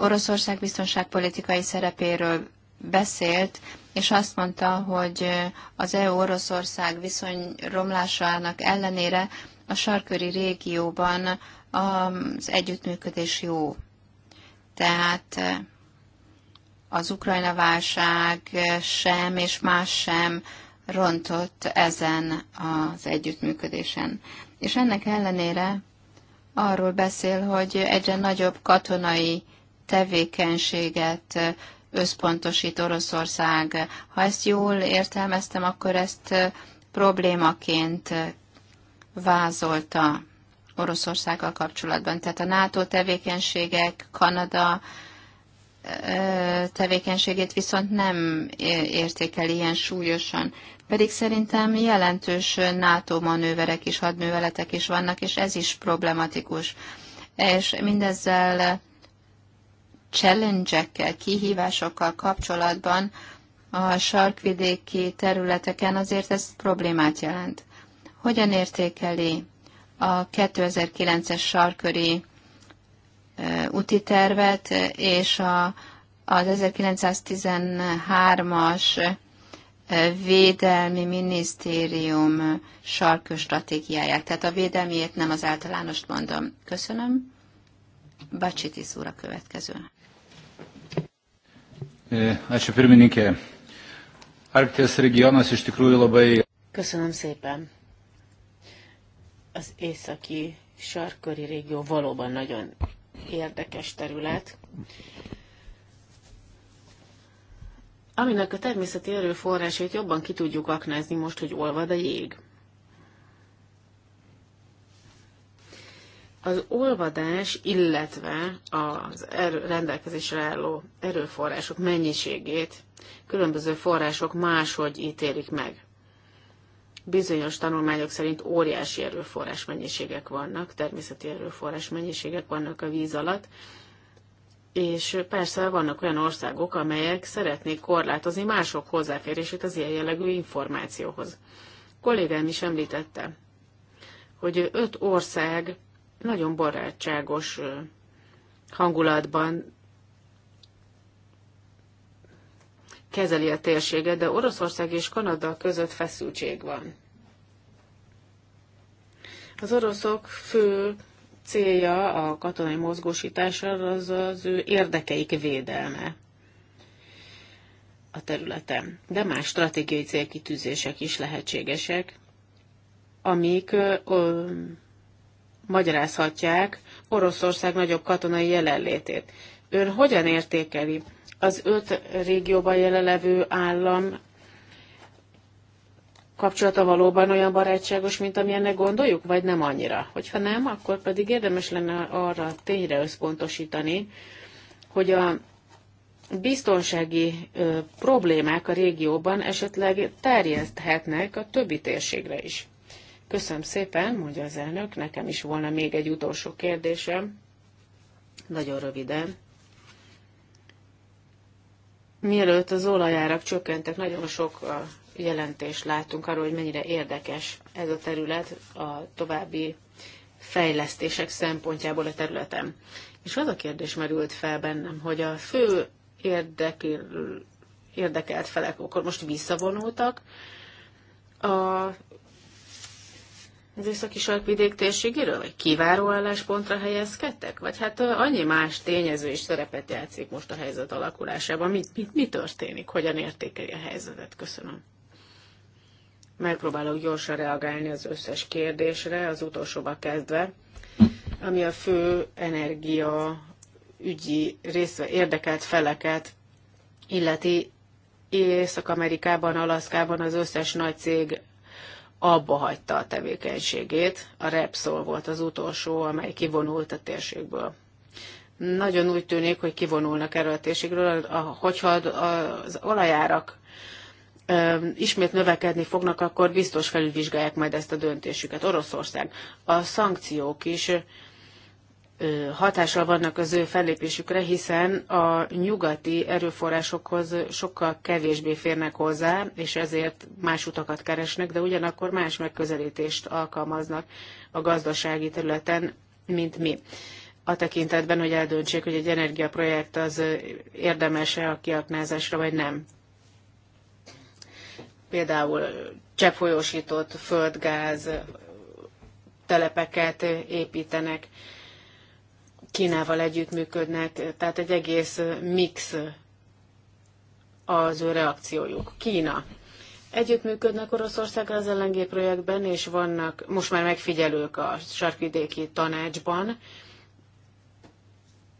Oroszország biztonságpolitikai szerepéről beszélt, és azt mondta, hogy az EU-Oroszország viszony romlásának ellenére a sarköri régióban az együttműködés jó. Tehát az ukrajna válság sem és más sem rontott ezen az együttműködésen. És ennek ellenére arról beszél, hogy egyre nagyobb katonai tevékenységet összpontosít Oroszország. Ha ezt jól értelmeztem, akkor ezt problémaként vázolta Oroszországgal kapcsolatban. Tehát a NATO tevékenységek, Kanada tevékenységét viszont nem értékel ilyen súlyosan. Pedig szerintem jelentős NATO manőverek is, hadműveletek is vannak, és ez is problematikus. És mindezzel challenge kihívásokkal kapcsolatban a sarkvidéki területeken azért ez problémát jelent. Hogyan értékeli a 2009-es sarköri úti tervet és a, az 1913-as védelmi minisztérium sarkő stratégiáját. Tehát a védelmiét nem az általánost mondom. Köszönöm. Bacsiti úr a következő. Eh, Köszönöm szépen. Az északi sarkori régió valóban nagyon érdekes terület aminek a természeti erőforrásait jobban ki tudjuk aknázni most, hogy olvad a jég. Az olvadás, illetve az erő, rendelkezésre álló erőforrások mennyiségét különböző források máshogy ítélik meg. Bizonyos tanulmányok szerint óriási erőforrás mennyiségek vannak, természeti erőforrás mennyiségek vannak a víz alatt, és persze vannak olyan országok, amelyek szeretnék korlátozni mások hozzáférését az ilyen jellegű információhoz. A kollégám is említette, hogy öt ország nagyon barátságos hangulatban kezeli a térséget, de Oroszország és Kanada között feszültség van. Az oroszok fő célja a katonai mozgósítás az az ő érdekeik védelme a területen. De más stratégiai célkitűzések is lehetségesek, amik ö, ö, magyarázhatják Oroszország nagyobb katonai jelenlétét. Ön hogyan értékeli az öt régióban jelenlevő állam kapcsolata valóban olyan barátságos, mint amilyennek gondoljuk, vagy nem annyira? Hogyha nem, akkor pedig érdemes lenne arra tényre összpontosítani, hogy a biztonsági ö, problémák a régióban esetleg terjeszthetnek a többi térségre is. Köszönöm szépen, mondja az elnök, nekem is volna még egy utolsó kérdésem. Nagyon röviden. Mielőtt az olajárak csökkentek, nagyon sok a jelentést látunk arról, hogy mennyire érdekes ez a terület a további fejlesztések szempontjából a területen. És az a kérdés merült fel bennem, hogy a fő érdekl, érdekelt felek akkor most visszavonultak a, az északi sarkvidék térségéről, vagy kiváró álláspontra helyezkedtek? Vagy hát annyi más tényező és szerepet játszik most a helyzet alakulásában. Mi, mi, mi történik? Hogyan értékeli a helyzetet? Köszönöm. Megpróbálok gyorsan reagálni az összes kérdésre, az utolsóba kezdve, ami a fő energia ügyi részve érdekelt feleket illeti Észak-Amerikában, Alaszkában az összes nagy cég abba hagyta a tevékenységét. A Repsol volt az utolsó, amely kivonult a térségből. Nagyon úgy tűnik, hogy kivonulnak erről a térségről, hogyha az olajárak ismét növekedni fognak, akkor biztos felülvizsgálják majd ezt a döntésüket. Oroszország. A szankciók is hatással vannak az ő fellépésükre, hiszen a nyugati erőforrásokhoz sokkal kevésbé férnek hozzá, és ezért más utakat keresnek, de ugyanakkor más megközelítést alkalmaznak a gazdasági területen, mint mi. A tekintetben, hogy eldöntsék, hogy egy energiaprojekt az érdemese a kiaknázásra, vagy nem például cseppfolyósított földgáz telepeket építenek, Kínával együttműködnek, tehát egy egész mix az ő reakciójuk. Kína. Együttműködnek Oroszországgal az LNG projektben, és vannak most már megfigyelők a sarkvidéki tanácsban.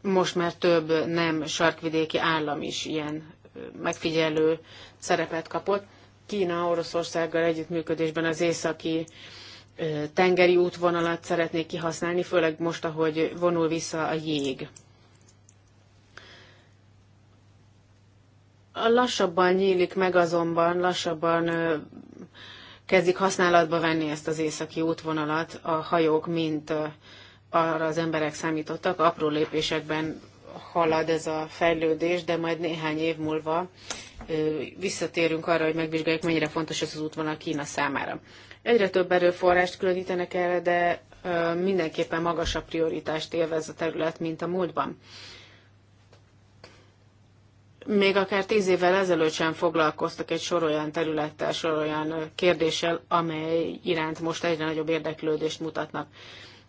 Most már több nem sarkvidéki állam is ilyen megfigyelő szerepet kapott. Kína Oroszországgal együttműködésben az északi tengeri útvonalat szeretnék kihasználni, főleg most, ahogy vonul vissza a jég. Lassabban nyílik meg azonban, lassabban kezdik használatba venni ezt az északi útvonalat a hajók, mint arra az emberek számítottak, apró lépésekben halad ez a fejlődés, de majd néhány év múlva visszatérünk arra, hogy megvizsgáljuk, mennyire fontos ez az útvonal Kína számára. Egyre több erőforrást különítenek erre, de mindenképpen magasabb prioritást élvez a terület, mint a múltban. Még akár tíz évvel ezelőtt sem foglalkoztak egy sor olyan területtel, sor olyan kérdéssel, amely iránt most egyre nagyobb érdeklődést mutatnak.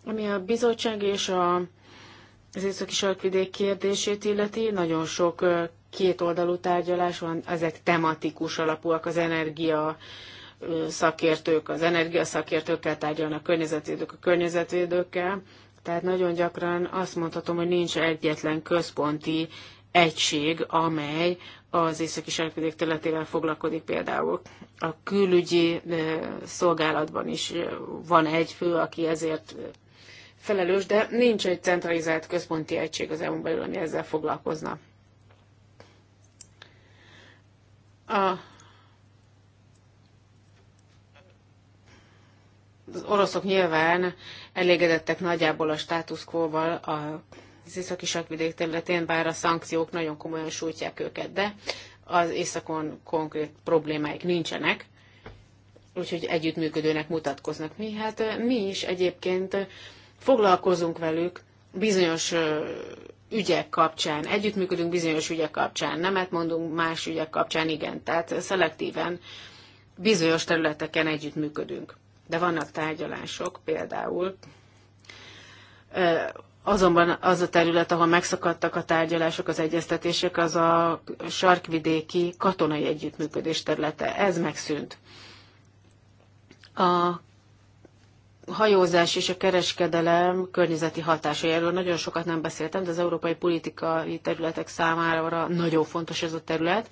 Ami a bizottság és a az északi sarkvidék kérdését illeti, nagyon sok kétoldalú tárgyalás van, ezek tematikus alapúak, az energia szakértők, az energia szakértőkkel tárgyalnak, a környezetvédők a környezetvédőkkel, tehát nagyon gyakran azt mondhatom, hogy nincs egyetlen központi egység, amely az északi sarkvidék területével foglalkozik például. A külügyi szolgálatban is van egy fő, aki ezért felelős, de nincs egy centralizált központi egység az EU-n belül, ami ezzel foglalkozna. A az oroszok nyilván elégedettek nagyjából a status quo-val az északi sakvidék területén, bár a szankciók nagyon komolyan sújtják őket, de az északon konkrét problémáik nincsenek, úgyhogy együttműködőnek mutatkoznak mi. Hát mi is egyébként foglalkozunk velük bizonyos ügyek kapcsán, együttműködünk bizonyos ügyek kapcsán, nemet mondunk más ügyek kapcsán, igen, tehát szelektíven bizonyos területeken együttműködünk. De vannak tárgyalások, például azonban az a terület, ahol megszakadtak a tárgyalások, az egyeztetések, az a sarkvidéki katonai együttműködés területe. Ez megszűnt. A hajózás és a kereskedelem környezeti hatásai. Erről nagyon sokat nem beszéltem, de az európai politikai területek számára nagyon fontos ez a terület.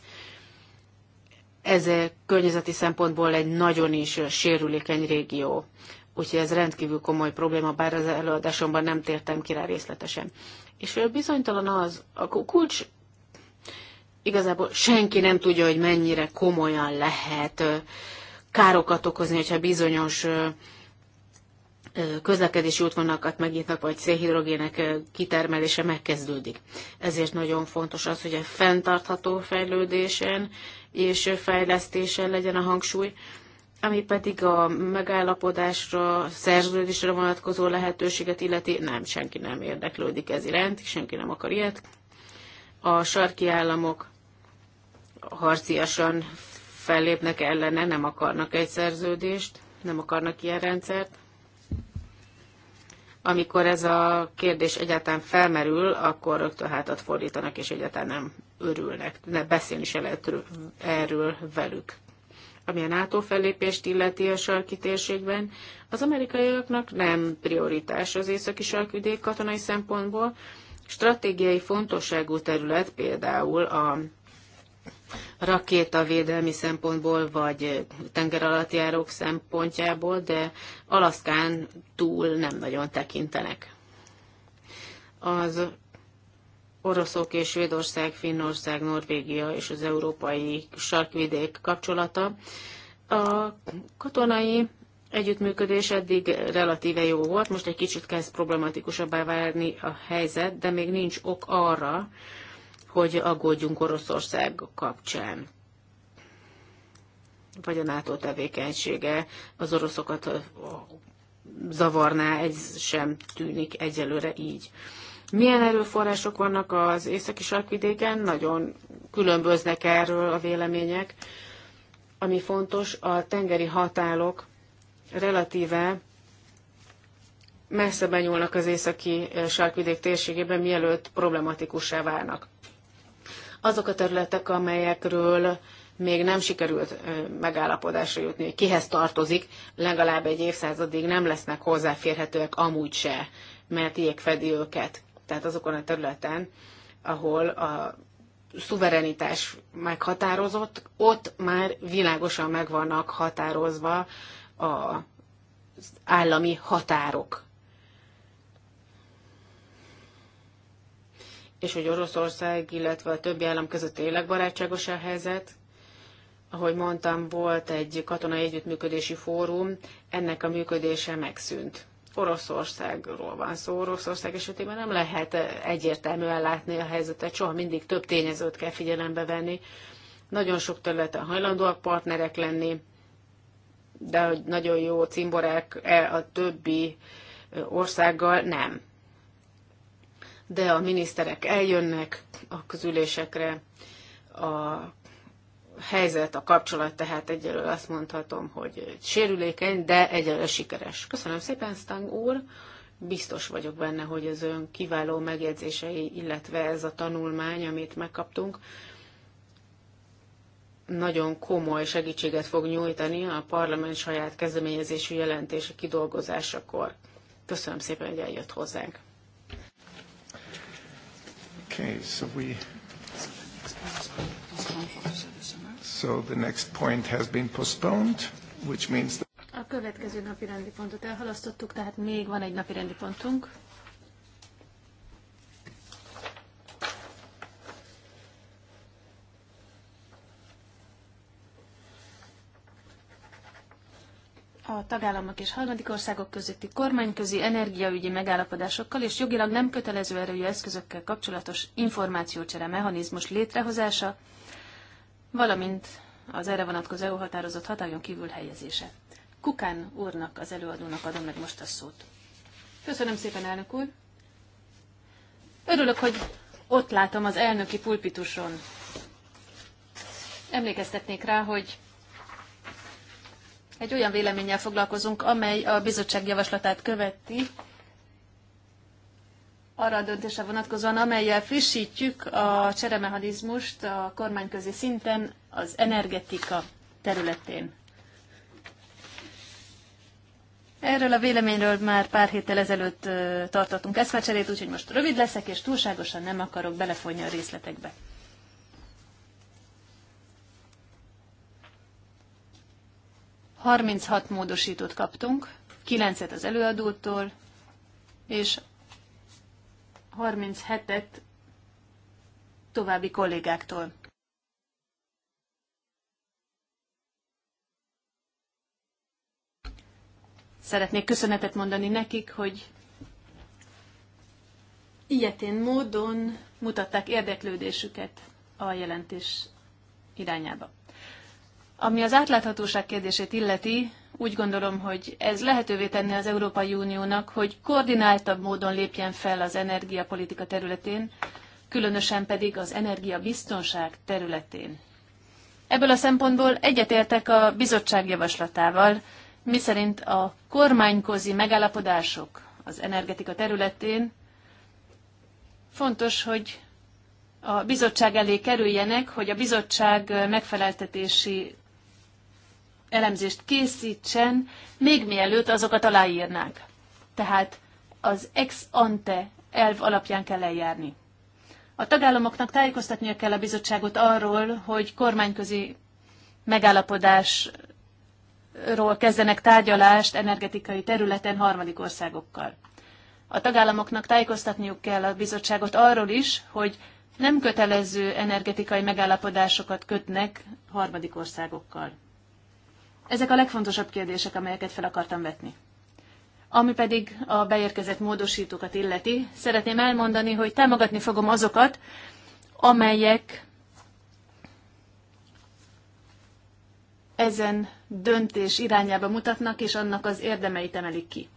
Ez környezeti szempontból egy nagyon is sérülékeny régió. Úgyhogy ez rendkívül komoly probléma, bár az előadásomban nem tértem ki rá részletesen. És bizonytalan az, a kulcs igazából senki nem tudja, hogy mennyire komolyan lehet károkat okozni, hogyha bizonyos közlekedési útvonalakat megnyitnak, vagy szélhidrogének kitermelése megkezdődik. Ezért nagyon fontos az, hogy a fenntartható fejlődésen és fejlesztésen legyen a hangsúly, ami pedig a megállapodásra, szerződésre vonatkozó lehetőséget illeti, nem, senki nem érdeklődik ez iránt, senki nem akar ilyet. A sarki államok harciasan fellépnek ellene, nem akarnak egy szerződést, nem akarnak ilyen rendszert amikor ez a kérdés egyáltalán felmerül, akkor rögtön hátat fordítanak, és egyáltalán nem örülnek, ne beszélni se lehet erről velük. Ami a NATO fellépést illeti a sarki térségben, az amerikaiaknak nem prioritás az északi sarkvidék katonai szempontból, stratégiai fontosságú terület, például a rakétavédelmi szempontból, vagy tengeralattjárók szempontjából, de Alaszkán túl nem nagyon tekintenek. Az oroszok és Svédország, Finnország, Norvégia és az európai sarkvidék kapcsolata. A katonai együttműködés eddig relatíve jó volt, most egy kicsit kezd problematikusabbá válni a helyzet, de még nincs ok arra, hogy aggódjunk Oroszország kapcsán vagy a NATO tevékenysége az oroszokat zavarná, ez sem tűnik egyelőre így. Milyen erőforrások vannak az északi sarkvidéken? Nagyon különböznek erről a vélemények. Ami fontos, a tengeri hatálok relatíve messze benyúlnak az északi sarkvidék térségében, mielőtt problematikussá válnak azok a területek, amelyekről még nem sikerült megállapodásra jutni, hogy kihez tartozik, legalább egy évszázadig nem lesznek hozzáférhetőek amúgy se, mert ilyek fedi őket. Tehát azokon a területen, ahol a szuverenitás meghatározott, ott már világosan meg vannak határozva az állami határok. és hogy Oroszország, illetve a többi állam között tényleg barátságos a helyzet. Ahogy mondtam, volt egy katonai együttműködési fórum, ennek a működése megszűnt. Oroszországról van szó, Oroszország esetében nem lehet egyértelműen látni a helyzetet, soha mindig több tényezőt kell figyelembe venni. Nagyon sok területen hajlandóak partnerek lenni, de hogy nagyon jó cimborák a többi országgal nem de a miniszterek eljönnek a közülésekre, a helyzet, a kapcsolat, tehát egyelőre azt mondhatom, hogy sérülékeny, de egyelőre sikeres. Köszönöm szépen, Stang úr! Biztos vagyok benne, hogy az ön kiváló megjegyzései, illetve ez a tanulmány, amit megkaptunk, nagyon komoly segítséget fog nyújtani a parlament saját kezdeményezésű jelentése kidolgozásakor. Köszönöm szépen, hogy eljött hozzánk. Okay, so we. So the next point has been postponed, which means. That... A következő napi rendi pontot elhalasztottuk, tehát még van egy napi rendi pontunk. a tagállamok és harmadik országok közötti kormányközi energiaügyi megállapodásokkal és jogilag nem kötelező erőjű eszközökkel kapcsolatos információcsere mechanizmus létrehozása, valamint az erre vonatkozó EU határozott hatályon kívül helyezése. Kukán úrnak, az előadónak adom meg most a szót. Köszönöm szépen, elnök úr! Örülök, hogy ott látom az elnöki pulpituson. Emlékeztetnék rá, hogy egy olyan véleménnyel foglalkozunk, amely a bizottság javaslatát követi, arra a döntése vonatkozóan, amelyel frissítjük a cseremechanizmust a kormányközi szinten az energetika területén. Erről a véleményről már pár héttel ezelőtt tartottunk eszmecserét, úgyhogy most rövid leszek, és túlságosan nem akarok belefonni a részletekbe. 36 módosítót kaptunk, 9-et az előadótól, és 37-et további kollégáktól. Szeretnék köszönetet mondani nekik, hogy ilyetén módon mutatták érdeklődésüket a jelentés irányába. Ami az átláthatóság kérdését illeti, úgy gondolom, hogy ez lehetővé tenni az Európai Uniónak, hogy koordináltabb módon lépjen fel az energiapolitika területén, különösen pedig az energiabiztonság területén. Ebből a szempontból egyetértek a bizottság javaslatával, miszerint a kormányközi megállapodások az energetika területén fontos, hogy a bizottság elé kerüljenek, hogy a bizottság megfeleltetési elemzést készítsen, még mielőtt azokat aláírnák. Tehát az ex ante elv alapján kell eljárni. A tagállamoknak tájékoztatnia kell a bizottságot arról, hogy kormányközi megállapodásról kezdenek tárgyalást energetikai területen harmadik országokkal. A tagállamoknak tájékoztatniuk kell a bizottságot arról is, hogy nem kötelező energetikai megállapodásokat kötnek harmadik országokkal. Ezek a legfontosabb kérdések, amelyeket fel akartam vetni. Ami pedig a beérkezett módosítókat illeti, szeretném elmondani, hogy támogatni fogom azokat, amelyek ezen döntés irányába mutatnak, és annak az érdemeit emelik ki.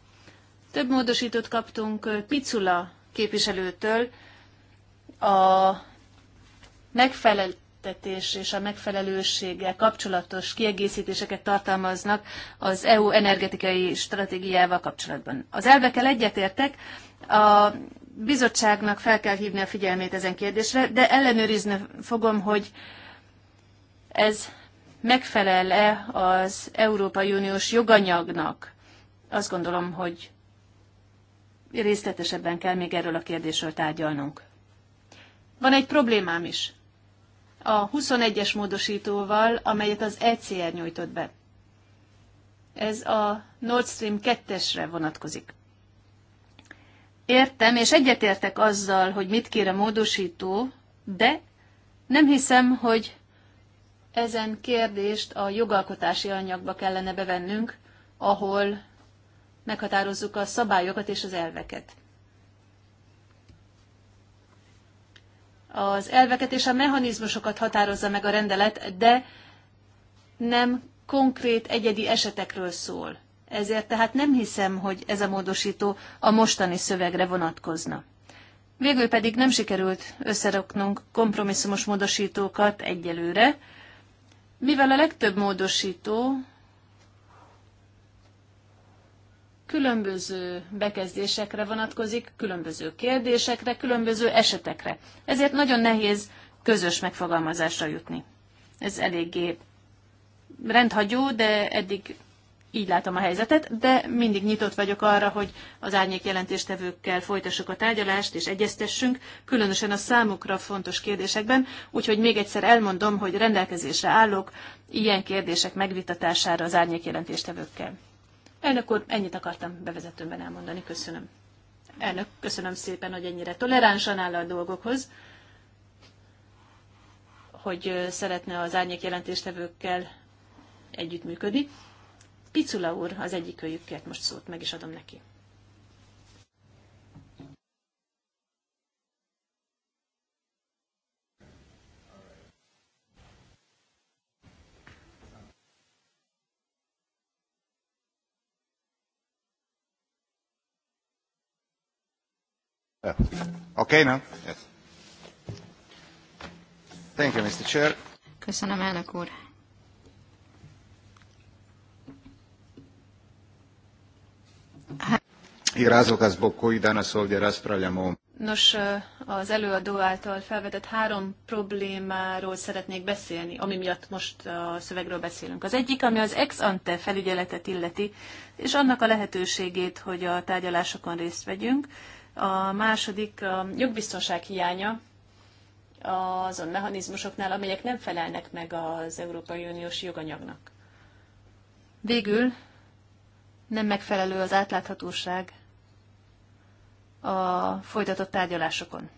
Több módosítót kaptunk eh, Picula képviselőtől a megfelelő befektetés és a megfelelőséggel kapcsolatos kiegészítéseket tartalmaznak az EU energetikai stratégiával kapcsolatban. Az elvekkel egyetértek, a bizottságnak fel kell hívni a figyelmét ezen kérdésre, de ellenőrizni fogom, hogy ez megfelel-e az Európai Uniós joganyagnak. Azt gondolom, hogy részletesebben kell még erről a kérdésről tárgyalnunk. Van egy problémám is a 21-es módosítóval, amelyet az ECR nyújtott be. Ez a Nord Stream 2-esre vonatkozik. Értem, és egyetértek azzal, hogy mit kér a módosító, de nem hiszem, hogy ezen kérdést a jogalkotási anyagba kellene bevennünk, ahol meghatározzuk a szabályokat és az elveket. az elveket és a mechanizmusokat határozza meg a rendelet, de nem konkrét egyedi esetekről szól. Ezért tehát nem hiszem, hogy ez a módosító a mostani szövegre vonatkozna. Végül pedig nem sikerült összeraknunk kompromisszumos módosítókat egyelőre, mivel a legtöbb módosító különböző bekezdésekre vonatkozik, különböző kérdésekre, különböző esetekre. Ezért nagyon nehéz közös megfogalmazásra jutni. Ez eléggé rendhagyó, de eddig így látom a helyzetet, de mindig nyitott vagyok arra, hogy az árnyék jelentéstevőkkel folytassuk a tárgyalást és egyeztessünk, különösen a számukra fontos kérdésekben, úgyhogy még egyszer elmondom, hogy rendelkezésre állok ilyen kérdések megvitatására az árnyék jelentéstevőkkel. Elnök úr, ennyit akartam bevezetőben elmondani. Köszönöm. Elnök, köszönöm szépen, hogy ennyire toleránsan áll a dolgokhoz, hogy szeretne az árnyék jelentéstevőkkel együttműködni. Picula úr az egyik őjükért most szót meg is adom neki. Okay, now? Yes. Thank you, Mr. Chair. Köszönöm, elnök úr. Nos, az előadó által felvetett három problémáról szeretnék beszélni, ami miatt most a szövegről beszélünk. Az egyik, ami az ex ante felügyeletet illeti, és annak a lehetőségét, hogy a tárgyalásokon részt vegyünk, a második a jogbiztonság hiánya azon mechanizmusoknál, amelyek nem felelnek meg az Európai Uniós joganyagnak. Végül nem megfelelő az átláthatóság a folytatott tárgyalásokon.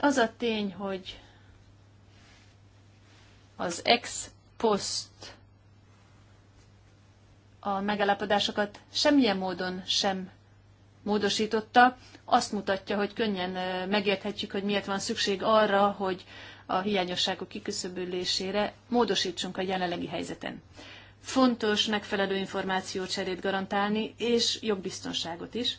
Az a tény, hogy az ex post a megállapodásokat semmilyen módon sem módosította, azt mutatja, hogy könnyen megérthetjük, hogy miért van szükség arra, hogy a hiányosságok kiküszöbölésére módosítsunk a jelenlegi helyzeten. Fontos megfelelő információcserét garantálni, és jogbiztonságot is.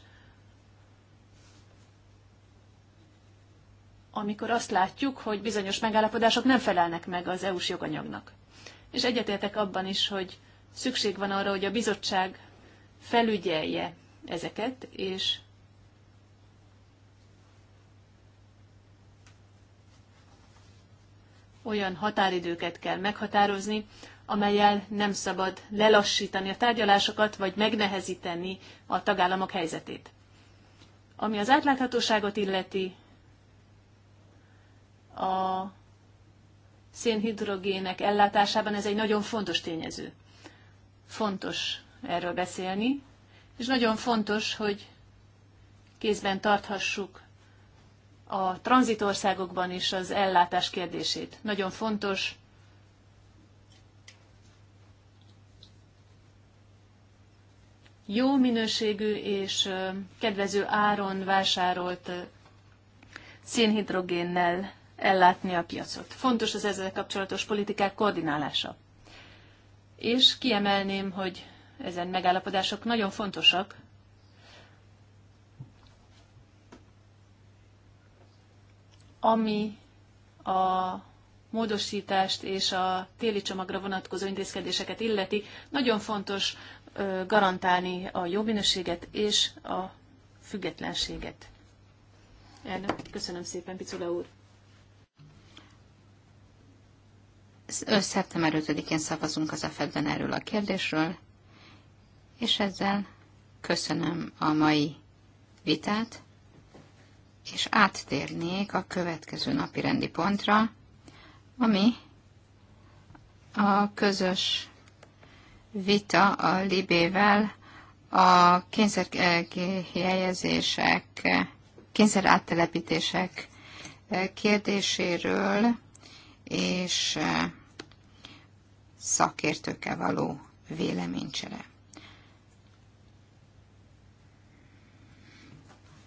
amikor azt látjuk, hogy bizonyos megállapodások nem felelnek meg az EU-s joganyagnak. És egyetértek abban is, hogy szükség van arra, hogy a bizottság felügyelje ezeket, és olyan határidőket kell meghatározni, amelyel nem szabad lelassítani a tárgyalásokat, vagy megnehezíteni a tagállamok helyzetét. Ami az átláthatóságot illeti, a szénhidrogének ellátásában ez egy nagyon fontos tényező. Fontos erről beszélni, és nagyon fontos, hogy kézben tarthassuk a tranzitországokban is az ellátás kérdését. Nagyon fontos, jó minőségű és kedvező áron vásárolt szénhidrogénnel ellátni a piacot. Fontos az ezzel kapcsolatos politikák koordinálása. És kiemelném, hogy ezen megállapodások nagyon fontosak. Ami a módosítást és a téli csomagra vonatkozó intézkedéseket illeti, nagyon fontos garantálni a jó minőséget és a függetlenséget. Elnök, köszönöm szépen, Picula úr. Szeptember 5-én szavazunk az a Fedben erről a kérdésről. És ezzel köszönöm a mai vitát, és áttérnék a következő napi rendi pontra, ami a közös vita a Libével a kényszerhelyezések, kényszer áttelepítések kérdéséről és szakértőkkel való véleménycsere.